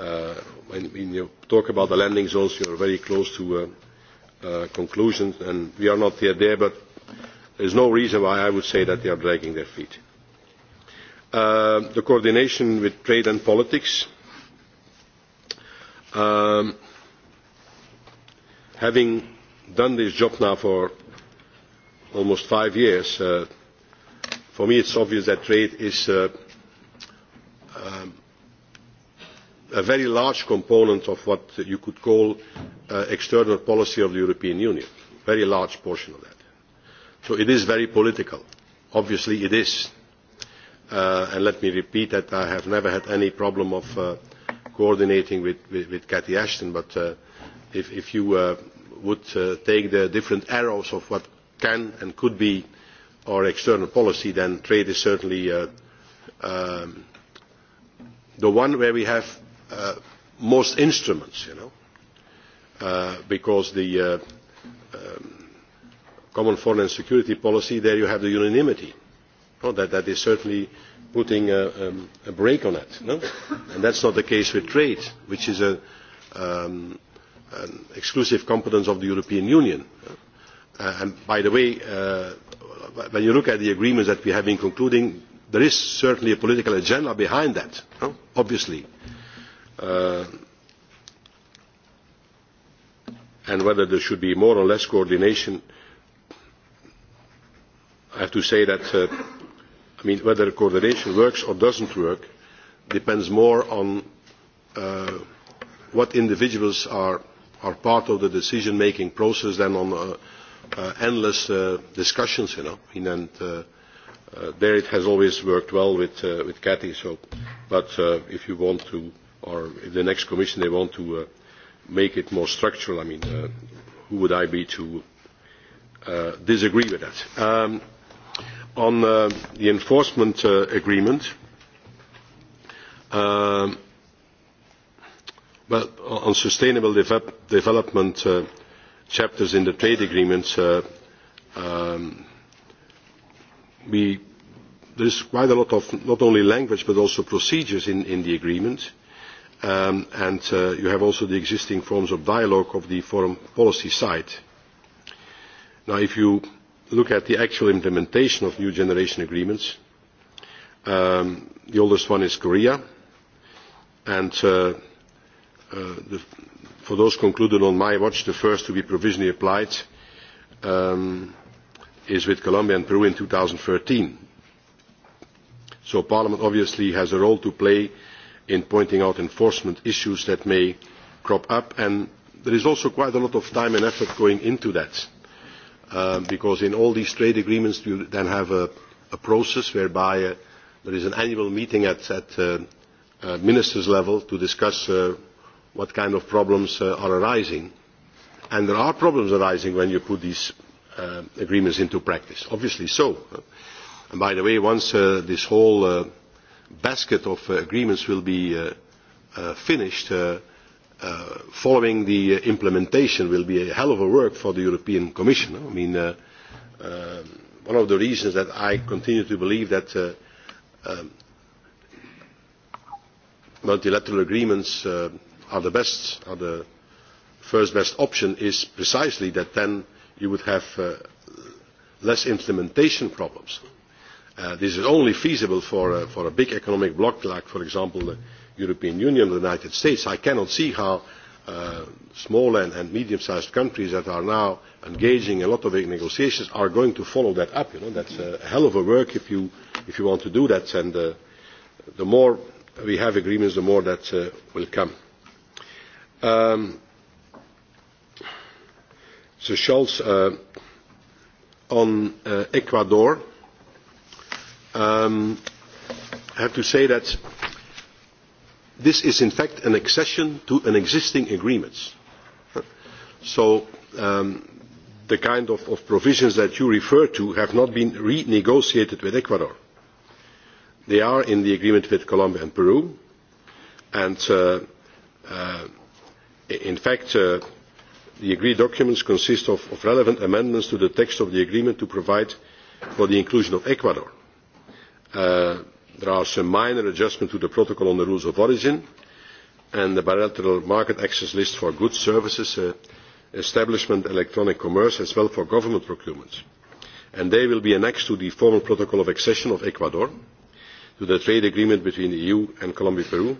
uh, when, when you talk about the landing zones you are very close to uh, uh, conclusions and we are not yet there but there is no reason why i would say that they are dragging their feet Uh, the coordination with trade and politics um, having done this job now for almost five years uh, for me it is obvious that trade is uh, um, a very large component of what you could call uh, external policy of the european union a very large portion of that. so it is very political obviously it is. Uh, and let me repeat that I have never had any problem of uh, coordinating with, with, with Cathy Ashton, but uh, if, if you uh, would uh, take the different arrows of what can and could be our external policy, then trade is certainly uh, um, the one where we have uh, most instruments, you know, uh, because the uh, um, common foreign and security policy, there you have the unanimity that, is certainly putting a, um, a brake on it. No? And that's not the case with trade, which is a, um, an exclusive competence of the European Union. Uh, and by the way, uh, when you look at the agreements that we have been concluding, there is certainly a political agenda behind that, no? obviously. Uh, and whether there should be more or less coordination, I have to say that uh, mean, whether coordination works or doesn't work depends more on uh, what individuals are, part of the decision making process than on uh, uh, endless discussions. You know? and, there it has always worked well with, Cathy, so, but if you want to, or if the next commission they want to make it more structural, I mean, who would I be to disagree with that? Um, on uh, the enforcement uh, agreement uh, well, on sustainable development chapters in the trade agreement um, we there is quite a lot of not only language but also procedures in, in the agreement um, and uh, you have also the existing forms of dialogue of the foreign policy side. Now if you look at the actual implementation of new generation agreements, um, the oldest one is Korea, and uh, uh, the, for those concluded on my watch, the first to be provisionally applied um, is with Colombia and Peru in 2013. So Parliament obviously has a role to play in pointing out enforcement issues that may crop up, and there is also quite a lot of time and effort going into that Um, because in all these trade agreements you then have a, a process whereby uh, there is an annual meeting at, at uh, uh, ministers level to discuss uh, what kind of problems uh, are arising. And there are problems arising when you put these uh, agreements into practice, obviously so. And by the way, once uh, this whole uh, basket of uh, agreements will be uh, uh, finished, uh, Uh, following the uh, implementation will be a hell of a work for the European Commission. I mean, uh, uh one of the reasons that I continue to believe that uh, um, multilateral agreements are the best, are the first best option is precisely that then you would have less implementation problems. this is only feasible for, for a big economic bloc like, for example, the European Union and the United States, I cannot see how uh, small and, medium-sized countries that are now engaging in a lot of negotiations are going to follow that up. You know, that's a hell of a work if you, if you want to do that. And uh, the more we have agreements, the more that uh, will come. mr um, Scholz, on Ecuador, um, I have to say that this is in fact an accession to an existing agreement. So um, the kind of, of provisions that you refer to have not been renegotiated with Ecuador. They are in the agreement with Colombia and Peru, and uh, uh, in fact, uh, the agreed documents consist of, of relevant amendments to the text of the agreement to provide for the inclusion of Ecuador. Uh, there are some minor adjustments to the protocol on the rules of origin and the bilateral market access list for goods services uh, establishment electronic commerce as well for government procurement and they will be annexed to the formal protocol of accession of ecuador to the trade agreement between the eu and colombia peru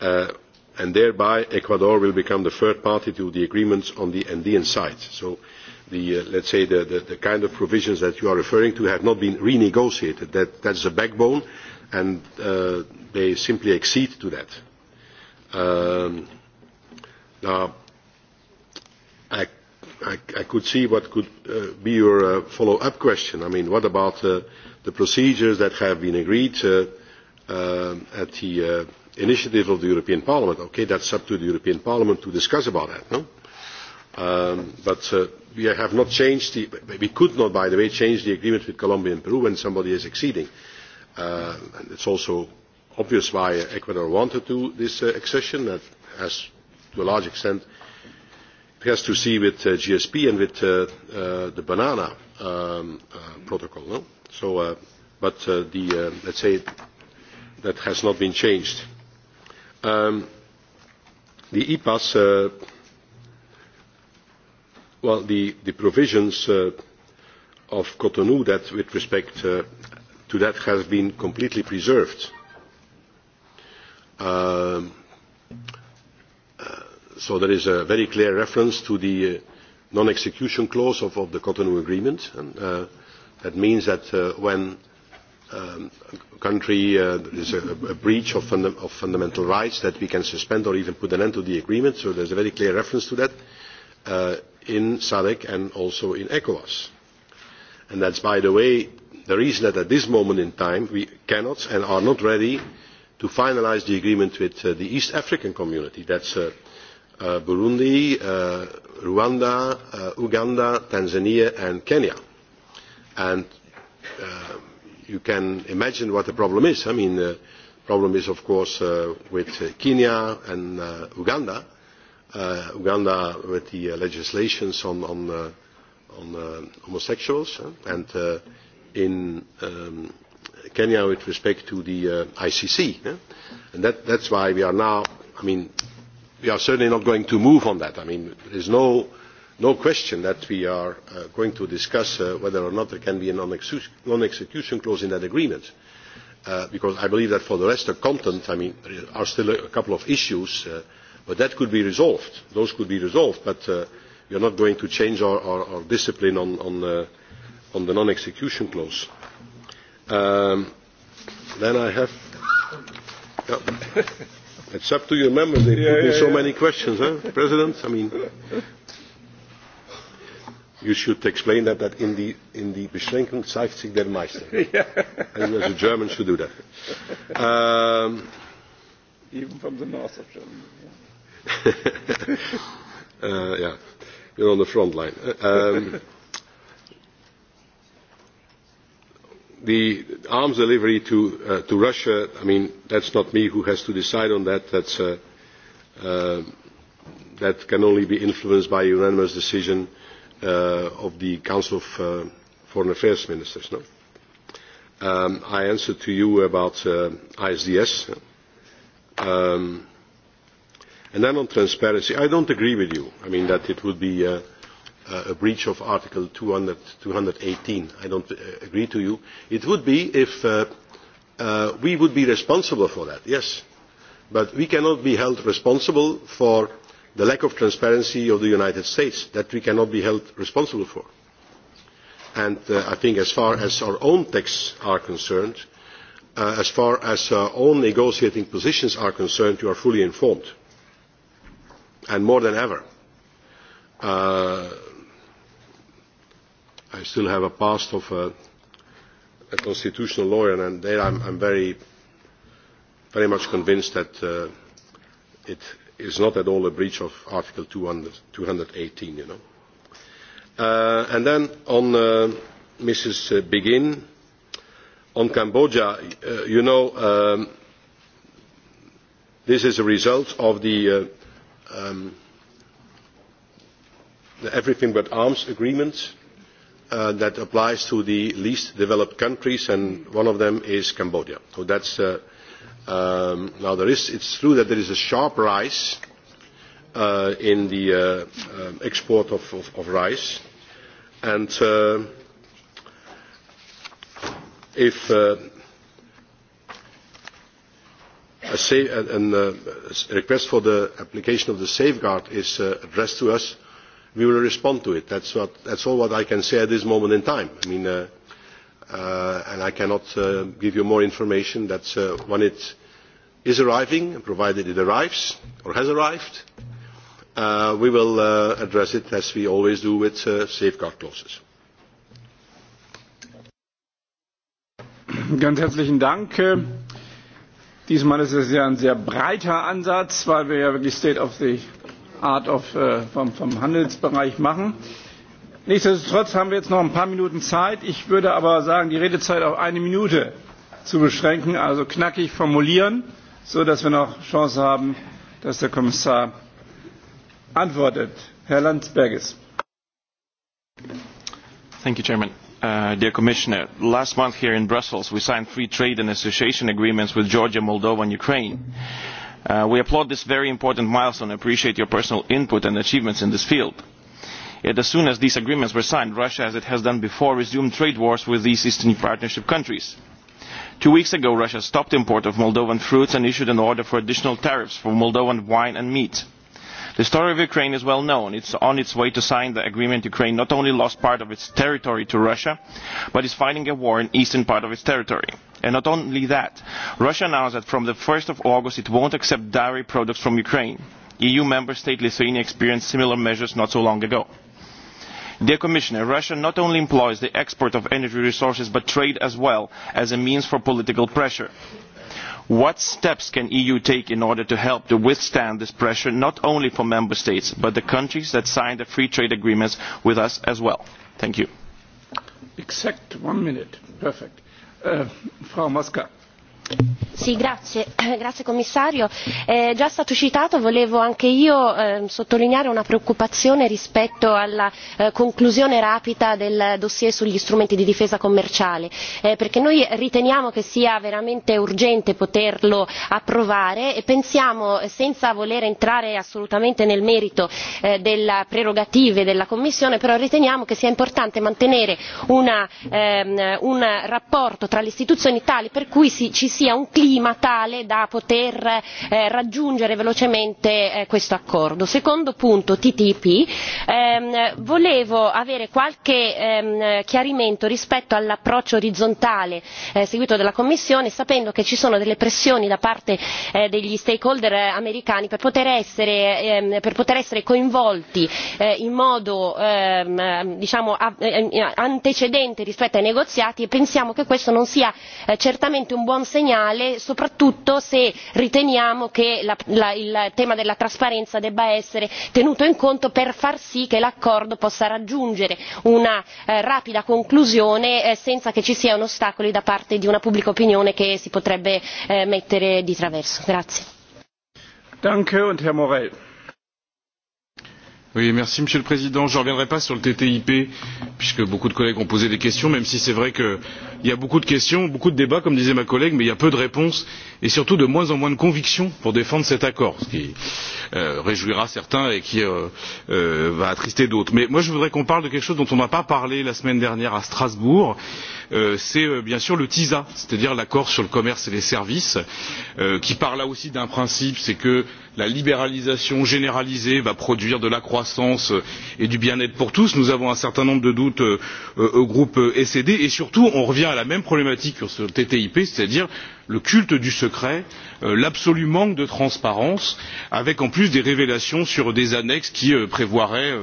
uh, and thereby ecuador will become the third party to the agreements on the andean side. so let us uh, let's say the, the kind of provisions that you are referring to have not been renegotiated. that is the backbone and uh, they simply accede to that. Um, now, I, I, I could see what could uh, be your uh, follow-up question. I mean, what about uh, the procedures that have been agreed uh, uh, at the uh, initiative of the European Parliament? Okay, that's up to the European Parliament to discuss about that, no? Um, but uh, we have not changed the, we could not, by the way, change the agreement with Colombia and Peru when somebody is exceeding. Uh, Uh, it is also obvious why ecuador wanted to, this uh, accession. that has to a large extent it has to see with uh, gsp and with uh, the banana um, protocol. but let us say that has not been changed. Um, the epas well the provisions of cotonou that with respect to that has been completely preserved. Um, uh, so there is a very clear reference to the uh, non-execution clause of, of, the Cotonou Agreement. And, uh, that means that uh, when um, a country uh, there is a, a breach of, funda of, fundamental rights, that we can suspend or even put an end to the agreement. So there is a very clear reference to that uh, in SADC and also in ECOWAS. And that's, by the way, the reason that at this moment in time we cannot and are not ready to finalise the agreement with uh, the east african community that is uh, uh, burundi rwanda uganda tanzania and kenya. And, you can imagine what the problem is. I mean, the problem is, of course, with Kenya and Uganda. Uganda with the legislation legislations on, homosexuals, and in um, Kenya with respect to the uh, ICC. Yeah? And that, that's why we are now, I mean, we are certainly not going to move on that. I mean, there is no, no question that we are uh, going to discuss uh, whether or not there can be a non-execution clause in that agreement. Uh, because I believe that for the rest of content, I mean, there are still a, a couple of issues, uh, but that could be resolved. Those could be resolved, but uh, we are not going to change our, our, our discipline on, on uh, on the non-execution clause. Um, then I have... Yeah. it's up to your members. They yeah, put yeah, me so many questions, huh, President? I mean, you should explain that, that in the in the Beschränkung zeigt sich der Meister. yeah. And as a German should do that. Um, Even from the north of Germany. Yeah. uh, yeah, you're on the front line. Uh, um, the arms delivery uh, to, Russia, I mean, that's not me who has to decide on that. Uh, uh, that can only be influenced by a unanimous decision of the Council of Foreign Affairs Ministers. Um, I answered to you about ISDS. Um, and then on transparency, I don't agree with you. I mean, that it would be uh, a breach of Article 200, 218. I don't uh, agree to you. It would be if uh, uh, we would be responsible for that, yes. But we cannot be held responsible for the lack of transparency of the United States. That we cannot be held responsible for. And uh, I think as far as our own texts are concerned, uh, as far as our own negotiating positions are concerned, you are fully informed. And more than ever. Uh, I still have a past of a, a constitutional lawyer, and there I'm, am very, very much convinced that uh, it is not at all a breach of Article 200, 218. You know. Uh, and then on uh, Mrs. Uh, Begin, on Cambodia, uh, you know, um, this is a result of the. Uh, um, the everything but arms agreement uh, that applies to the least developed countries and one of them is cambodia. So that's, uh, um, now there is, it's true that there is a sharp rise uh, in the uh, um, export of, of, of rice and uh, if uh, a, uh, a request for the application of the safeguard is uh, addressed to us we will respond to it. that is all that i can say at this moment in time. Uh, uh, and i cannot uh, give you more information than that when it is arriving provided it arrives or has arrived we will address it as we always do with safeguard clauses. ganz herzlichen dank. diesmal ist es ja ein sehr breiter ansatz weil wir ja wirklich state of the Art of, äh, vom, vom Handelsbereich machen. Nichtsdestotrotz haben wir jetzt noch ein paar Minuten Zeit. Ich würde aber sagen, die Redezeit auf eine Minute zu beschränken, also knackig formulieren, sodass wir noch Chance haben, dass der Kommissar antwortet. Herr Landsbergis. Thank you, Chairman. Uh, dear Commissioner, last month here in Brussels we signed free trade and association agreements with Georgia, Moldova and Ukraine. Mm -hmm Uh, we applaud this very important milestone and appreciate your personal input and achievements in this field. Yet as soon as these agreements were signed, Russia, as it has done before, resumed trade wars with these Eastern Partnership countries. Two weeks ago, Russia stopped import of Moldovan fruits and issued an order for additional tariffs for Moldovan wine and meat the story of ukraine is well known it is on its way to sign the agreement ukraine not only lost part of its territory to russia but is fighting a war in the eastern part of its territory. and not only that russia announced that from one august it will not accept dairy products from ukraine. eu member state lithuania experienced similar measures not so long ago. Dear Commissioner, Russia not only employs the export of energy resources but trade as well as a means for political pressure what steps can the eu take in order to help to withstand this pressure not only from member states but the countries that signed the free trade agreements with us as well? thank you. exact one minute. perfect. Uh, frau signor commissario è eh, già stato citato volevo anche io ehm, sottolineare una preoccupazione rispetto alla eh, conclusione rapida del dossier sugli strumenti di difesa commerciale eh, perché noi riteniamo che sia veramente urgente poterlo approvare e pensiamo senza voler entrare assolutamente nel merito delle prerogative della commissione però riteniamo che sia importante mantenere ehm, un rapporto tra le istituzioni tale per cui ci sia un clima tale da poter eh, raggiungere velocemente eh, questo accordo. secondo punto ttip ehm, volevo avere qualche ehm, chiarimento rispetto all'approccio orizzontale eh, seguito dalla commissione sapendo che ci sono delle pressioni da parte degli stakeholder americani per poter essere, ehm, coinvolti in modo diciamo antecedente rispetto ai negoziati e pensiamo che questo non sia certamente un buon segnale soprattutto se riteniamo che il tema della trasparenza debba essere tenuto in conto per far sì che l'accordo possa raggiungere una eh, rapida conclusione eh, senza che ci siano ostacoli da parte di una pubblica opinione che si potrebbe eh, mettere di traverso monsieur le président je ne reviendrai pas sur le ttip puisque beaucoup de collègues ont posé des questions même si c'est vrai qu'il y a beaucoup de questions beaucoup de débats comme disait ma collègue mais il y a peu de réponses et surtout de moins en moins de conviction pour défendre cet accord ce qui euh, réjouira certains et qui euh, euh, va attrister d'autres. mais moi je voudrais qu'on parle de quelque chose dont on n'a pas parlé la semaine dernière à strasbourg et Euh, c'est euh, bien sûr le tisa c'est à dire l'accord sur le commerce et les services euh, qui part là aussi d'un principe c'est que la libéralisation généralisée va produire de la croissance et du bien être pour tous. nous avons un certain nombre de doutes au groupe s d et surtout on revient à la même problématique que sur le ttip c'est à dire le culte du secret euh, l'absolu manque de transparence avec en plus des révélations sur des annexes qui euh, prévoiraient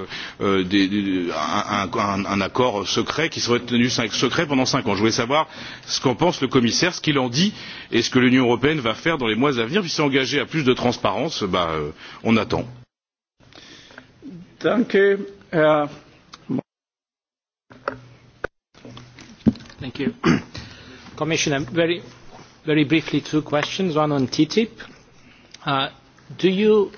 euh, un, accord secret qui serait tenu secret pendant cinq ans. je voulais savoir ce qu'en pense le commissaire ce qu'il en dit et ce que l'union européenne va faire dans les mois à venir. s'est s'engager à plus de transparence ben, on attend. Commissioner, very Very briefly, two questions. One on TTIP. Uh, do you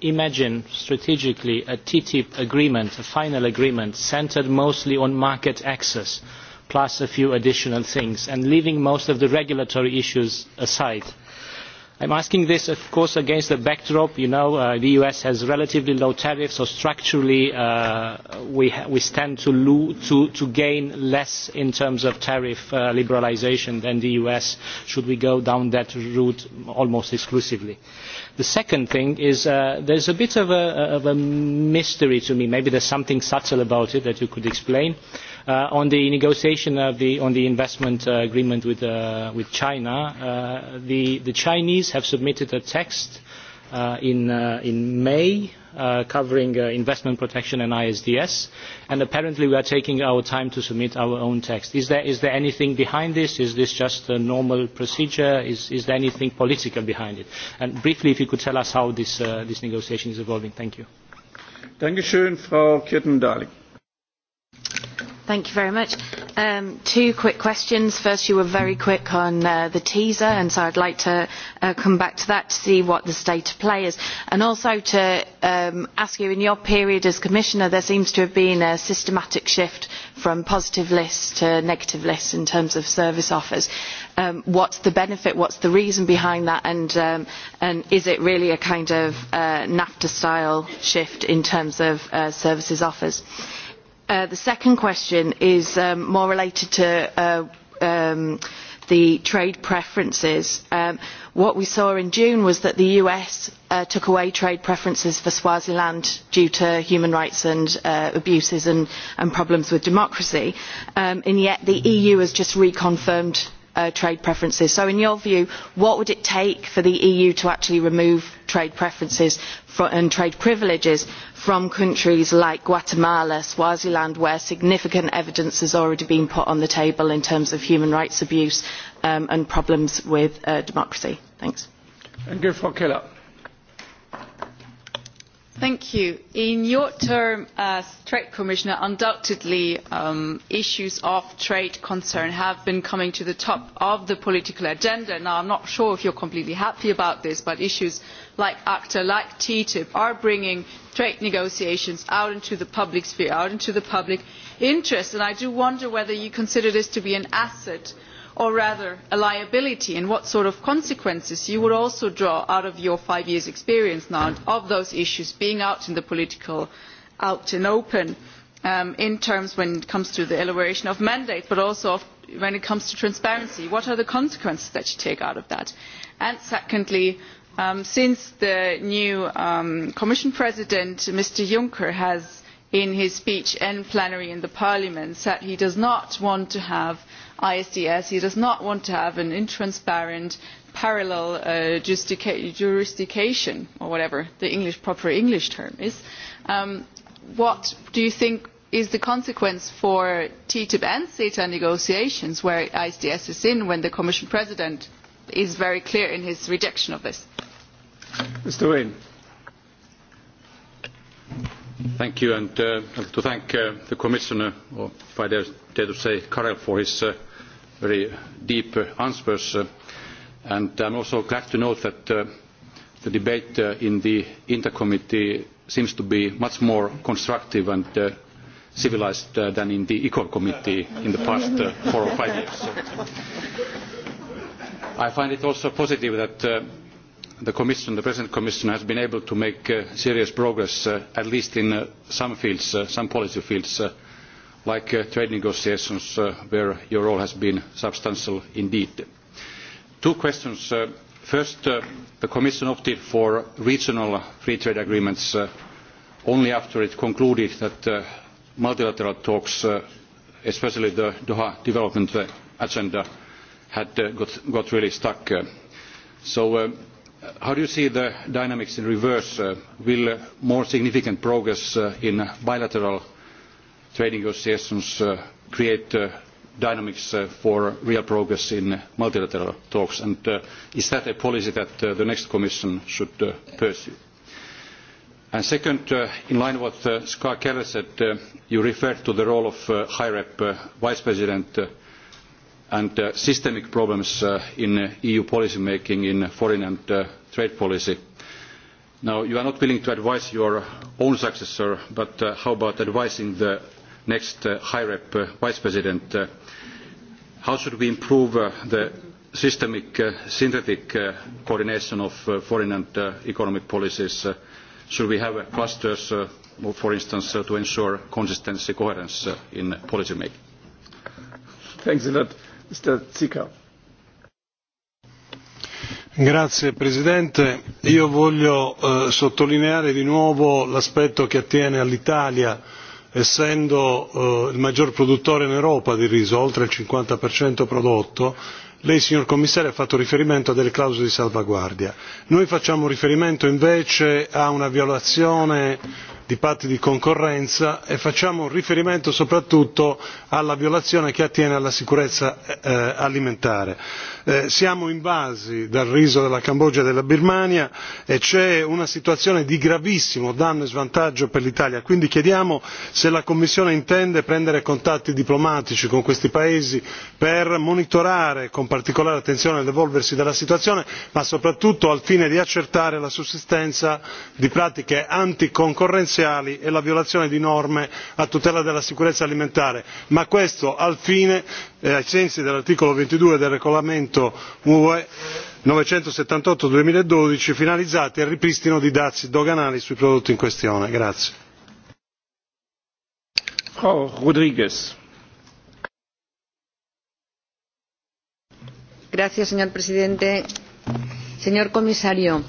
imagine strategically a TTIP agreement, a final agreement, centred mostly on market access, plus a few additional things, and leaving most of the regulatory issues aside? i am asking this of course against the backdrop you know that uh, the us has relatively low tariffs so structurally uh, we, stand to, gain less in terms of tariff uh, liberalisation than the us should we go down that route almost exclusively. the second thing is there is a bit of a, mystery to me maybe there is something subtle about it that you could explain. Uh, on the negotiation of the, on the investment uh, agreement with, uh, with China, the, the, Chinese have submitted a text in, in May Uh, covering uh, investment protection and ISDS, and apparently we are taking our time to submit our own text. Is there, is there anything behind this? Is this just a normal procedure? Is, is there anything political behind it? And briefly, if you could tell us how this, uh, this negotiation is evolving. Thank you. schön, Frau kirten Thank you very much. Um, two quick questions. First, you were very quick on uh, the teaser, and so I'd like to uh, come back to that to see what the state of play is. And also to um, ask you, in your period as Commissioner, there seems to have been a systematic shift from positive lists to negative lists in terms of service offers. Um, what's the benefit? What's the reason behind that? And, um, and is it really a kind of uh, NAFTA-style shift in terms of uh, services offers? Uh, the second question is um, more related to uh, um, the trade preferences. Um, what we saw in June was that the US uh, took away trade preferences for Swaziland due to human rights and uh, abuses and, and, problems with democracy, um, and yet the EU has just reconfirmed Uh, trade preferences. So in your view, what would it take for the EU to actually remove trade preferences and trade privileges from countries like Guatemala, Swaziland, where significant evidence has already been put on the table in terms of human rights abuse um, and problems with uh, democracy? Thanks. Thank you, Frau Keller. Thank you. In your term as Trade Commissioner, undoubtedly um, issues of trade concern have been coming to the top of the political agenda. Now, I'm not sure if you're completely happy about this, but issues like ACTA, like TTIP, are bringing trade negotiations out into the public sphere, out into the public interest. And I do wonder whether you consider this to be an asset or rather a liability and what sort of consequences you would also draw out of your five years' experience now of those issues being out in the political out and open um, in terms when it comes to the elaboration of mandates but also when it comes to transparency what are the consequences that you take out of that? and secondly um, since the new um, commission president mr juncker has in his speech and plenary in the parliament said he does not want to have isds he does not want to have an intransparent parallel uh, jurisdiction or whatever the english, proper english term is um, what do you think is the consequence for ttip and ceta negotiations where isds is in when the commission president is very clear in his rejection of this? mr rehn. thank you and like uh, to thank uh, the commissioner or if i dare to say karel for his very deep answers. Uh, and I'm also glad to note that uh, the debate uh, in the intercommittee Committee seems to be much more constructive and civilised than in the Econ Committee in the past four or five years. I find it also positive that the commission the present commission has been able to make uh, serious progress uh, at least in uh, some fields some policy fields like uh, trade negotiations uh, where your role has been substantial indeed. Two questions. Uh, first, uh, the Commission opted for regional free trade agreements uh, only after it concluded that uh, multilateral talks, especially the Doha development agenda, had got, got, really stuck. so how do you see the dynamics in reverse? will more significant progress in bilateral trade negotiations uh, create uh, dynamics uh, for real progress in multilateral talks and is that a policy that the next commission should pursue? And second, in line with what Ska Keller said, you referred to the role of High Rep, Vice President and systemic problems in EU policy making in foreign and trade policy. Now, you are not willing to advise your own successor, but how about advising the next uh, High Rep uh, Vice President, uh, how should we improve uh, the systemic uh, synthetic uh, coordination of uh, foreign and uh, economic policies? Uh, should we have uh, clusters, uh, for instance, uh, to ensure consistency, coherence uh, in policy making? Thanks a lot. Mr. Zika. Grazie Presidente. Io voglio eh, sottolineare di nuovo l'aspetto che attiene all'Italia essendo eh, il maggior produttore in Europa di riso, oltre il 50% prodotto, lei signor commissario ha fatto riferimento a delle clausole di salvaguardia. Noi facciamo riferimento invece a una violazione di patti di concorrenza e facciamo riferimento soprattutto alla violazione che attiene alla sicurezza eh, alimentare. Eh, siamo invasi dal riso della Cambogia e della Birmania e c'è una situazione di gravissimo danno e svantaggio per l'Italia, quindi chiediamo se la Commissione intende prendere contatti diplomatici con questi paesi per monitorare con particolare attenzione l'evolversi della situazione, ma soprattutto al fine di accertare la sussistenza di pratiche anticoncorrenziali sociali e la violazione di norme a tutela della sicurezza alimentare ma questo al fine eh, ai sensi dell'articolo ventidue del regolamento ue novecentosettantotto duemiladodici finalizzati al ripristino di dazi doganali sui prodotti in questione. señor comisario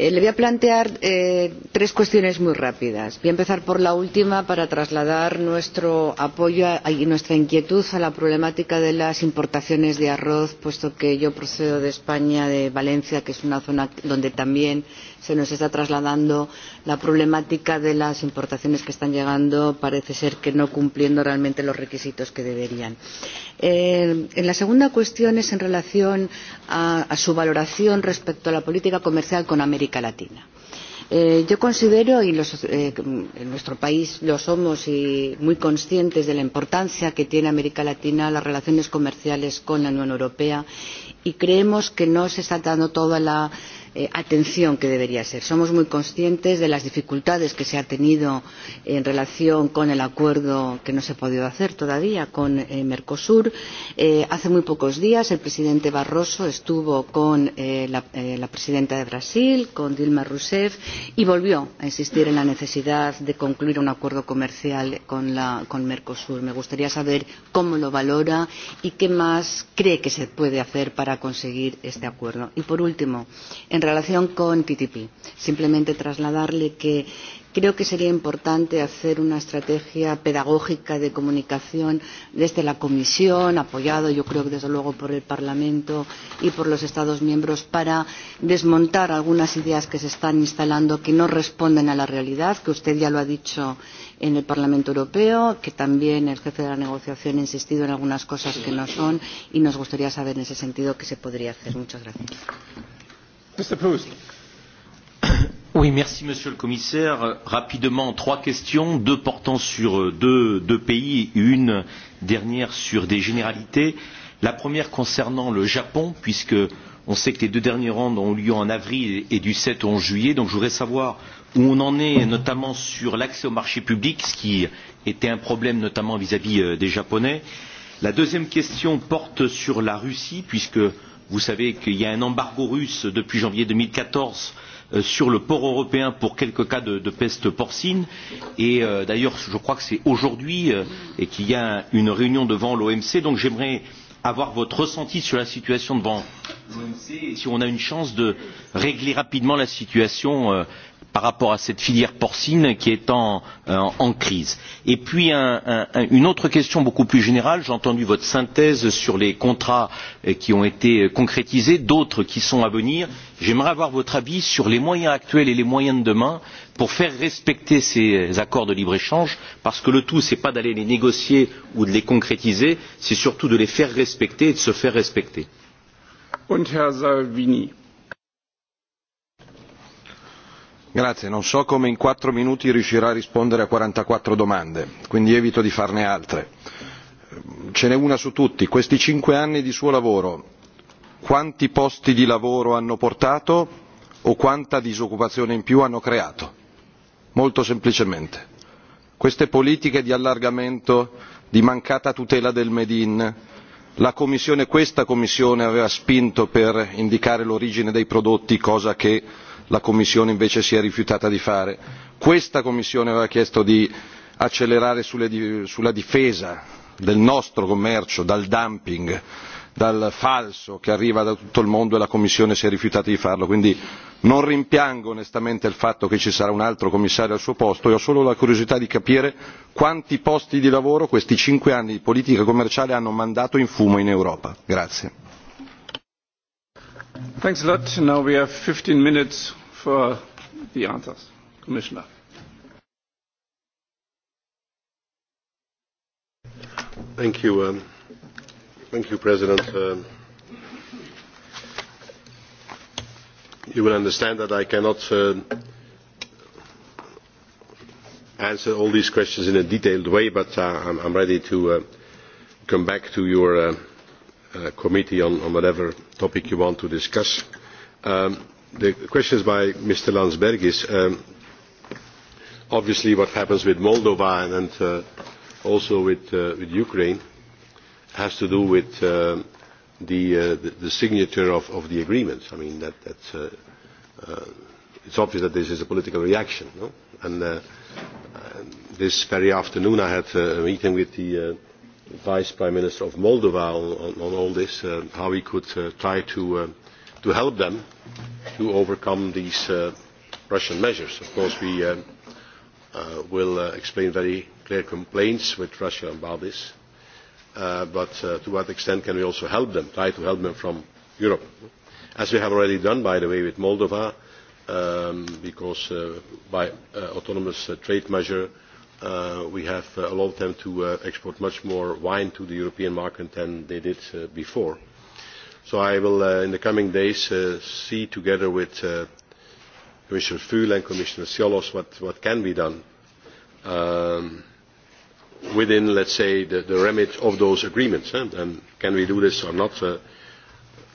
Eh, le voy a plantear eh, tres cuestiones muy rápidas. Voy a empezar por la última para trasladar nuestro apoyo y nuestra inquietud a la problemática de las importaciones de arroz, puesto que yo procedo de España, de Valencia, que es una zona donde también se nos está trasladando la problemática de las importaciones que están llegando, parece ser que no cumpliendo realmente los requisitos que deberían. cumplir. Eh, en la segunda cuestión es en relación a, a su valoración respecto a la política comercial con América Latina. Eh, yo considero, y los, eh, en nuestro país lo somos y muy conscientes de la importancia que tiene América Latina las relaciones comerciales con la Unión Europea, y creemos que no se está dando toda la Eh, atención que debería ser. Somos muy conscientes de las dificultades que se han tenido en relación con el acuerdo que no se ha podido hacer todavía con eh, Mercosur. Eh, hace muy pocos días el presidente Barroso estuvo con eh, la, eh, la presidenta de Brasil, con Dilma Rousseff, y volvió a insistir en la necesidad de concluir un acuerdo comercial con, la, con Mercosur. Me gustaría saber cómo lo valora y qué más cree que se puede hacer para conseguir este acuerdo. Y por último, en relación con TTIP, simplemente trasladarle que creo que sería importante hacer una estrategia pedagógica de comunicación desde la Comisión, apoyado yo creo que desde luego por el Parlamento y por los Estados miembros, para desmontar algunas ideas que se están instalando que no responden a la realidad, que usted ya lo ha dicho en el Parlamento Europeo, que también el jefe de la negociación ha insistido en algunas cosas que no son y nos gustaría saber en ese sentido qué se podría hacer. Muchas gracias. Monsieur le Commissaire. Rapidement, trois questions, deux portant sur euh, deux, pays et une dernière sur des généralités. La première concernant le Japon, puisqu'on sait que les deux derniers rounds ont eu lieu en avril et du sept au onze juillet. Donc je voudrais savoir où on en est, notamment sur l'accès aux marchés publics ce qui était un problème notamment vis-à-vis euh, des Japonais. La deuxième question porte sur la Russie, puisque euh, Vous savez qu'il y a un embargo russe depuis janvier 2014 euh, sur le port européen pour quelques cas de, de peste porcine et euh, d'ailleurs je crois que c'est aujourd'hui euh, et qu'il y a une réunion devant l'OMC donc j'aimerais avoir votre ressenti sur la situation devant l'OMC et si on a une chance de régler rapidement la situation euh, par rapport à cette filière porcine qui est en, en, euh, en crise. Et puis un, un, une autre question beaucoup plus générale j'ai entendu votre synthèse sur les contrats euh, qui ont été euh, concrétisés d'autres qui sont à venir j'aimerais avoir votre avis sur les moyens actuels et les moyens de demain pour faire respecter ces accords de libre échange parce que le tout ce n'est pas d'aller les négocier ou de les concrétiser c'est surtout de les faire respecter et de se faire respecter. Und Herr Salvini. Grazie, non so come in quattro minuti riuscirà a rispondere a quarantaquattro domande, quindi evito di farne altre. Ce n'è una su tutti, questi cinque anni di suo lavoro quanti posti di lavoro hanno portato o quanta disoccupazione in più hanno creato? Molto semplicemente. Queste politiche di allargamento, di mancata tutela del Made in, la commissione, questa commissione aveva spinto per indicare l'origine dei prodotti, cosa che la commissione invece si è rifiutata di fare. questa commissione aveva chiesto di accelerare sulla difesa del nostro commercio dal dumping dal falso che arriva da tutto il mondo e la commissione si è rifiutata di farlo quindi non rimpiango onestamente il fatto che ci sarà un altro commissario al suo posto e ho solo la curiosità di capire quanti posti di lavoro questi cinque anni di politica commerciale hanno mandato in fumo in europa. grazie for the answers. Commissioner. Thank you. Um, thank you, President. Um, you will understand that I cannot um, answer all these questions in a detailed way, but uh, I'm, I'm ready to uh, come back to your uh, uh, committee on, on whatever topic you want to discuss. Um, the questions by Mr. Landsbergis, um, obviously what happens with Moldova and uh, also uh, with, Ukraine has to do with uh, the, signature of, the agreement. I mean, it is it's obvious that this is a political reaction. And this very afternoon I had a meeting with the Vice Prime Minister of Moldova on, all this, how we could try to to help them to overcome these uh, Russian measures. Of course, we uh, uh, will explain very clear complaints with Russia about this, but to what extent can we also help them, try to help them from Europe, as we have already done, by the way, with Moldova, um, because by autonomous trade measure, we have allowed them to export much more wine to the European market than they did before so i will uh, in the coming days uh, see together with uh, commissioner fle and commissioner ciolo what, can be done um, within let us say the, remit of those agreements and can we do this or not?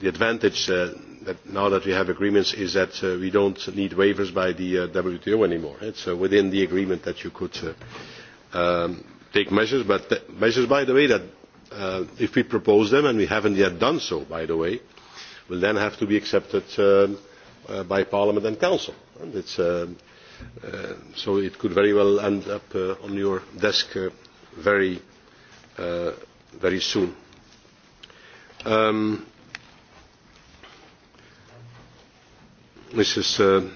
the advantage now that we have agreements is that we do not need waivers by the wto any more. it is within the agreement that you could um, take measures but measures by the way that Uh, if we propose them and we have not yet done so by the way will then have to be accepted uh, uh, by parliament and council. so it could very well end up on your desk very, very soon. Mrs. Um,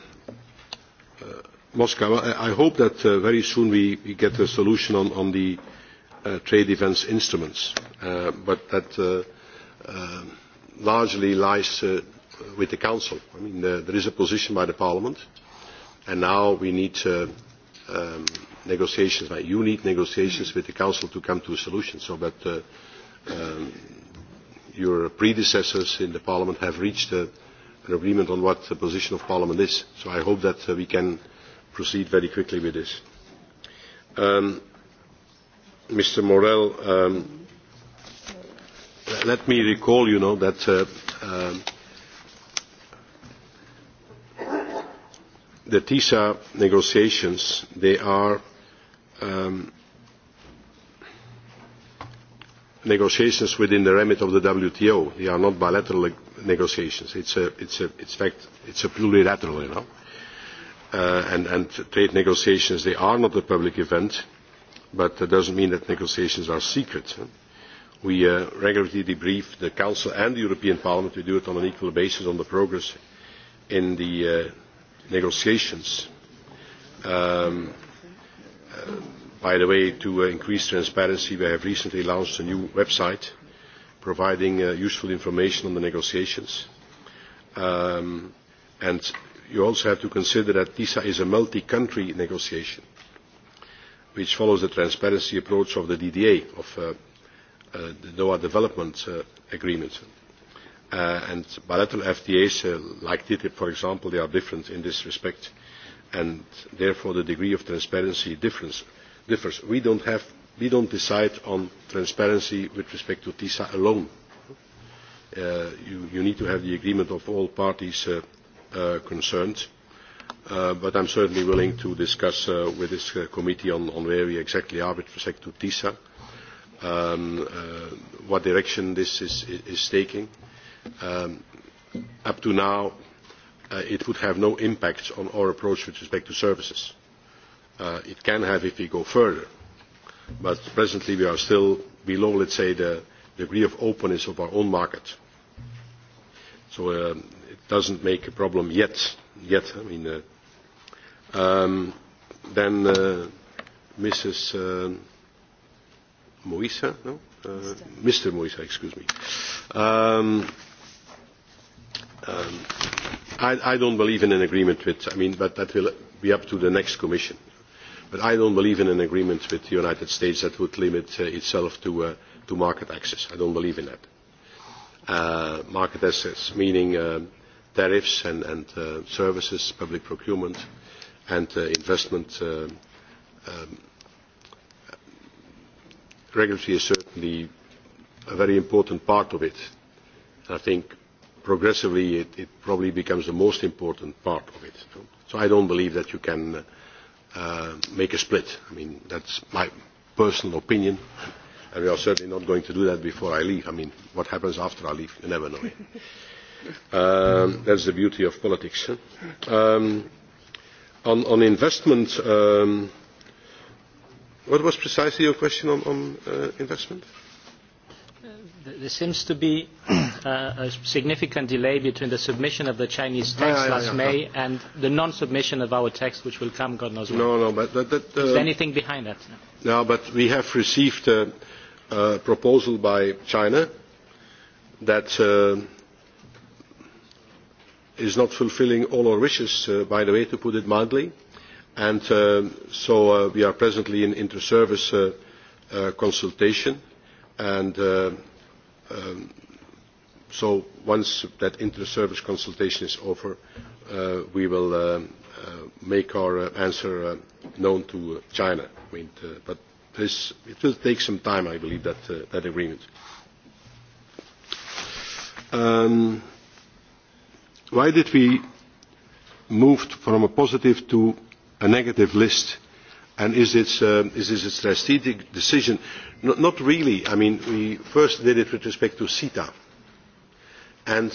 Mosca, I hope that very soon we, get a solution on the Uh, trade defence instruments, uh, but that uh, largely lies with the Council. I mean, there is a position by the Parliament, and now we need um, negotiations, like you need negotiations with the Council to come to a solution. So, but uh, um, your predecessors in the Parliament have reached an agreement on what the position of Parliament is. So I hope that uh, we can proceed very quickly with this. Um, Mr. Morel, um, let me recall, you that uh, um, the TISA negotiations, are um, negotiations within the remit of the WTO. They are not bilateral negotiations. in fact it is a plurilateral, uh, and, trade negotiations, are not a public event but that does not mean that negotiations are secret. we uh, regularly debrief the council and the european parliament we do it on an equal basis on the progress in the uh, negotiations. Um, uh, by the way to increase transparency we have recently launched a new website providing useful information on the negotiations um, and you also have to consider that tisa is a multi country negotiation which follows the transparency approach of the DDA, of uh, uh, the Doha Development uh, Agreement. and bilateral FTAs like TTIP, for example, they are different in this respect, and therefore the degree of transparency difference, differs. We don't, have, we don't decide on transparency with respect to TISA alone. Uh, you, you, need to have the agreement of all parties uh, uh, concerned Uh, but I am certainly willing to discuss uh, with this uh, committee on, on where we exactly are with respect to TISA, um, uh, what direction this is, is taking. Um, up to now, uh, it would have no impact on our approach with respect to services. Uh, it can have if we go further, but presently we are still below, let's say, the degree of openness of our own market. So um, it doesn't make a problem yet. Yet, I mean, uh, Um, then uh, Mrs. Uh, Moisa, no? Uh, Mr. Moisa, excuse me. Um, um, I, I don't believe in an agreement with, I mean, but that will be up to the next Commission. But I don't believe in an agreement with the United States that would limit uh, itself to, uh, to market access. I don't believe in that. Uh, market access meaning uh, tariffs and, and uh, services, public procurement, uh, and uh, investment uh, um, regulatory is certainly a very important part of it. I think progressively it, it probably becomes the most important part of it. So I don't believe that you can uh, make a split. I mean, that's my personal opinion. And we are certainly not going to do that before I leave. I mean, what happens after I leave, you never know. um, that's the beauty of politics. Huh? Um, On, investment, um, what was precisely your question on, on uh, investment? Uh, there seems to be uh, a significant delay between the submission of the Chinese text yeah, last yeah, yeah. May and the non-submission of our text, which will come, God knows when. No, no, but that, that, uh, is there anything behind that? No, but we have received a, a proposal by China that uh, is not fulfilling all our wishes, uh, by the way, to put it mildly. And uh, so uh, we are presently in inter-service consultation. And um, so once that inter-service consultation is over, we will make our answer known to China. but it will take some time, I believe, that, that agreement. Um, why did we move from a positive to a negative list? And is this, uh, is this a strategic decision? No, not really. I mean, we first did it with respect to CETA. And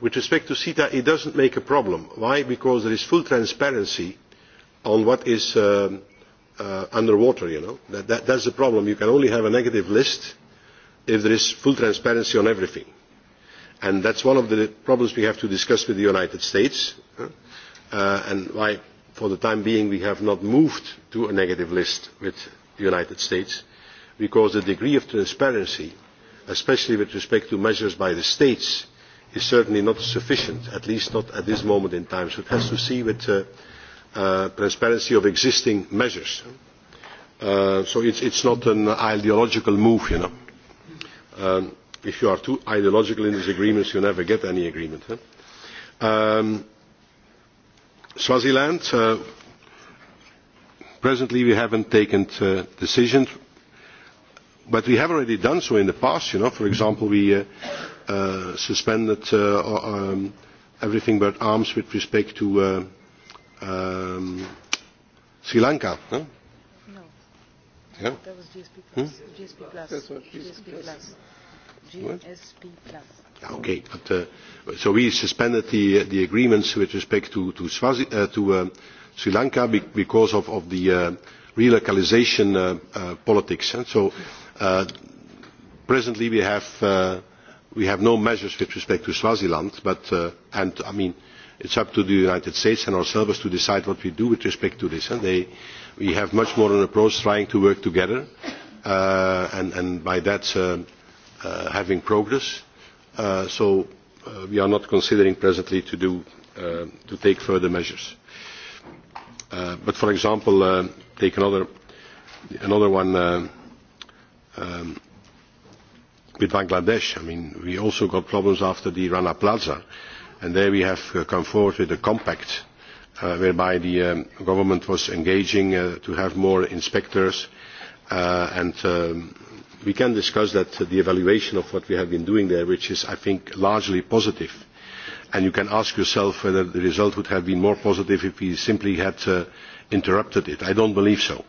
with respect to CETA, it doesn't make a problem. Why? Because there is full transparency on what is um, uh, underwater, you know. That, that, that's the problem. You can only have a negative list if there is full transparency on everything and that is one of the problems we have to discuss with the united states uh, and why for the time being we have not moved to a negative list with the united states because the degree of transparency especially with respect to measures by the states is certainly not sufficient at least not at this moment in time so it has to see with the uh, uh, transparency of existing measures so it's, is not an ideological move you know um, if you are too ideological in these agreements you never get any agreement. Huh? Um, Swaziland, uh, presently we haven't taken uh, decisions, but we have already done so in the past. You know, for example, we uh, uh, suspended uh, um, everything but arms with respect to uh, um, Sri Lanka. Huh? No. Yeah. That was GSP plus. Hmm? GSP plus. That's what GSP, GSP plus. plus GSP plus. Ah, okay, but uh, so we suspended the the agreements with respect to to, Swazi, uh, to uh, Sri Lanka because of of the uh, relocalization uh, uh, politics. And so uh, presently we have uh, we have no measures with respect to Swaziland, but uh, and I mean it's up to the United States and ourselves to decide what we do with respect to this. And they, we have much more an approach trying to work together, uh, and, and by that. Uh, uh, having progress. Uh, so uh, we are not considering presently to, do, uh, to take further measures. Uh, but for example, uh, take another, another one uh, um, with Bangladesh. I mean, we also got problems after the Rana Plaza, and there we have uh, come forward with a compact uh, whereby the um, government was engaging uh, to have more inspectors uh, and um, we can discuss that, uh, the evaluation of what we have been doing there, which is, I think, largely positive. And you can ask yourself whether the result would have been more positive if we simply had uh, interrupted it. I don't believe so.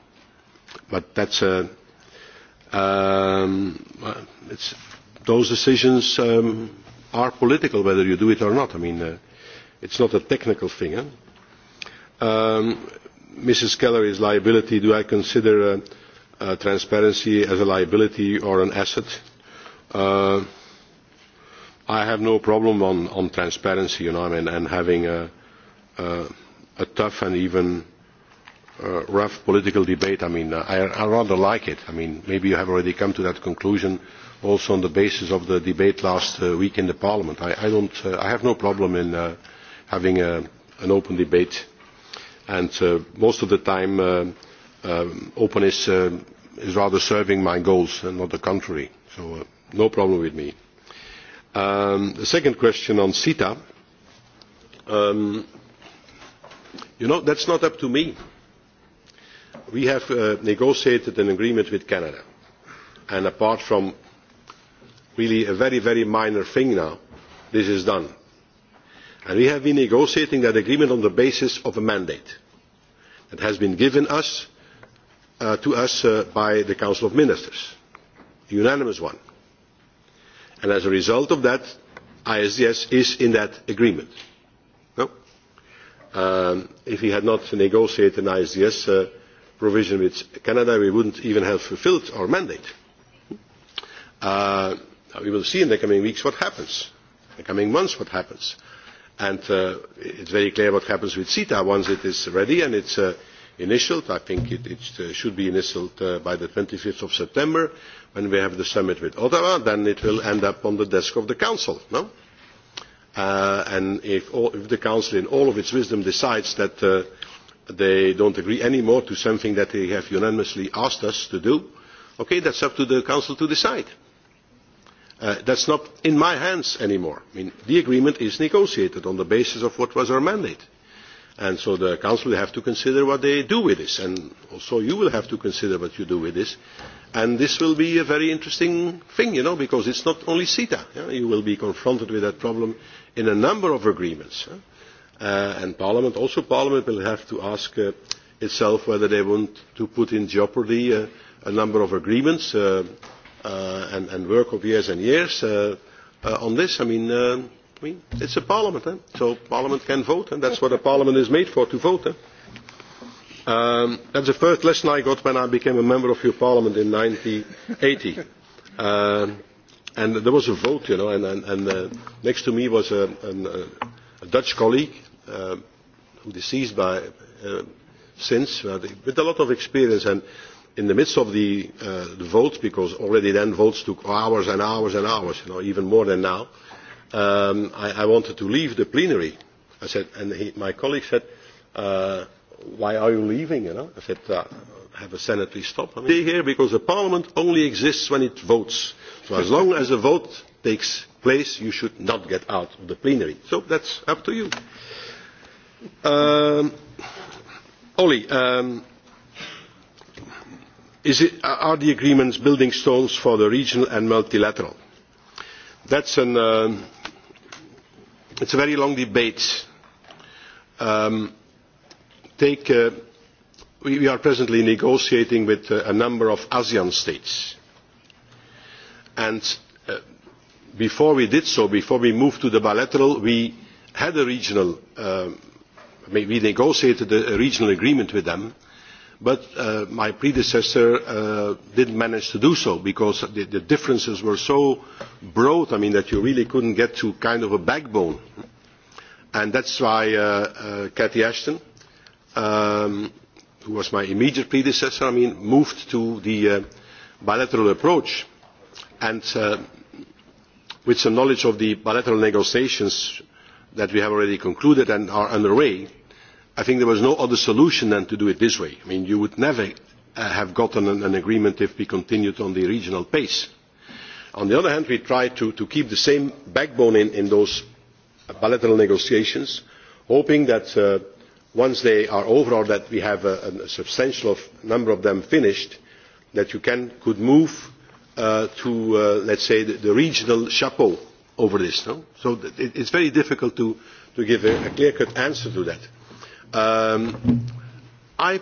But that's a, uh, um, uh, it's, those decisions um, are political, whether you do it or not. I mean, uh, it's not a technical thing. Eh? Um, Mrs. Keller is liability. Do I consider... Uh, uh, transparency as a liability or an asset. Uh, I have no problem on, on transparency, you know, I mean, and having a, a, a tough and even uh, rough political debate. I mean, uh, I, I rather like it. I mean, maybe you have already come to that conclusion also on the basis of the debate last uh, week in the Parliament. I, I, don't, uh, I have no problem in uh, having a, an open debate. And uh, most of the time, uh, Openness um, open uh, is, rather serving my goals and not the contrary so uh, no problem with me. Um, the second question on ceta um, you know that is not up to me. we have uh, negotiated an agreement with canada and apart from really a very very minor thing now this is done. And we have been negotiating that agreement on the basis of a mandate that has been given us uh, to us uh, by the Council of Ministers, a unanimous one. And as a result of that, ISDS is in that agreement. No? Um, if we had not negotiated an ISDS uh, provision with Canada, we wouldn't even have fulfilled our mandate. Uh, we will see in the coming weeks what happens, in the coming months what happens. And uh, it's very clear what happens with CETA once it is ready and it's uh, initialled. I think it, uh, should be initialled uh, by twenty five September when we have the summit with Ottawa. Then it will end up on the desk of the Council. Uh, and if, the Council, in all of its wisdom, decides that uh, they not agree any more to something that they have unanimously asked us to do, ok that is up to the Council to decide. that is not in my hands any more. the agreement is negotiated on the basis of what was our mandate. And so the Council will have to consider what they do with this, and also you will have to consider what you do with this. And this will be a very interesting thing, you know, because it's not only CETA. Yeah? You will be confronted with that problem in a number of agreements. Yeah? Uh, and Parliament, also Parliament will have to ask uh, itself whether they want to put in jeopardy uh, a number of agreements uh, uh, and, and work of years and years uh, uh, on this. I mean, uh, I mean, it's a parliament, eh? so parliament can vote, and that's what a parliament is made for, to vote. Eh? Um, that's the first lesson I got when I became a member of your parliament in 1980. Um, and there was a vote, you know, and, and, and uh, next to me was a, a, a Dutch colleague uh, who deceased by, uh, since, uh, with a lot of experience. And in the midst of the, uh, the vote, because already then votes took hours and hours and hours, you know, even more than now, uh, Um, I, wanted to leave the plenary. I said, and my colleague said, uh, why are you leaving? You know? I said, uh, have a sanitary stop. I stay here because the parliament only exists when it votes. So as long as a vote takes place, you should not get out of the plenary. So that's up to you. Um, olli um, is it, uh, are the agreements building stones for the regional and multilateral? That's an it's a very long debate. Um, take, uh, we, we are presently negotiating with uh, a number of ASEAN states. And uh, before we did so, before we moved to the bilateral, we had a regional, uh, we negotiated a regional agreement with them but uh, my predecessor uh, did not manage to do so because the, differences were so broad that you really could not get to a kind of backbone. And that is why uh, catherine Ashton, um, who was my immediate predecessor, moved to the bilateral approach. And with some knowledge of the bilateral negotiations that we have already concluded and are under way I think there was no other solution than to do it this way. I mean, you would never uh, have gotten an, an agreement if we continued on the regional pace. On the other hand, we tried to, to keep the same backbone in, in those bilateral negotiations, hoping that uh, once they are over or that we have a, a substantial of, number of them finished, that you can, could move uh, to, uh, let's say, the, the regional chapeau over this. No? So it, it's very difficult to, to give a, a clear-cut answer to that Um, I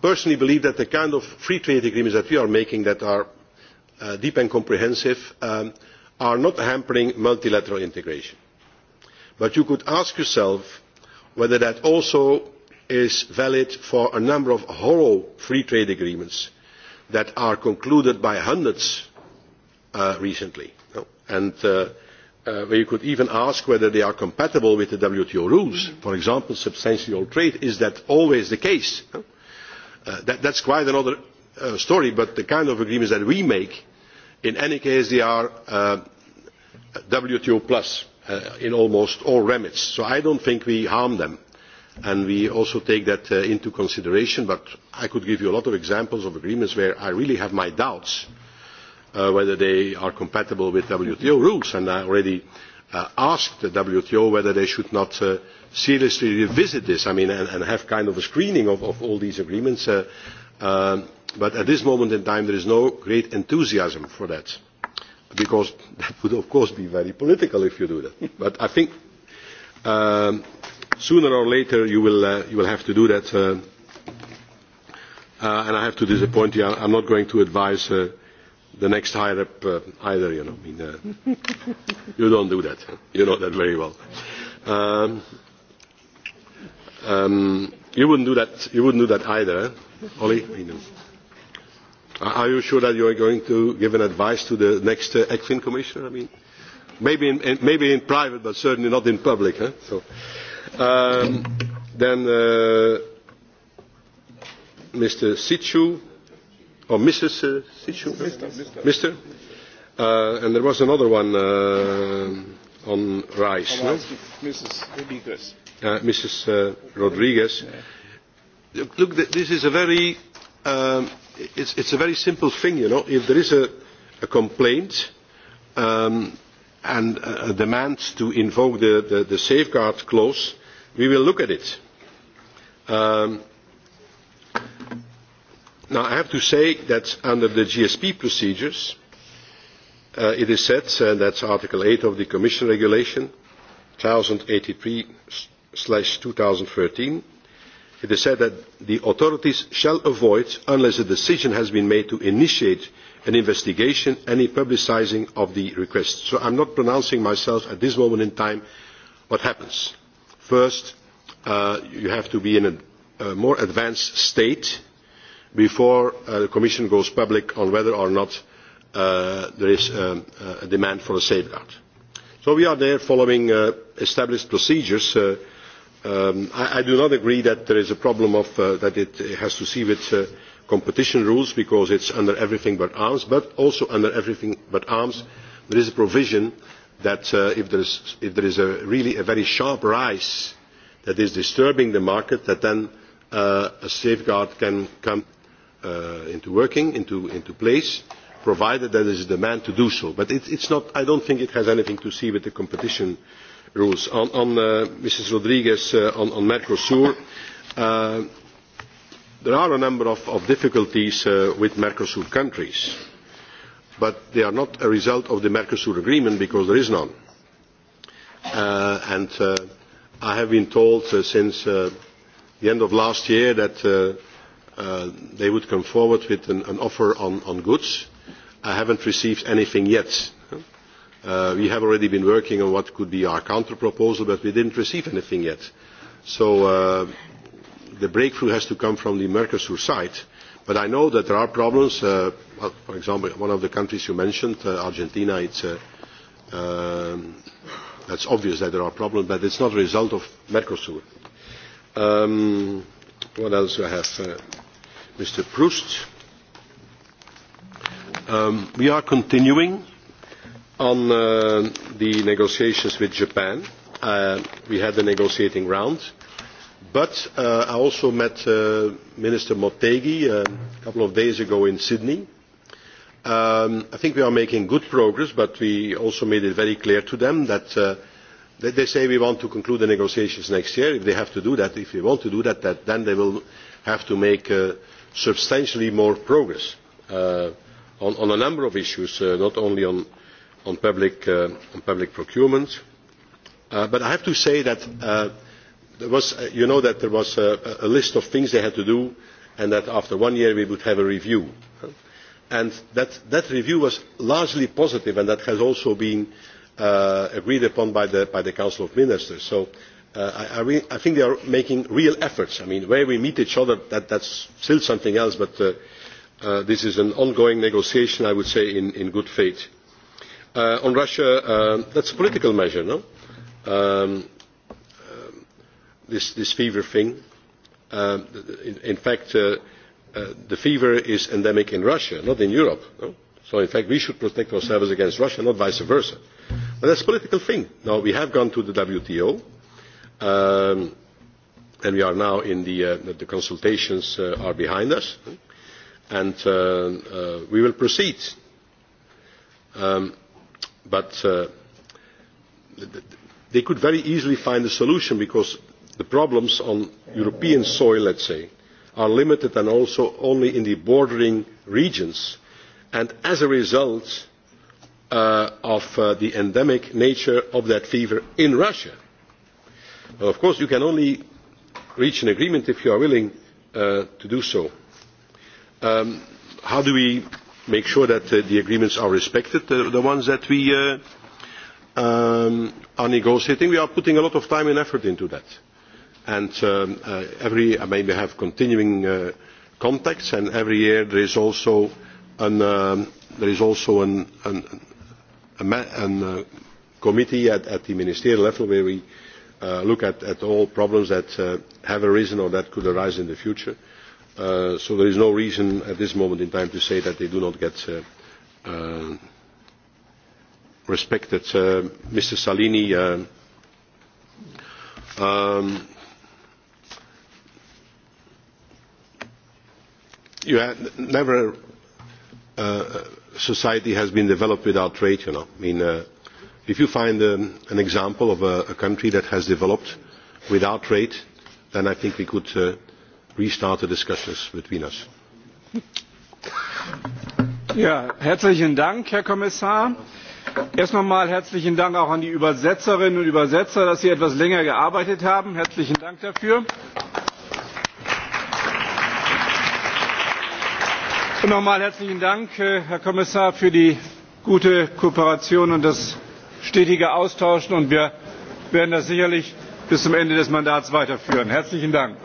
personally believe that the kind of free trade agreements that we are making that are uh, deep and comprehensive um, are not hampering multilateral integration. But you could ask yourself whether that also is valid for a number of hollow free trade agreements that are concluded by hundreds uh, recently. No? And uh, Uh, where you could even ask whether they are compatible with the wto rules mm-hmm. for example substantial trade is that always the case? Uh, that, is quite another uh, story but the kind of agreements that we make in any case they are wto plus in almost all remits so i do not think we harm them and we also take that into consideration but i could give you a lot of examples of agreements where i really have my doubts Uh, whether they are compatible with WTO rules. And I already uh, asked the WTO whether they should not uh, seriously revisit this I mean, and, and have kind of a screening of, of all these agreements. Uh, um, but at this moment in time, there is no great enthusiasm for that, because that would, of course, be very political if you do that. but I think um, sooner or later you will, uh, you will have to do that. Uh, uh, and I have to disappoint you. I, I'm not going to advise. Uh, the next high rep uh, either. You know, I mean, uh, you don't do that. You know that very well. Um, um, you wouldn't do that. You wouldn't do that either, eh? Ollie. You uh, know. Are you sure that you are going to give an advice to the next uh, ECFIN commissioner? I mean, maybe in, in, maybe in private, but certainly not in public. Eh? So, um, then uh, Mr. Sichu Oh, Mrs. Uh, Sichu? Mr. Uh, and there was another one uh, on rice, no? Mrs. Rodriguez. Uh, Mrs. Uh, Rodriguez. Look, look, this is a very, um, it's, it's a very simple thing, you know. If there is a, a complaint um, and a demand to invoke the, the, the safeguard clause, we will look at it. Um, Now, I have to say that under the GSP procedures, uh, it is said, and uh, that's Article 8 of the Commission Regulation 1083-2013, it is said that the authorities shall avoid, unless a decision has been made to initiate an investigation, any publicising of the request. So I'm not pronouncing myself at this moment in time what happens. First, uh, you have to be in a, a more advanced state before uh, the commission goes public on whether or not uh, there is um, uh, a demand for a safeguard. so we are there following established procedures. Um, I, do not agree that there is a problem of, that it has to see with competition rules because it is under everything but arms but also under everything but arms there is a provision that if there is, if there is a, really a very sharp rise that is disturbing the market that then a safeguard can come uh, into working, into, into place, provided there is a demand to do so. But it, it's not, I don't think it has anything to see with the competition rules. On, on uh, Mrs. Rodriguez, uh, on, on Mercosur, uh, there are a number of, of difficulties uh, with Mercosur countries, but they are not a result of the Mercosur agreement because there is none. Uh, and uh, I have been told uh, since uh, the end of last year that uh, Uh, they would come forward with an, an offer on, on goods. I haven't received anything yet. Uh, we have already been working on what could be our counter-proposal, but we didn't receive anything yet. So uh, the breakthrough has to come from the Mercosur side. But I know that there are problems. Uh, well, for example, one of the countries you mentioned, uh, Argentina, it's, uh, um, that's obvious that there are problems, but it's not a result of Mercosur. Um, what else do I have? Uh, Mr. Proust. Um, we are continuing on uh, the negotiations with Japan. Uh, we had the negotiating round, but uh, I also met Minister Motegi a couple of days ago in Sydney. Um, I think we are making good progress, but we also made it very clear to them that they say we want to conclude the negotiations next year. If they have to do that, if they want to do that, that then they will have to make substantially more progress uh, on, a number of issues uh, not only on, uh, public, procurement but i have to say that was, you know that there was a, list of things they had to do and that after one year we would have a review and that, that review was largely positive and that has also been agreed upon by the council of ministers so Uh, I, think they are making real efforts. I mean, where we meet each other, that, that's still something else, but uh, uh, this is an ongoing negotiation, I would say, in, good faith. on Russia, that um, that's a political measure, no? Um, um, this, fever thing. in, fact, the fever is endemic in Russia, not in Europe. So, in fact, we should protect ourselves against Russia, not vice versa. But that's a political thing. Now, we have gone to the WTO Um, and we are now in the, uh, the consultations uh, are behind us and uh, uh, we will proceed. Um, but uh, they could very easily find a solution because the problems on European soil, let's say, are limited and also only in the bordering regions. And as a result uh, of uh, the endemic nature of that fever in Russia, of course you can only reach an agreement if you are willing uh, to do so. Um, how do we make sure that uh, the agreements are respected, the, ones that we uh, um, are negotiating? We are putting a lot of time and effort into that. And um, every, I mean, we have continuing contacts, and every year there is also an, um, there is also an, an, a committee at, at the ministerial level where we Uh, look at, all problems that uh, have arisen or that could arise in the future uh, so there is no reason at this moment in time to say that they do not get respected. mr salini um, you have never society has been developed without trade you know. I mean, if you find um, an example of a, a country that has developed without trade then i think we could uh, restart the discussions between us. Ja, herzlichen dank herr kommissar! erst noch herzlichen dank auch an die übersetzerinnen und übersetzer dass sie etwas länger gearbeitet haben herzlichen dank dafür! und noch herzlichen dank äh, herr kommissar für die gute kooperation und das stetiger austauschen und wir werden das sicherlich bis zum ende des mandats weiterführen. herzlichen dank!